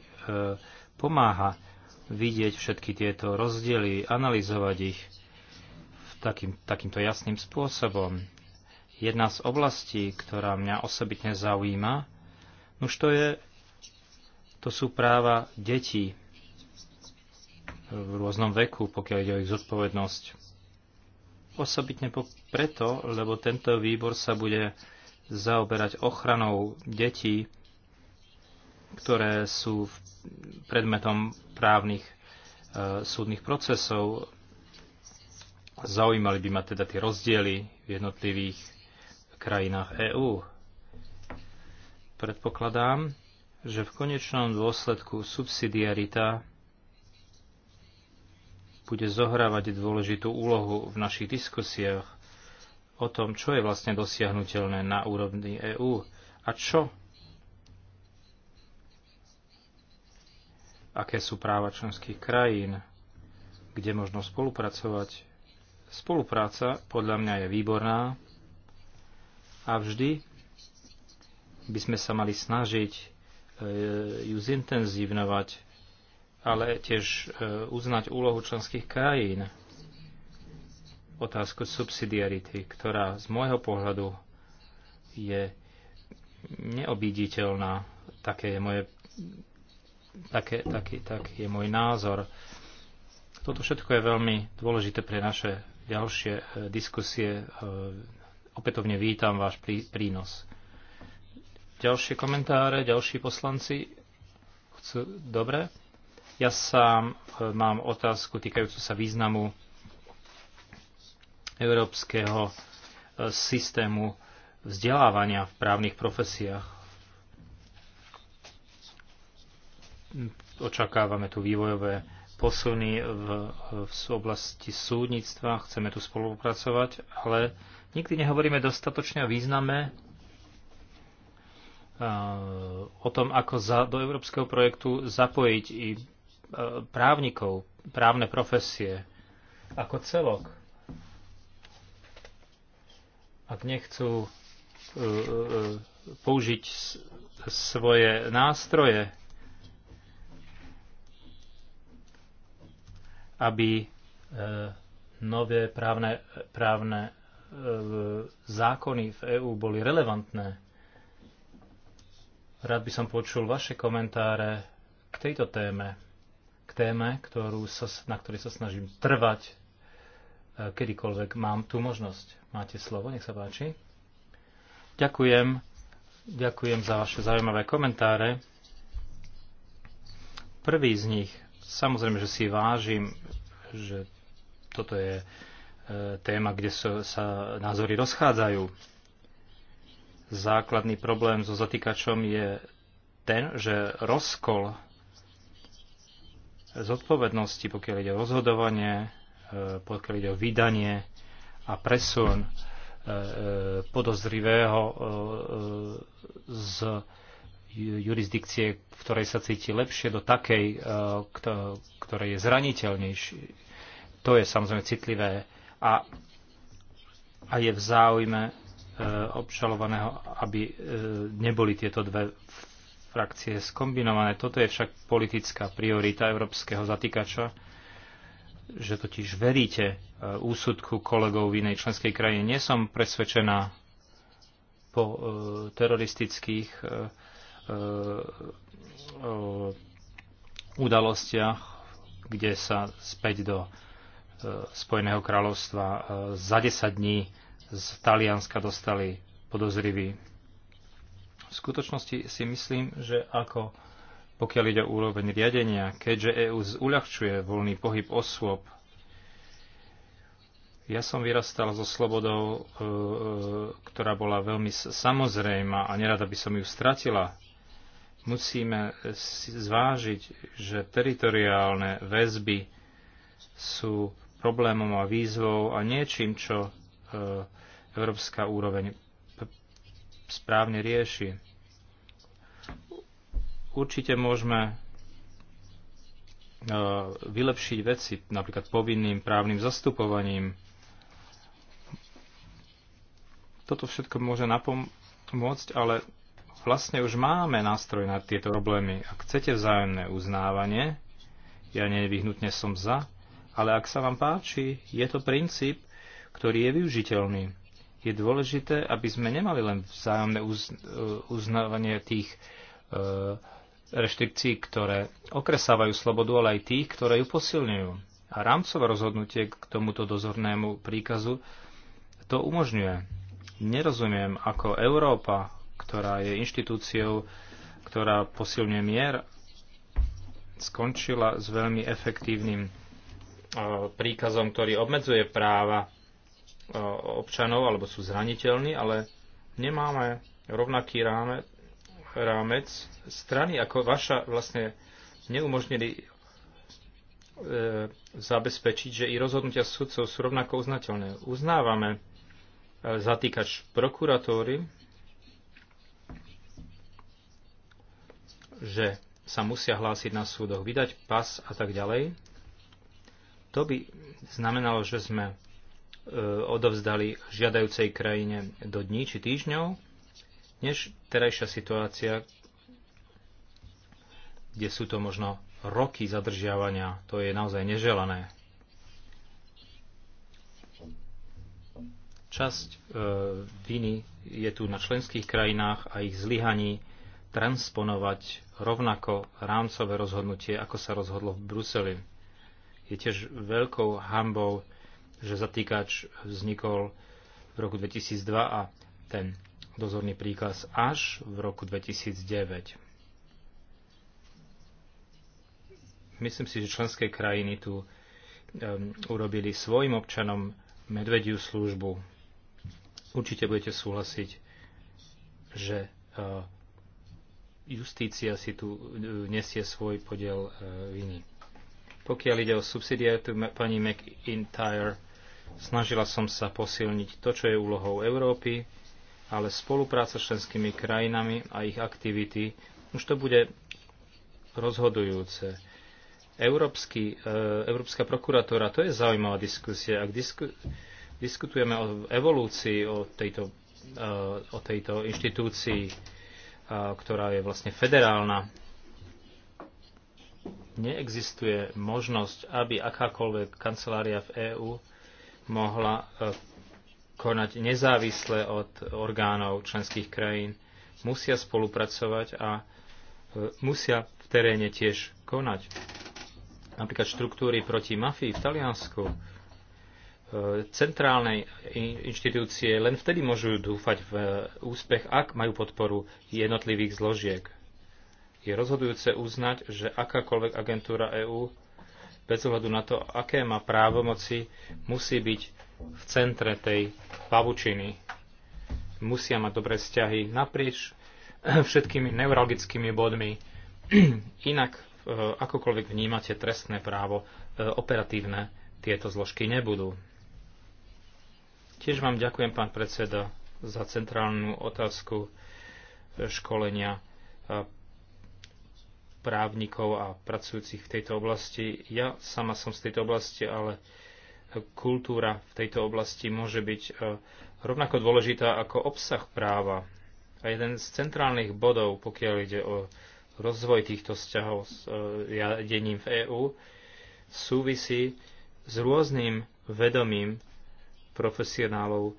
pomáha vidieť všetky tieto rozdiely, analyzovať ich takým, takýmto jasným spôsobom. Jedna z oblastí, ktorá mňa osobitne zaujíma, už to, je, to sú práva detí v rôznom veku, pokiaľ ide o ich zodpovednosť osobitne preto, lebo tento výbor sa bude zaoberať ochranou detí, ktoré sú predmetom právnych e, súdnych procesov. Zaujímali by ma teda tie rozdiely v jednotlivých krajinách EÚ. Predpokladám, že v konečnom dôsledku subsidiarita bude zohrávať dôležitú úlohu v našich diskusiách o tom, čo je vlastne dosiahnutelné na úrovni EÚ a čo, aké sú práva členských krajín, kde možno spolupracovať. Spolupráca podľa mňa je výborná a vždy by sme sa mali snažiť e, ju zintenzívnovať ale tiež e, uznať úlohu členských krajín. Otázku subsidiarity, ktorá z môjho pohľadu je neobíditeľná. Také je, moje, také, taký, taký je môj názor. Toto všetko je veľmi dôležité pre naše ďalšie e, diskusie. E, opätovne vítam váš prínos. Ďalšie komentáre, ďalší poslanci? Chcú, dobre? Ja sám e, mám otázku týkajúcu sa významu európskeho e, systému vzdelávania v právnych profesiách. Očakávame tu vývojové posuny v, v oblasti súdnictva, chceme tu spolupracovať, ale nikdy nehovoríme dostatočne o význame e, o tom, ako za, do európskeho projektu zapojiť i E, právnikov, právne profesie ako celok. Ak nechcú e, e, použiť svoje nástroje, aby nové právne, právne zákony v EÚ boli relevantné. Rád by som počul vaše komentáre k tejto téme téme, ktorú sa, na ktorej sa snažím trvať, e, kedykoľvek mám tú možnosť. Máte slovo, nech sa páči. Ďakujem. Ďakujem za vaše zaujímavé komentáre. Prvý z nich, samozrejme, že si vážim, že toto je e, téma, kde so, sa názory rozchádzajú. Základný problém so zatýkačom je ten, že rozkol zodpovednosti, pokiaľ ide o rozhodovanie, e, pokiaľ ide o vydanie a presun e, e, podozrivého z jurisdikcie, v ktorej sa cíti lepšie, do takej, ktorej je zraniteľnejší. To je samozrejme citlivé a, a je v záujme obžalovaného, aby neboli tieto dve frakcie skombinované. Toto je však politická priorita európskeho zatýkača, že totiž veríte e, úsudku kolegov v inej členskej krajine. Nie som presvedčená po e, teroristických e, e, udalostiach, kde sa späť do e, Spojeného kráľovstva e, za 10 dní z Talianska dostali podozriví v skutočnosti si myslím, že ako pokiaľ ide o úroveň riadenia, keďže EÚ uľahčuje voľný pohyb osôb, ja som vyrastal so slobodou, e, e, ktorá bola veľmi samozrejma a nerada by som ju stratila. Musíme zvážiť, že teritoriálne väzby sú problémom a výzvou a niečím, čo e, európska úroveň správne rieši. Určite môžeme e, vylepšiť veci, napríklad povinným právnym zastupovaním. Toto všetko môže napomôcť, ale vlastne už máme nástroj na tieto problémy. Ak chcete vzájomné uznávanie, ja nevyhnutne som za, ale ak sa vám páči, je to princíp, ktorý je využiteľný je dôležité, aby sme nemali len vzájomné uznávanie tých e, reštrikcií, ktoré okresávajú slobodu, ale aj tých, ktoré ju posilňujú. A rámcové rozhodnutie k tomuto dozornému príkazu to umožňuje. Nerozumiem, ako Európa, ktorá je inštitúciou, ktorá posilňuje mier, skončila s veľmi efektívnym e, príkazom, ktorý obmedzuje práva Eh, občanov alebo sú zraniteľní, ale nemáme rovnaký ráme, rámec. Strany ako vaša vlastne neumožnili e, zabezpečiť, že i rozhodnutia sudcov sú rovnako uznateľné. Uznávame e, zatýkač prokuratóry, že sa musia hlásiť na súdoch, vydať pas a tak ďalej. To by znamenalo, že sme E, odovzdali žiadajúcej krajine do dní či týždňov, než terajšia situácia, kde sú to možno roky zadržiavania. To je naozaj neželané. Časť e, viny je tu na členských krajinách a ich zlyhaní transponovať rovnako rámcové rozhodnutie, ako sa rozhodlo v Bruseli. Je tiež veľkou hambou, že zatýkač vznikol v roku 2002 a ten dozorný príkaz až v roku 2009. Myslím si, že členské krajiny tu um, urobili svojim občanom medvediu službu. Určite budete súhlasiť, že uh, justícia si tu e, nesie svoj podiel uh, viny. Pokiaľ ide o subsidiátu pani McIntyre, Snažila som sa posilniť to, čo je úlohou Európy, ale spolupráca s členskými krajinami a ich aktivity už to bude rozhodujúce. Európsky, e, Európska prokuratúra, to je zaujímavá diskusia. Ak disku, diskutujeme o evolúcii, o tejto, e, o tejto inštitúcii, e, ktorá je vlastne federálna, neexistuje možnosť, aby akákoľvek kancelária v EÚ mohla e, konať nezávisle od orgánov členských krajín, musia spolupracovať a e, musia v teréne tiež konať. Napríklad štruktúry proti mafii v Taliansku, e, centrálnej inštitúcie len vtedy môžu dúfať v úspech, ak majú podporu jednotlivých zložiek. Je rozhodujúce uznať, že akákoľvek agentúra EÚ bez ohľadu na to, aké má právomoci, musí byť v centre tej pavučiny. Musia mať dobré vzťahy naprieč všetkými neurologickými bodmi. Inak, e, akokoľvek vnímate trestné právo, e, operatívne tieto zložky nebudú. Tiež vám ďakujem, pán predseda, za centrálnu otázku e, školenia právnikov a pracujúcich v tejto oblasti. Ja sama som z tejto oblasti, ale kultúra v tejto oblasti môže byť e, rovnako dôležitá ako obsah práva. A jeden z centrálnych bodov, pokiaľ ide o rozvoj týchto vzťahov s jadením e, v EÚ, súvisí s rôznym vedomím profesionálov e,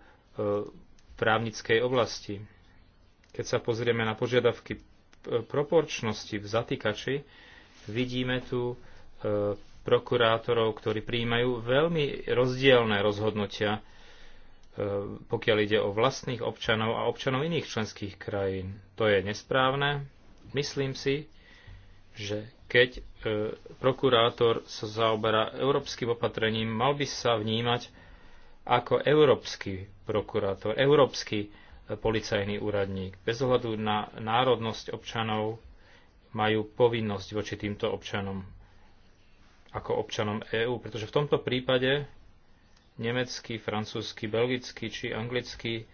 právnickej oblasti. Keď sa pozrieme na požiadavky proporčnosti v zatýkači vidíme tu e, prokurátorov, ktorí prijímajú veľmi rozdielne rozhodnutia, e, pokiaľ ide o vlastných občanov a občanov iných členských krajín. To je nesprávne. Myslím si, že keď e, prokurátor sa zaoberá európskym opatrením, mal by sa vnímať ako európsky prokurátor, európsky policajný úradník. Bez ohľadu na národnosť občanov majú povinnosť voči týmto občanom ako občanom EÚ, pretože v tomto prípade nemecký, francúzsky, belgický či anglický e,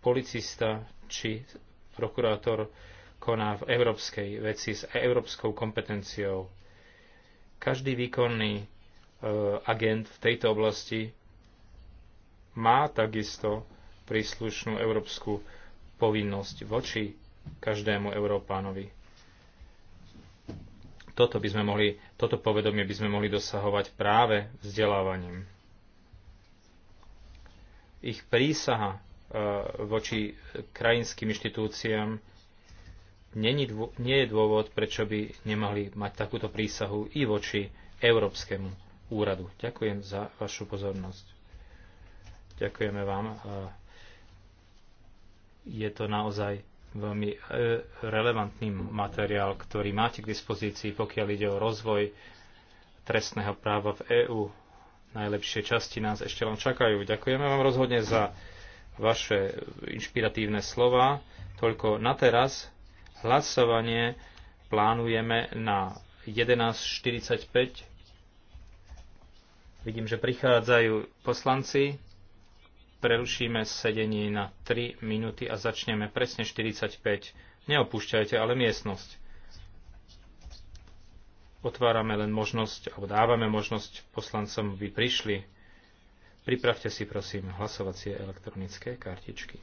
policista či prokurátor koná v európskej veci s európskou kompetenciou. Každý výkonný e, agent v tejto oblasti má takisto príslušnú európsku povinnosť voči každému Európánovi. Toto, by sme mohli, toto povedomie by sme mohli dosahovať práve vzdelávaním. Ich prísaha e, voči krajinským inštitúciám nie je dôvod, prečo by nemali mať takúto prísahu i voči Európskemu úradu. Ďakujem za vašu pozornosť. Ďakujeme vám. E, je to naozaj veľmi e, relevantný materiál, ktorý máte k dispozícii, pokiaľ ide o rozvoj trestného práva v EÚ. Najlepšie časti nás ešte len čakajú. Ďakujeme vám rozhodne za vaše inšpiratívne slova. Toľko na teraz. Hlasovanie plánujeme na 11.45. Vidím, že prichádzajú poslanci prerušíme sedenie na 3 minúty a začneme presne 45. Neopúšťajte ale miestnosť. Otvárame len možnosť, alebo dávame možnosť poslancom, by prišli. Pripravte si prosím hlasovacie elektronické kartičky.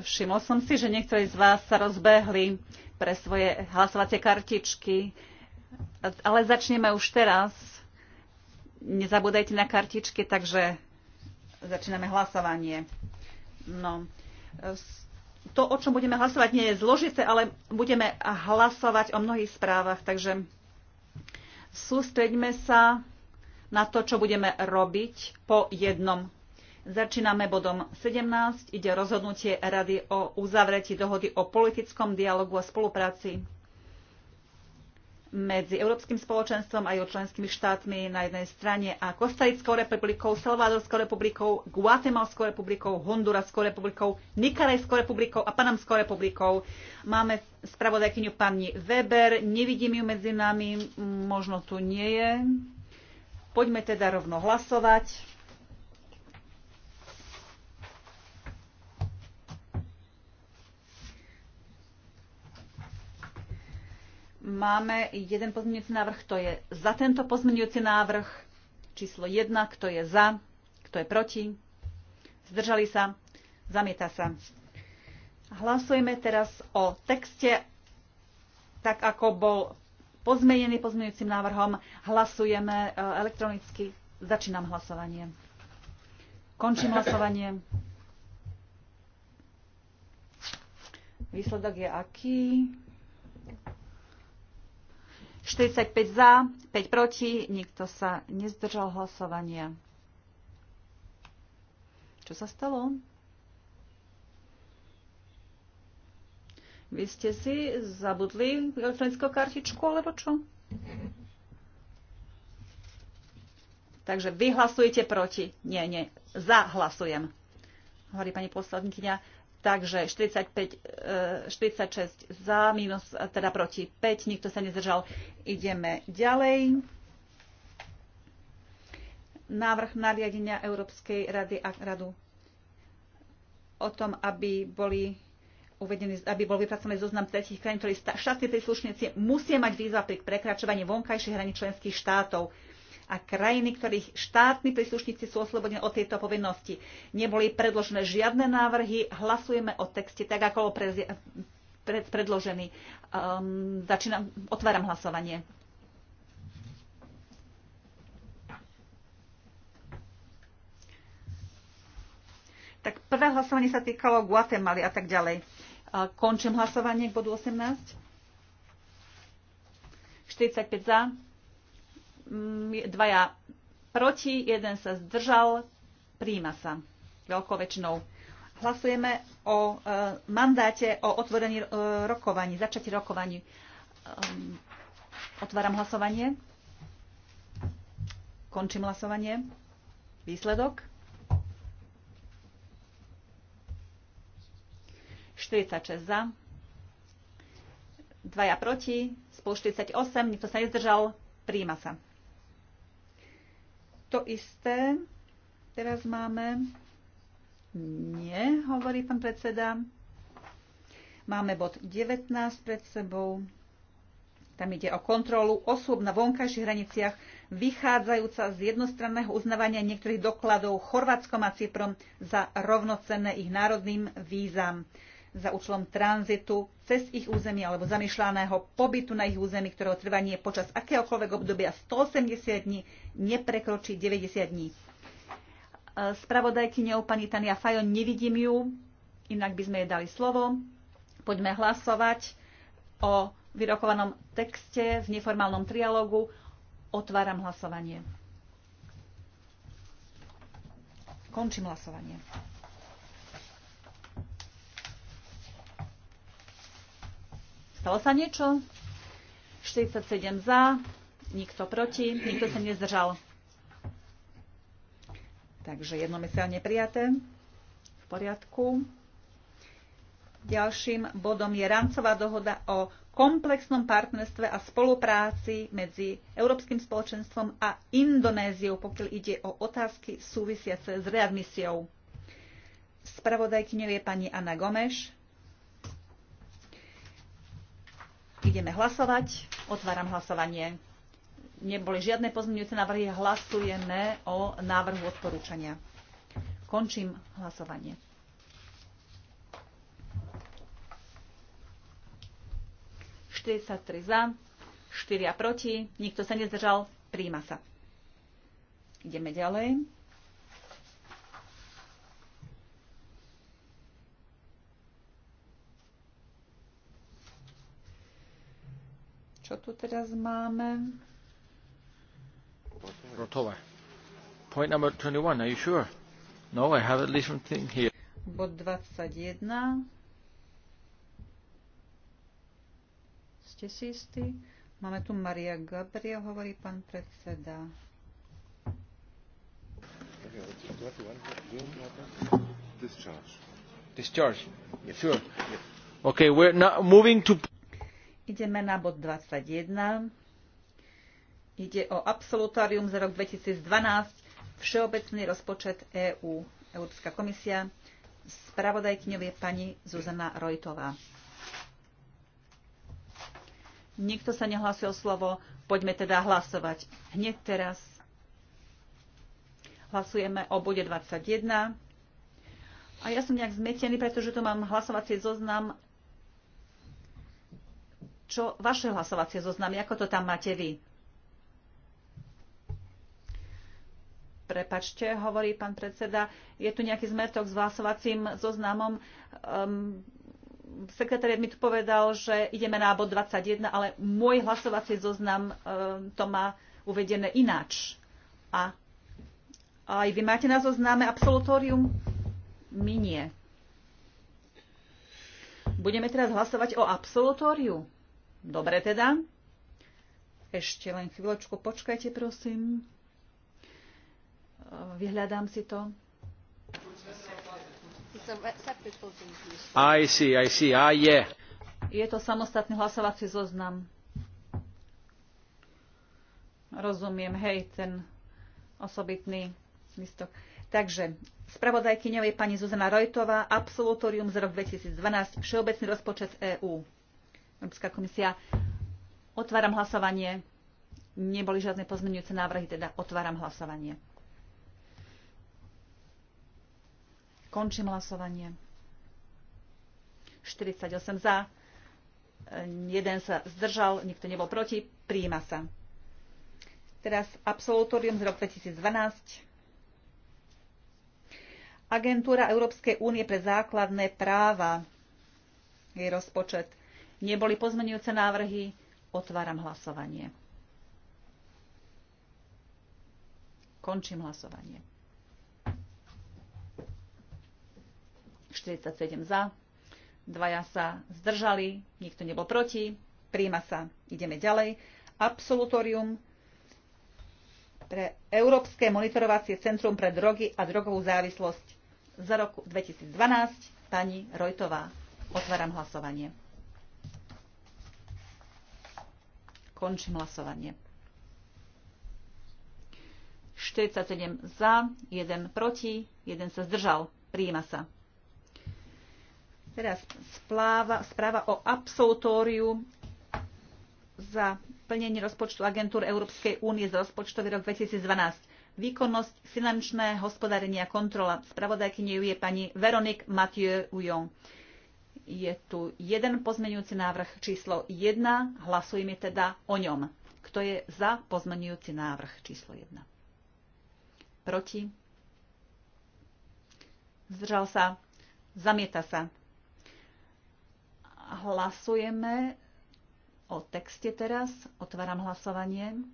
Všimol som si, že niektorí z vás sa rozbehli pre svoje hlasovacie kartičky, ale začneme už teraz. Nezabúdajte na kartičky, takže začíname hlasovanie. No, to, o čom budeme hlasovať, nie je zložité, ale budeme hlasovať o mnohých správach, takže sústreďme sa na to, čo budeme robiť po jednom Začíname bodom 17. Ide rozhodnutie Rady o uzavretí dohody o politickom dialogu a spolupráci medzi Európskym spoločenstvom a jeho členskými štátmi na jednej strane a Kostarickou republikou, Salvadorskou republikou, Guatemalskou republikou, Honduraskou republikou, Nikarajskou republikou a Panamskou republikou. Máme spravodajkyňu pani Weber, nevidím ju medzi nami, možno tu nie je. Poďme teda rovno hlasovať. Máme jeden pozmeňujúci návrh, kto je za tento pozmeňujúci návrh. Číslo 1, kto je za, kto je proti. Zdržali sa, zamieta sa. Hlasujeme teraz o texte, tak ako bol pozmenený pozmeňujúcim návrhom. Hlasujeme e, elektronicky. Začínam hlasovanie. Končím hlasovanie. Výsledok je aký? 45 za, 5 proti, nikto sa nezdržal hlasovania. Čo sa stalo? Vy ste si zabudli elektronickú kartičku, alebo čo? Takže vy hlasujete proti. Nie, nie. zahlasujem. hlasujem. Hovorí pani poslankyňa Takže 45, 46 e, za, minus, e, teda proti 5, nikto sa nezdržal. Ideme ďalej. Návrh nariadenia Európskej rady a radu o tom, aby boli uvedený, aby bol vypracovaný zoznam tretich krajín, ktorí štátni príslušníci musia mať výzva pri prekračovaní vonkajších hraní členských štátov a krajiny, ktorých štátni príslušníci sú oslobodení od tejto povinnosti. Neboli predložené žiadne návrhy, hlasujeme o texte tak, ako bol pre, predložený. Um, začínam, otváram hlasovanie. Tak prvé hlasovanie sa týkalo Guatemaly a tak ďalej. Končím hlasovanie k bodu 18. 45 za, dvaja proti, jeden sa zdržal, príjma sa veľkou väčšinou. Hlasujeme o e, mandáte o otvorení e, rokovaní, začatí rokovaní. Ehm, otváram hlasovanie. Končím hlasovanie. Výsledok. 46 za, dvaja proti, spolu 48, nikto sa nezdržal, príjma sa. To isté teraz máme. Nie, hovorí pán predseda. Máme bod 19 pred sebou. Tam ide o kontrolu osôb na vonkajších hraniciach, vychádzajúca z jednostranného uznávania niektorých dokladov Chorvátskom a Cyprom za rovnocenné ich národným vízam za účelom tranzitu cez ich územie alebo zamýšľaného pobytu na ich území, ktorého trvanie počas akéhokoľvek obdobia 180 dní neprekročí 90 dní. E, spravodajkyňou pani Tania Fajon nevidím ju, inak by sme jej dali slovo. Poďme hlasovať o vyrokovanom texte v neformálnom trialógu. Otváram hlasovanie. Končím hlasovanie. Stalo sa niečo? 47 za, nikto proti, nikto sa nezdržal. Takže jednomyselne prijaté. V poriadku. Ďalším bodom je rámcová dohoda o komplexnom partnerstve a spolupráci medzi Európskym spoločenstvom a Indonéziou, pokiaľ ide o otázky súvisiace s readmisiou. Spravodajkyňou je pani Anna Gomeš. Ideme hlasovať. Otváram hlasovanie. Neboli žiadne pozmeňujúce návrhy. Hlasujeme o návrhu odporúčania. Končím hlasovanie. Štyridsaťtri za, štyria proti, nikto sa nezdržal, príjma sa. Ideme ďalej. Čo tu teraz máme?
Rotova. Point number 21, are you sure? No, I have at least one thing here.
Bod 21. Ste si istí? Máme tu Maria Gabriel, hovorí pán predseda.
Discharge. Discharge. Yes, sure. Yes. Okay, we're now moving to Ideme
na bod 21. Ide o absolutárium za rok 2012, Všeobecný rozpočet EÚ, EU, Európska komisia. Spravodajkňov je pani Zuzana Rojtová. Nikto sa nehlásil slovo, poďme teda hlasovať hneď teraz. Hlasujeme o bode 21. A ja som nejak zmetený, pretože tu mám hlasovací zoznam čo vaše hlasovacie zoznamy, ako to tam máte vy? Prepačte, hovorí pán predseda, je tu nejaký zmetok s hlasovacím zoznamom. Um, ehm, sekretár mi tu povedal, že ideme na bod 21, ale môj hlasovací zoznam um, to má uvedené ináč. A, a aj vy máte na zozname absolutórium? My nie. Budeme teraz hlasovať o absolutóriu. Dobre teda. Ešte len chvíľočku počkajte, prosím. E, vyhľadám si to.
I see, I see. I ah, yeah.
Je to samostatný hlasovací zoznam. Rozumiem, hej, ten osobitný listok. Takže spravodajkyňovej je pani Zuzana Rojtová, absolutorium z rok 2012, všeobecný rozpočet EÚ. Európska komisia. Otváram hlasovanie. Neboli žiadne pozmenujúce návrhy, teda otváram hlasovanie. Končím hlasovanie. 48 za, jeden sa zdržal, nikto nebol proti, prijíma sa. Teraz absolutorium z roku 2012. Agentúra Európskej únie pre základné práva. Jej rozpočet Neboli pozmenujúce návrhy. Otváram hlasovanie. Končím hlasovanie. 47 za, dvaja sa zdržali, nikto nebol proti, príjma sa, ideme ďalej. Absolutorium pre Európske monitorovacie centrum pre drogy a drogovú závislosť za rok 2012, pani Rojtová. Otváram hlasovanie. Končím hlasovanie. 47 za, 1 proti, 1 sa zdržal. Príjima sa. Teraz spláva, správa o absolutóriu za plnenie rozpočtu agentúr Európskej únie za rozpočtový rok 2012. Výkonnosť, finančné hospodárenie a kontrola. Spravodajkyňou je pani Veronik Mathieu Ujon. Je tu jeden pozmenujúci návrh číslo 1. Hlasujeme teda o ňom. Kto je za pozmenujúci návrh číslo 1? Proti? Zdržal sa? Zamieta sa. Hlasujeme o texte teraz. Otváram hlasovanie.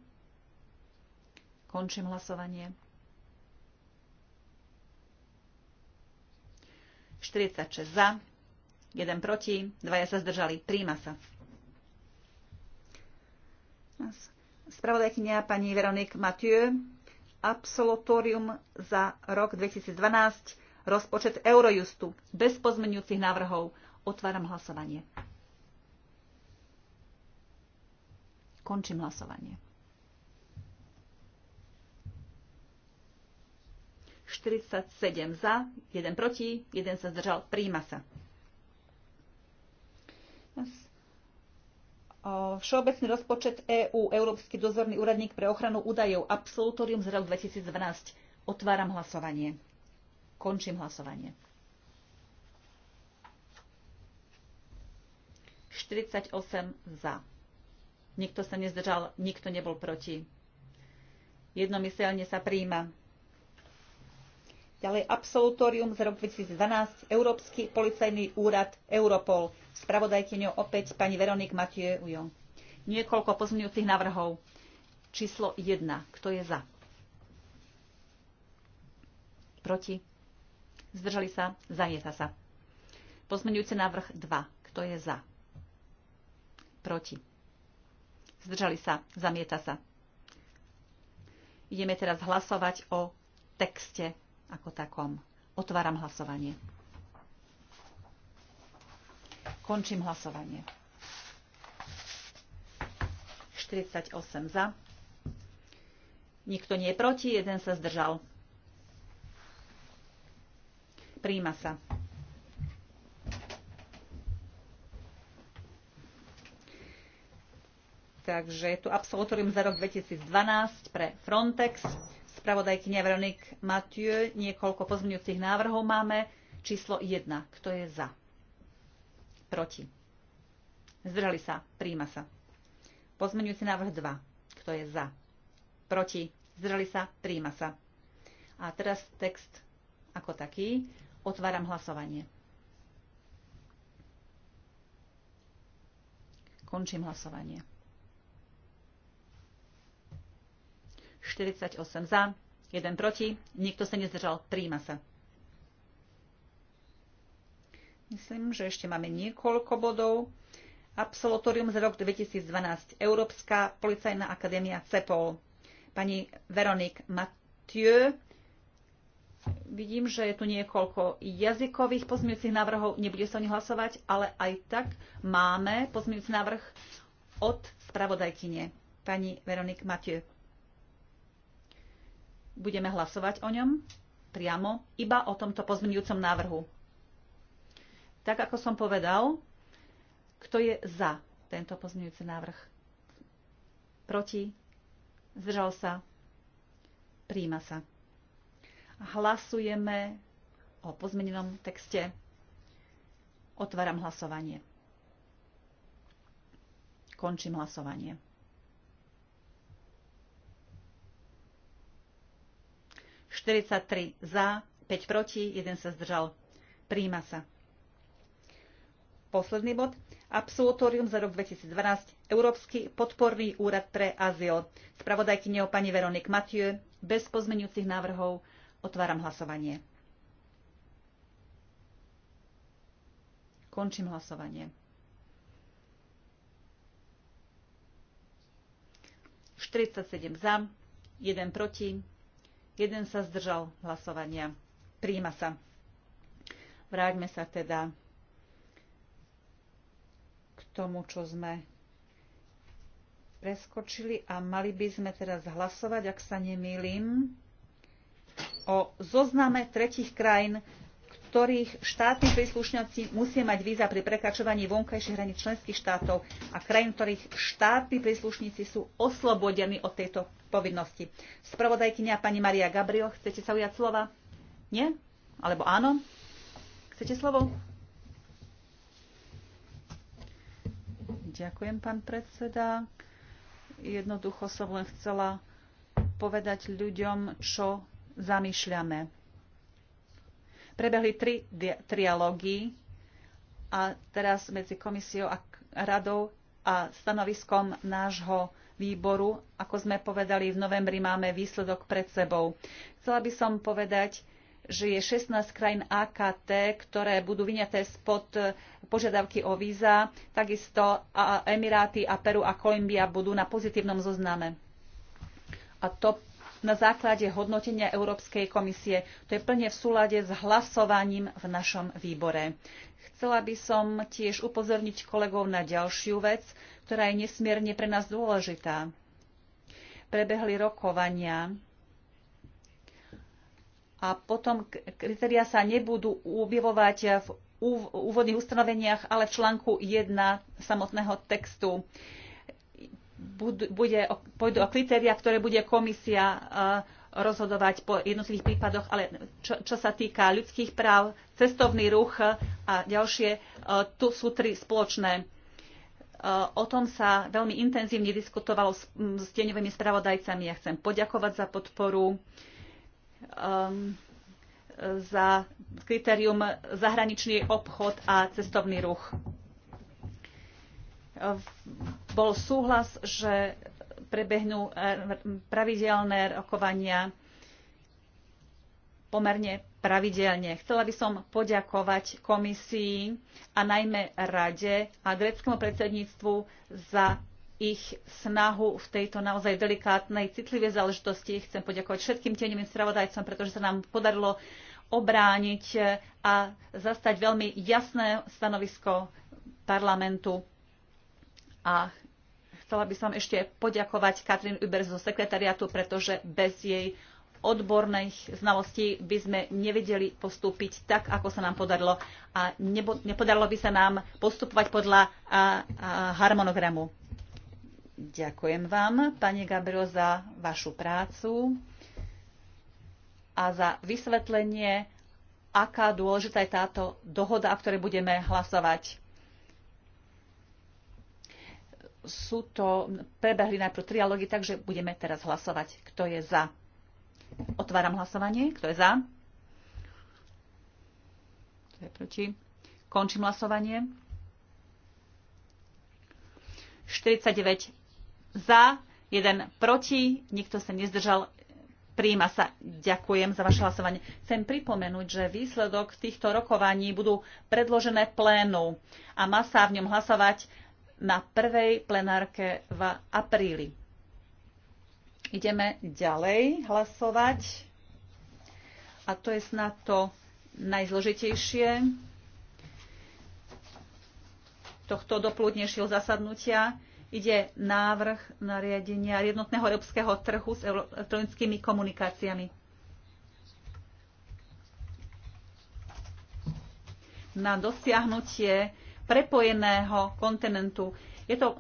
Končím hlasovanie. 46 za, 1 proti, 2 sa zdržali, príjma sa. Spravodajkynia pani Veronique Mathieu, absolutorium za rok 2012, rozpočet Eurojustu, bez pozmenujúcich návrhov. Otváram hlasovanie. Končím hlasovanie. 47 za, 1 proti, 1 sa zdržal, príjma sa. Všeobecný rozpočet EÚ, EU, Európsky dozorný úradník pre ochranu údajov, absolutorium z roku 2012. Otváram hlasovanie. Končím hlasovanie. 48 za. Nikto sa nezdržal, nikto nebol proti. Jednomyselne sa príjma. Ďalej absolutórium z roku 2012, Európsky policajný úrad Europol. Spravodajkyňou opäť pani Veronik Matieujom. Niekoľko pozmňujúcich návrhov. Číslo 1. Kto je za? Proti? Zdržali sa? Zamieta sa. Pozmeňujúci návrh 2. Kto je za? Proti? Zdržali sa? Zamieta sa. Ideme teraz hlasovať o texte ako takom. Otváram hlasovanie. Končím hlasovanie. 48 za. Nikto nie je proti, jeden sa zdržal. Príjma sa. Takže tu absolutorium za rok 2012 pre Frontex spravodajkyňa Veronique Mathieu. Niekoľko pozmeňujúcich návrhov máme. Číslo 1. Kto je za? Proti. Zdržali sa. Príjma sa. Pozmeňujúci návrh 2. Kto je za? Proti. Zdržali sa. Príjma sa. A teraz text ako taký. Otváram hlasovanie. Končím hlasovanie. 48 za, 1 proti, nikto sa nezdržal, príjma sa. Myslím, že ešte máme niekoľko bodov. Absolutorium za rok 2012 Európska policajná akadémia CEPOL. Pani Veronik Mathieu, vidím, že je tu niekoľko jazykových pozmeňujúcich návrhov, nebude sa o nich hlasovať, ale aj tak máme pozmeňujúci návrh od spravodajkyne, pani Veronik Mathieu. Budeme hlasovať o ňom priamo iba o tomto pozmeňujúcom návrhu. Tak ako som povedal, kto je za tento pozmeňujúci návrh? Proti? Zdržal sa? Príjma sa. Hlasujeme o pozmenenom texte. Otváram hlasovanie. Končím hlasovanie. 43 za, 5 proti, 1 sa zdržal. Príjma sa. Posledný bod. Absolutórium za rok 2012. Európsky podporný úrad pre azyl. Spravodajkyňou pani Veronik Mathieu. Bez pozmenujúcich návrhov otváram hlasovanie. Končím hlasovanie. 47 za, 1 proti, Jeden sa zdržal hlasovania. Príjima sa. Vráťme sa teda k tomu, čo sme preskočili a mali by sme teraz hlasovať, ak sa nemýlim, o zozname tretich krajín, ktorých štátni príslušníci musia mať víza pri prekračovaní vonkajších hraníc členských štátov a krajín, ktorých štátni príslušníci sú oslobodení od tejto povinnosti. Spravodajkynia pani Maria Gabriel, chcete sa ujať slova? Nie? Alebo áno? Chcete slovo? Ďakujem, pán predseda. Jednoducho som len chcela povedať ľuďom, čo zamýšľame Prebehli tri trialógy a teraz medzi komisiou a radou a stanoviskom nášho výboru, ako sme povedali, v novembri máme výsledok pred sebou. Chcela by som povedať, že je 16 krajín AKT, ktoré budú vyňaté spod e, požiadavky o víza. Takisto Emiráty a Peru a Kolumbia budú na pozitívnom zozname. A to na základe hodnotenia Európskej komisie. To je plne v súlade s hlasovaním v našom výbore. Chcela by som tiež upozorniť kolegov na ďalšiu vec, ktorá je nesmierne pre nás dôležitá. Prebehli rokovania a potom kritéria sa nebudú objevovať v úvodných ustanoveniach, ale v článku 1 samotného textu bude, pôjdu o kritéria, ktoré bude komisia eh, rozhodovať po jednotlivých prípadoch, ale čo, čo sa týka ľudských práv, cestovný ruch a ďalšie, eh, tu sú tri spoločné. Eh, o tom sa veľmi intenzívne diskutovalo s, s tieňovými spravodajcami. Ja chcem poďakovať za podporu, um, za kritérium zahraničný obchod a cestovný ruch bol súhlas, že prebehnú pravidelné rokovania pomerne pravidelne. Chcela by som poďakovať komisii a najmä rade a greckému predsedníctvu za ich snahu v tejto naozaj delikátnej, citlivej záležitosti. Chcem poďakovať všetkým tieňovým spravodajcom, pretože sa nám podarilo obrániť a zastať veľmi jasné stanovisko parlamentu a chcela by som ešte poďakovať Katrin Uber zo sekretariatu, pretože bez jej odborných znalostí by sme nevedeli postúpiť tak, ako sa nám podarilo a nebo, nepodarilo by sa nám postupovať podľa a, a harmonogramu. Ďakujem vám, pani Gabriel, za vašu prácu a za vysvetlenie, aká dôležitá je táto dohoda, o ktorej budeme hlasovať sú to, prebehli najprv trialógy, takže budeme teraz hlasovať, kto je za. Otváram hlasovanie, kto je za. Kto je proti. Končím hlasovanie. 49 za, 1 proti, nikto sa nezdržal, Príjima sa. Ďakujem za vaše hlasovanie. Chcem pripomenúť, že výsledok týchto rokovaní budú predložené plénu a má sa v ňom hlasovať na prvej plenárke v apríli. Ideme ďalej hlasovať. A to je snad to najzložitejšie tohto doplúdnejšieho zasadnutia. Ide návrh nariadenia jednotného európskeho trhu s elektronickými komunikáciami. Na dosiahnutie prepojeného kontinentu. Je to eh,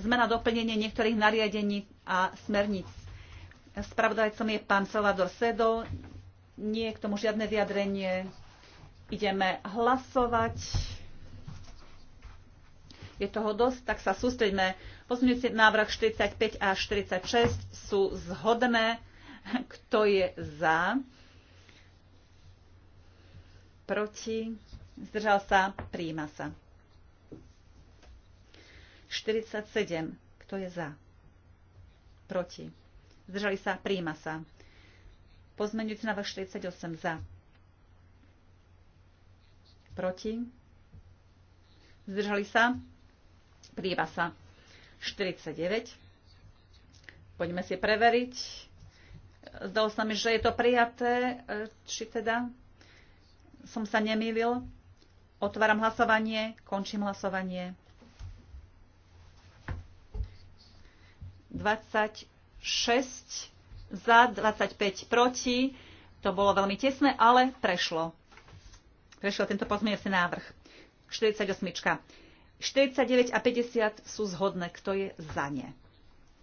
zmena doplnenie niektorých nariadení a smerníc. Spravodajcom je pán Salvador Sedo. Nie je k tomu žiadne vyjadrenie. Ideme hlasovať. Je toho dosť, tak sa sústredíme. Pozmeňujúci návrh 45 a 46 sú zhodné. Kto je za? Proti? Zdržal sa? príjima sa. 47. Kto je za? Proti. Zdržali sa? príjima sa. Pozmeňujúci návrh 48 za. Proti. Zdržali sa? príjima sa. 49. Poďme si preveriť. Zdalo sa mi, že je to prijaté, e, či teda som sa nemýlil. Otváram hlasovanie, končím hlasovanie. 26 za, 25 proti. To bolo veľmi tesné, ale prešlo. Prešiel tento pozmeňujúci návrh. 48. 49 a 50 sú zhodné. Kto je za ne?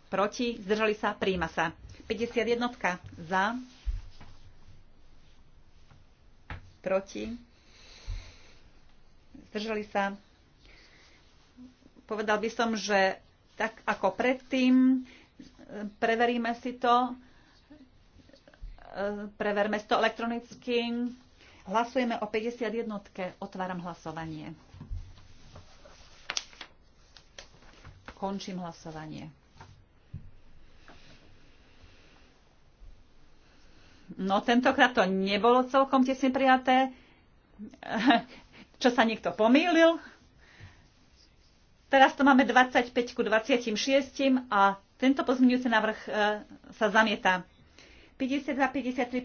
Proti? Zdržali sa? Príjma sa. 51 za. Proti? Držali sa? Povedal by som, že tak ako predtým, preveríme si to, preverme si to elektronicky. Hlasujeme o 51. Otváram hlasovanie. Končím hlasovanie. No tentokrát to nebolo celkom tesne prijaté čo sa niekto pomýlil. Teraz to máme 25 ku 26 a tento pozmeňujúci návrh e, sa zamieta. 52, 53,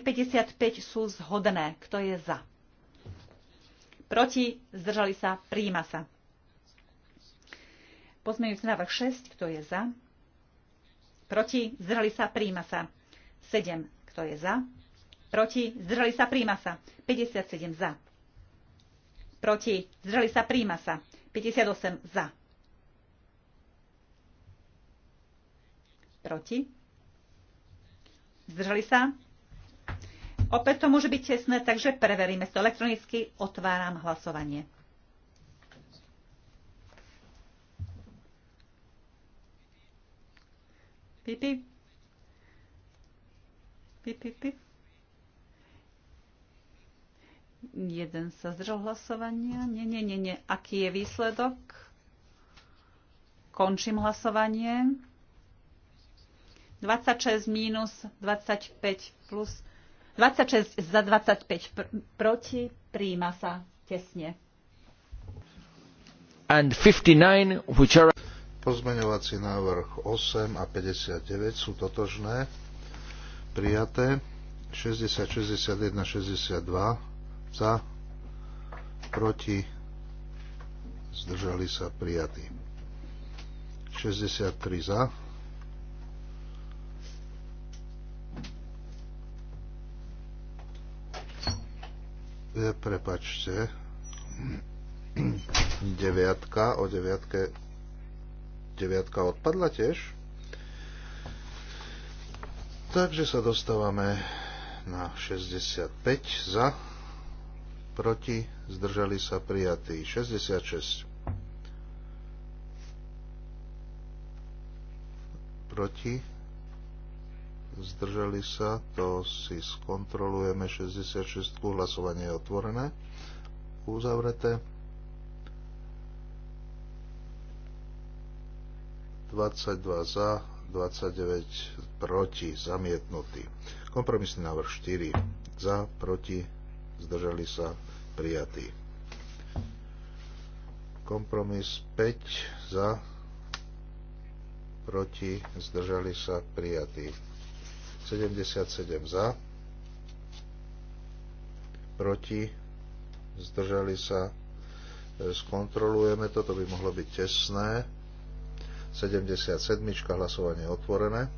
54, 55 sú zhodné. Kto je za? Proti? Zdržali sa? Príjima sa. Pozmeňujúci návrh 6. Kto je za? Proti? Zdržali sa? Príjima sa. 7. Kto je za? Proti? Zdržali sa? Príjima sa. 57 za proti, zdržali sa, príjma sa. 58 za. Proti. Zdržali sa. Opäť to môže byť tesné, takže preveríme to elektronicky. Otváram hlasovanie. Pipi? pip. Pip, pip, pip. Jeden sa zdržal hlasovania. Nie, nie, nie, nie. Aký je výsledok? Končím hlasovanie. 26 minus 25 plus 26 za 25 pr- proti. príjma sa tesne.
And 59, which are...
Pozmeňovací návrh 8 a 59 sú totožné, prijaté. 60, 61, 62 za, proti, zdržali sa prijatí. 63 za, e, prepačte, deviatka, o deviatke, deviatka odpadla tiež. Takže sa dostávame na 65 za proti, zdržali sa prijatí 66, proti, zdržali sa, to si skontrolujeme 66, hlasovanie je otvorené, uzavreté. 22 za, 29 proti, zamietnutý. Kompromisný návrh 4 za, proti, zdržali sa prijatí. Kompromis 5 za, proti, zdržali sa prijatí. 77 za, proti, zdržali sa, e, skontrolujeme to, to by mohlo byť tesné. 77. hlasovanie otvorené.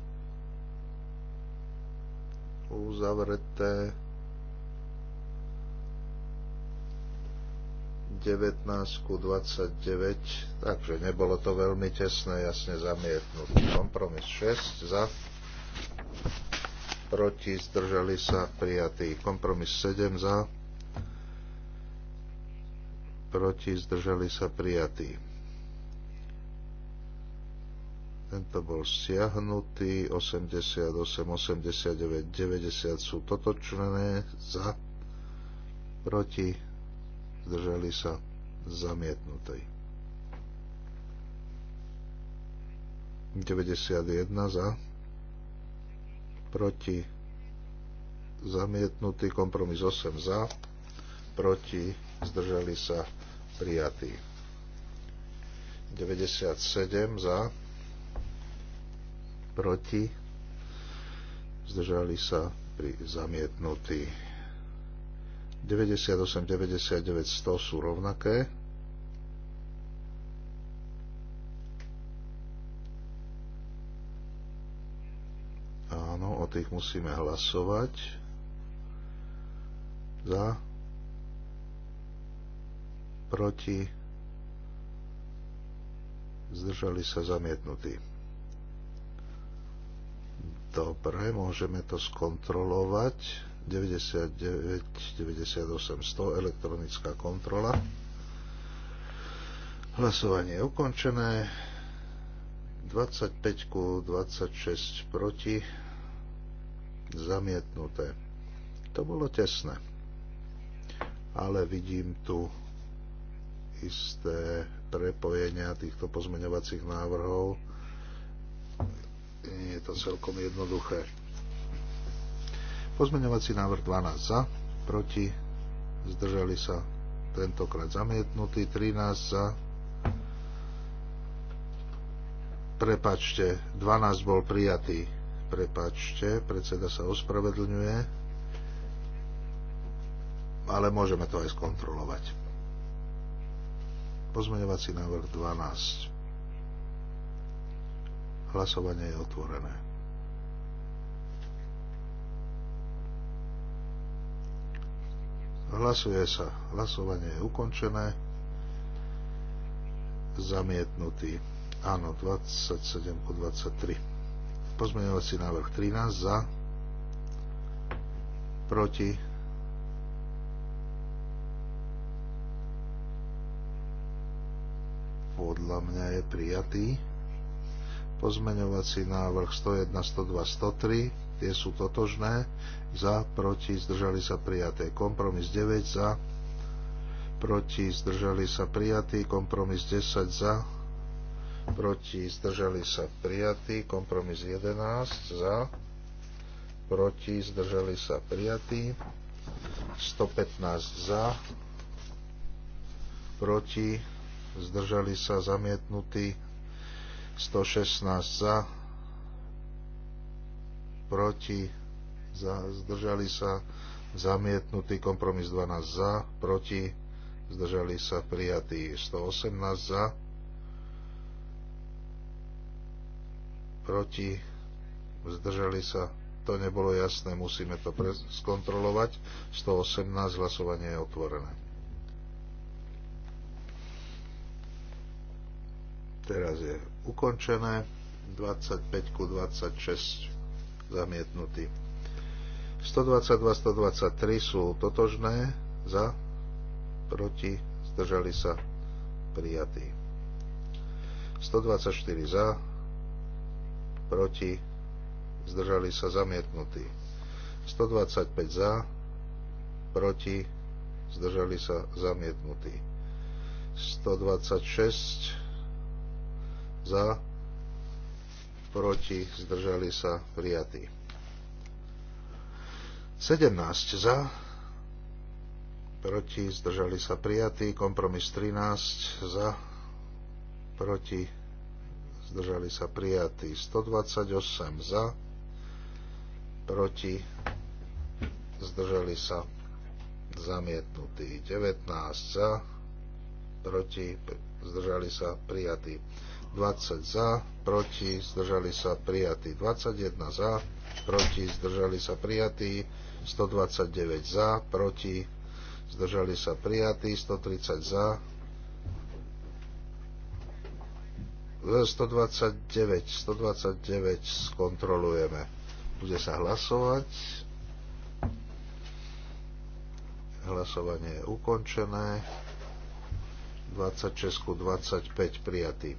Uzavreté. 19 ku 29, takže nebolo to veľmi tesné, jasne zamietnutý. Kompromis 6 za, proti, zdržali sa, prijatý. Kompromis 7 za, proti, zdržali sa, prijatý. Tento bol stiahnutý, 88, 89, 90 sú totočnené, za, proti, zdržali sa zamietnutej. 91 za, proti zamietnutý, kompromis 8 za, proti zdržali sa prijatý. 97 za, proti zdržali sa pri zamietnutý. 98, 99, 100 sú rovnaké. Áno, o tých musíme hlasovať. Za. Proti. Zdržali sa zamietnutí. Dobre, môžeme to skontrolovať. 99, 98, 100 elektronická kontrola. Hlasovanie je ukončené. 25 ku 26 proti. Zamietnuté. To bolo tesné. Ale vidím tu isté prepojenia týchto pozmeňovacích návrhov. Nie je to celkom jednoduché. Pozmeňovací návrh 12 za, proti, zdržali sa tentokrát zamietnutý, 13 za, prepačte, 12 bol prijatý, prepačte, predseda sa ospravedlňuje, ale môžeme to aj skontrolovať. Pozmeňovací návrh 12. Hlasovanie je otvorené. Hlasuje sa. Hlasovanie je ukončené. Zamietnutý. Áno, 27 ku 23. Pozmeňovací návrh 13 za. Proti. Podľa mňa je prijatý. Pozmeňovací návrh 101, 102, 103, tie sú totožné. Za, proti, zdržali sa prijaté. Kompromis 9 za, proti, zdržali sa prijatý. Kompromis 10 za, proti, zdržali sa prijatý. Kompromis 11 za, proti, zdržali sa prijatý. 115 za, proti, zdržali sa zamietnutí 116 za, proti, za, zdržali sa, zamietnutý kompromis 12 za, proti, zdržali sa, prijatý 118 za, proti, zdržali sa, to nebolo jasné, musíme to skontrolovať, 118 hlasovanie je otvorené. Teraz je ukončené, 25 ku 26 zamietnutý. 122, 123 sú totožné, za, proti, zdržali sa, prijatí. 124 za, proti, zdržali sa, zamietnutí. 125 za, proti, zdržali sa, zamietnutí. 126 za, proti, zdržali sa, prijatí. 17 za, proti, zdržali sa, prijatí. Kompromis 13 za, proti, zdržali sa, prijatí. 128 za, proti, zdržali sa, zamietnutí. 19 za, proti, zdržali sa, prijatí. 20 za, proti, zdržali sa prijatí 21 za, proti, zdržali sa prijatí 129 za, proti, zdržali sa prijatí 130 za, 129, 129 skontrolujeme. Bude sa hlasovať. Hlasovanie je ukončené. 26 25 prijatý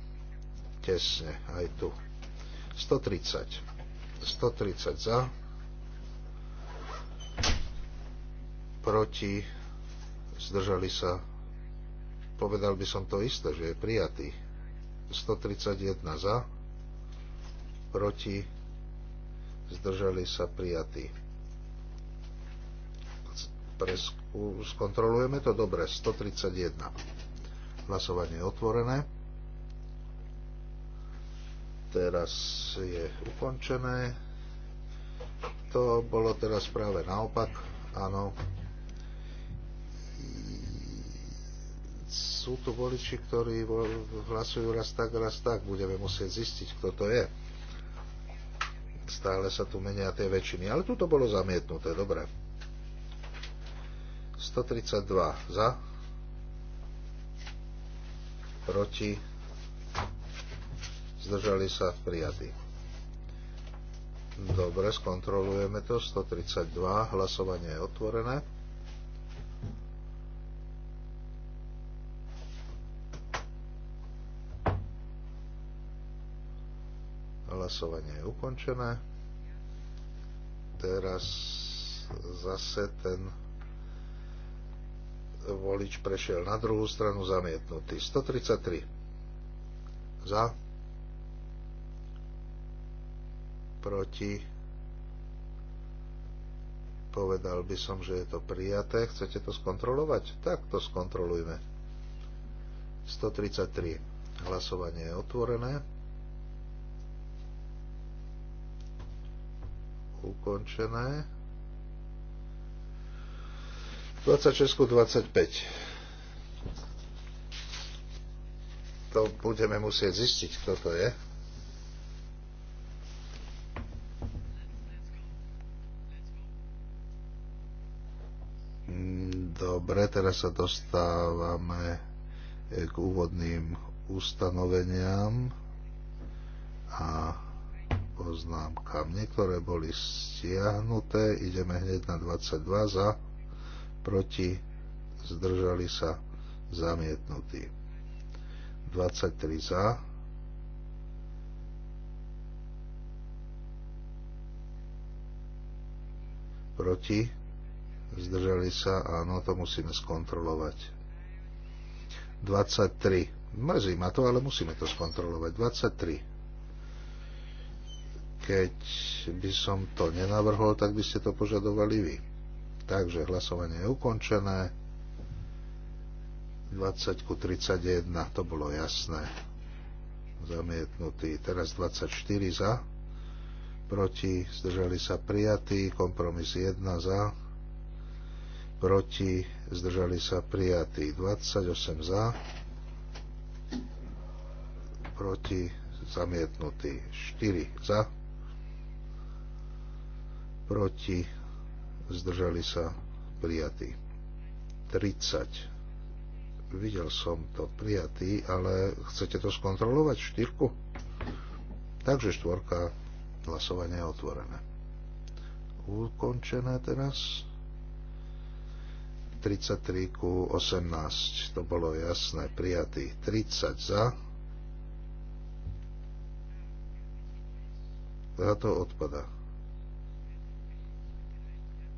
tesne aj tu. 130. 130 za. Proti. Zdržali sa. Povedal by som to isté, že je prijatý. 131 za. Proti. Zdržali sa prijatý. skontrolujeme to dobre. 131. Hlasovanie je otvorené teraz je ukončené. To bolo teraz práve naopak. Áno. Sú tu voliči, ktorí hlasujú raz tak, raz tak. Budeme musieť zistiť, kto to je. Stále sa tu menia tie väčšiny. Ale tu to bolo zamietnuté. Dobre. 132 za. Proti zdržali sa prijatí. Dobre, skontrolujeme to. 132, hlasovanie je otvorené. Hlasovanie je ukončené. Teraz zase ten volič prešiel na druhú stranu zamietnutý. 133 za proti, povedal by som, že je to prijaté. Chcete to skontrolovať? Tak to skontrolujme. 133. Hlasovanie je otvorené. Ukončené. 26 25. to budeme musieť zistiť, kto to je. Dobre, teraz sa dostávame eh, k úvodným ustanoveniam a poznámkam. Niektoré boli stiahnuté, ideme hneď na 22 za, proti, zdržali sa, zamietnutí. 23 za, proti, zdržali sa, áno, to musíme skontrolovať. 23. Mrzí ma to, ale musíme to skontrolovať. 23. Keď by som to nenavrhol, tak by ste to požadovali vy. Takže hlasovanie je ukončené. 20 ku 31, to bolo jasné. Zamietnutý. Teraz 24 za proti, zdržali sa prijatí, kompromis 1 za, proti, zdržali sa prijatí 28 za, proti, zamietnutí 4 za, proti, zdržali sa prijatí 30. Videl som to prijatý, ale chcete to skontrolovať štyrku? Takže štvorka, hlasovanie je otvorené. Ukončené teraz. 33 ku 18. To bolo jasné. Prijatý 30 za. Za to odpada.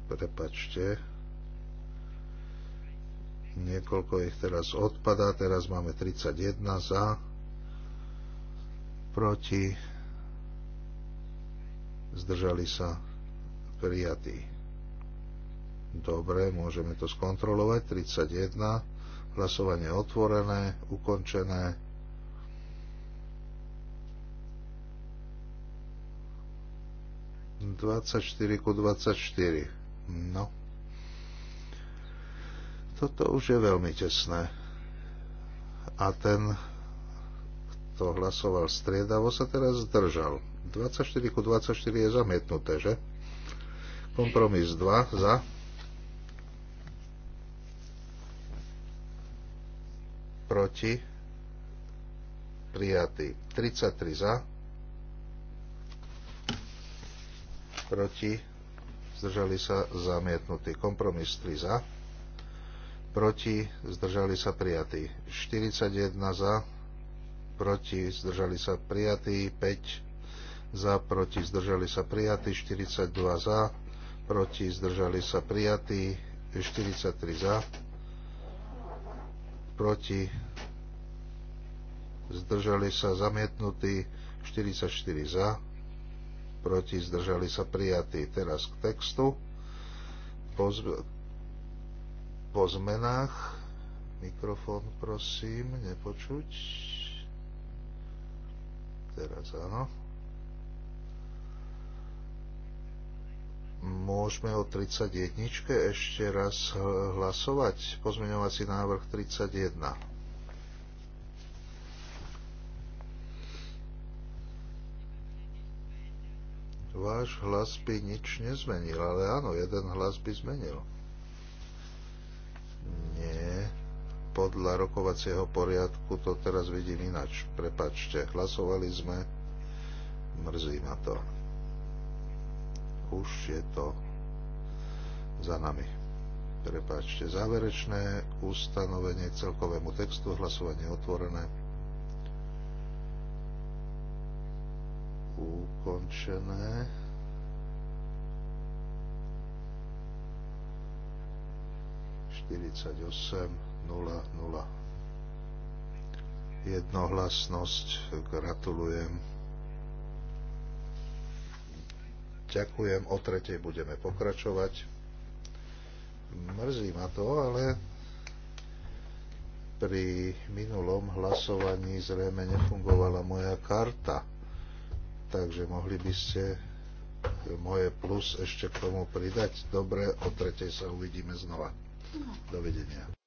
Prepačte. Niekoľko ich teraz odpada, Teraz máme 31 za. Proti. Zdržali sa. Prijatý. Dobre, môžeme to skontrolovať. 31. Hlasovanie otvorené, ukončené. ...24 ku 24. No. Toto už je veľmi tesné. A ten, kto hlasoval striedavo, sa teraz zdržal. 24 ku 24 je zamietnuté, že? Kompromis 2 za proti, prijatý. 33 za, proti, zdržali sa zamietnutí. Kompromis 3 za, proti, zdržali sa prijatí. 41 za, proti, zdržali sa prijatí. 5 za, proti, zdržali sa prijatí. 42 za, proti, zdržali sa prijatí. 43 za, proti, zdržali sa zamietnutí, 44 za, proti, zdržali sa prijatí. Teraz k textu. Po, po zmenách, mikrofón prosím, nepočuť. Teraz áno. môžeme o 31 ešte raz hlasovať. Pozmeňovací návrh 31. Váš hlas by nič nezmenil, ale áno, jeden hlas by zmenil. Nie, podľa rokovacieho poriadku to teraz vidím inač. Prepačte, hlasovali sme, mrzí ma to už je to za nami. Prepáčte, záverečné ustanovenie celkovému textu, hlasovanie otvorené, ukončené. Jednohlasnosť, gratulujem. Ďakujem, o tretej budeme pokračovať. Mrzí ma to, ale pri minulom hlasovaní zrejme nefungovala moja karta, takže mohli by ste moje plus ešte k tomu pridať. Dobre, o tretej sa uvidíme znova. No. Dovidenia.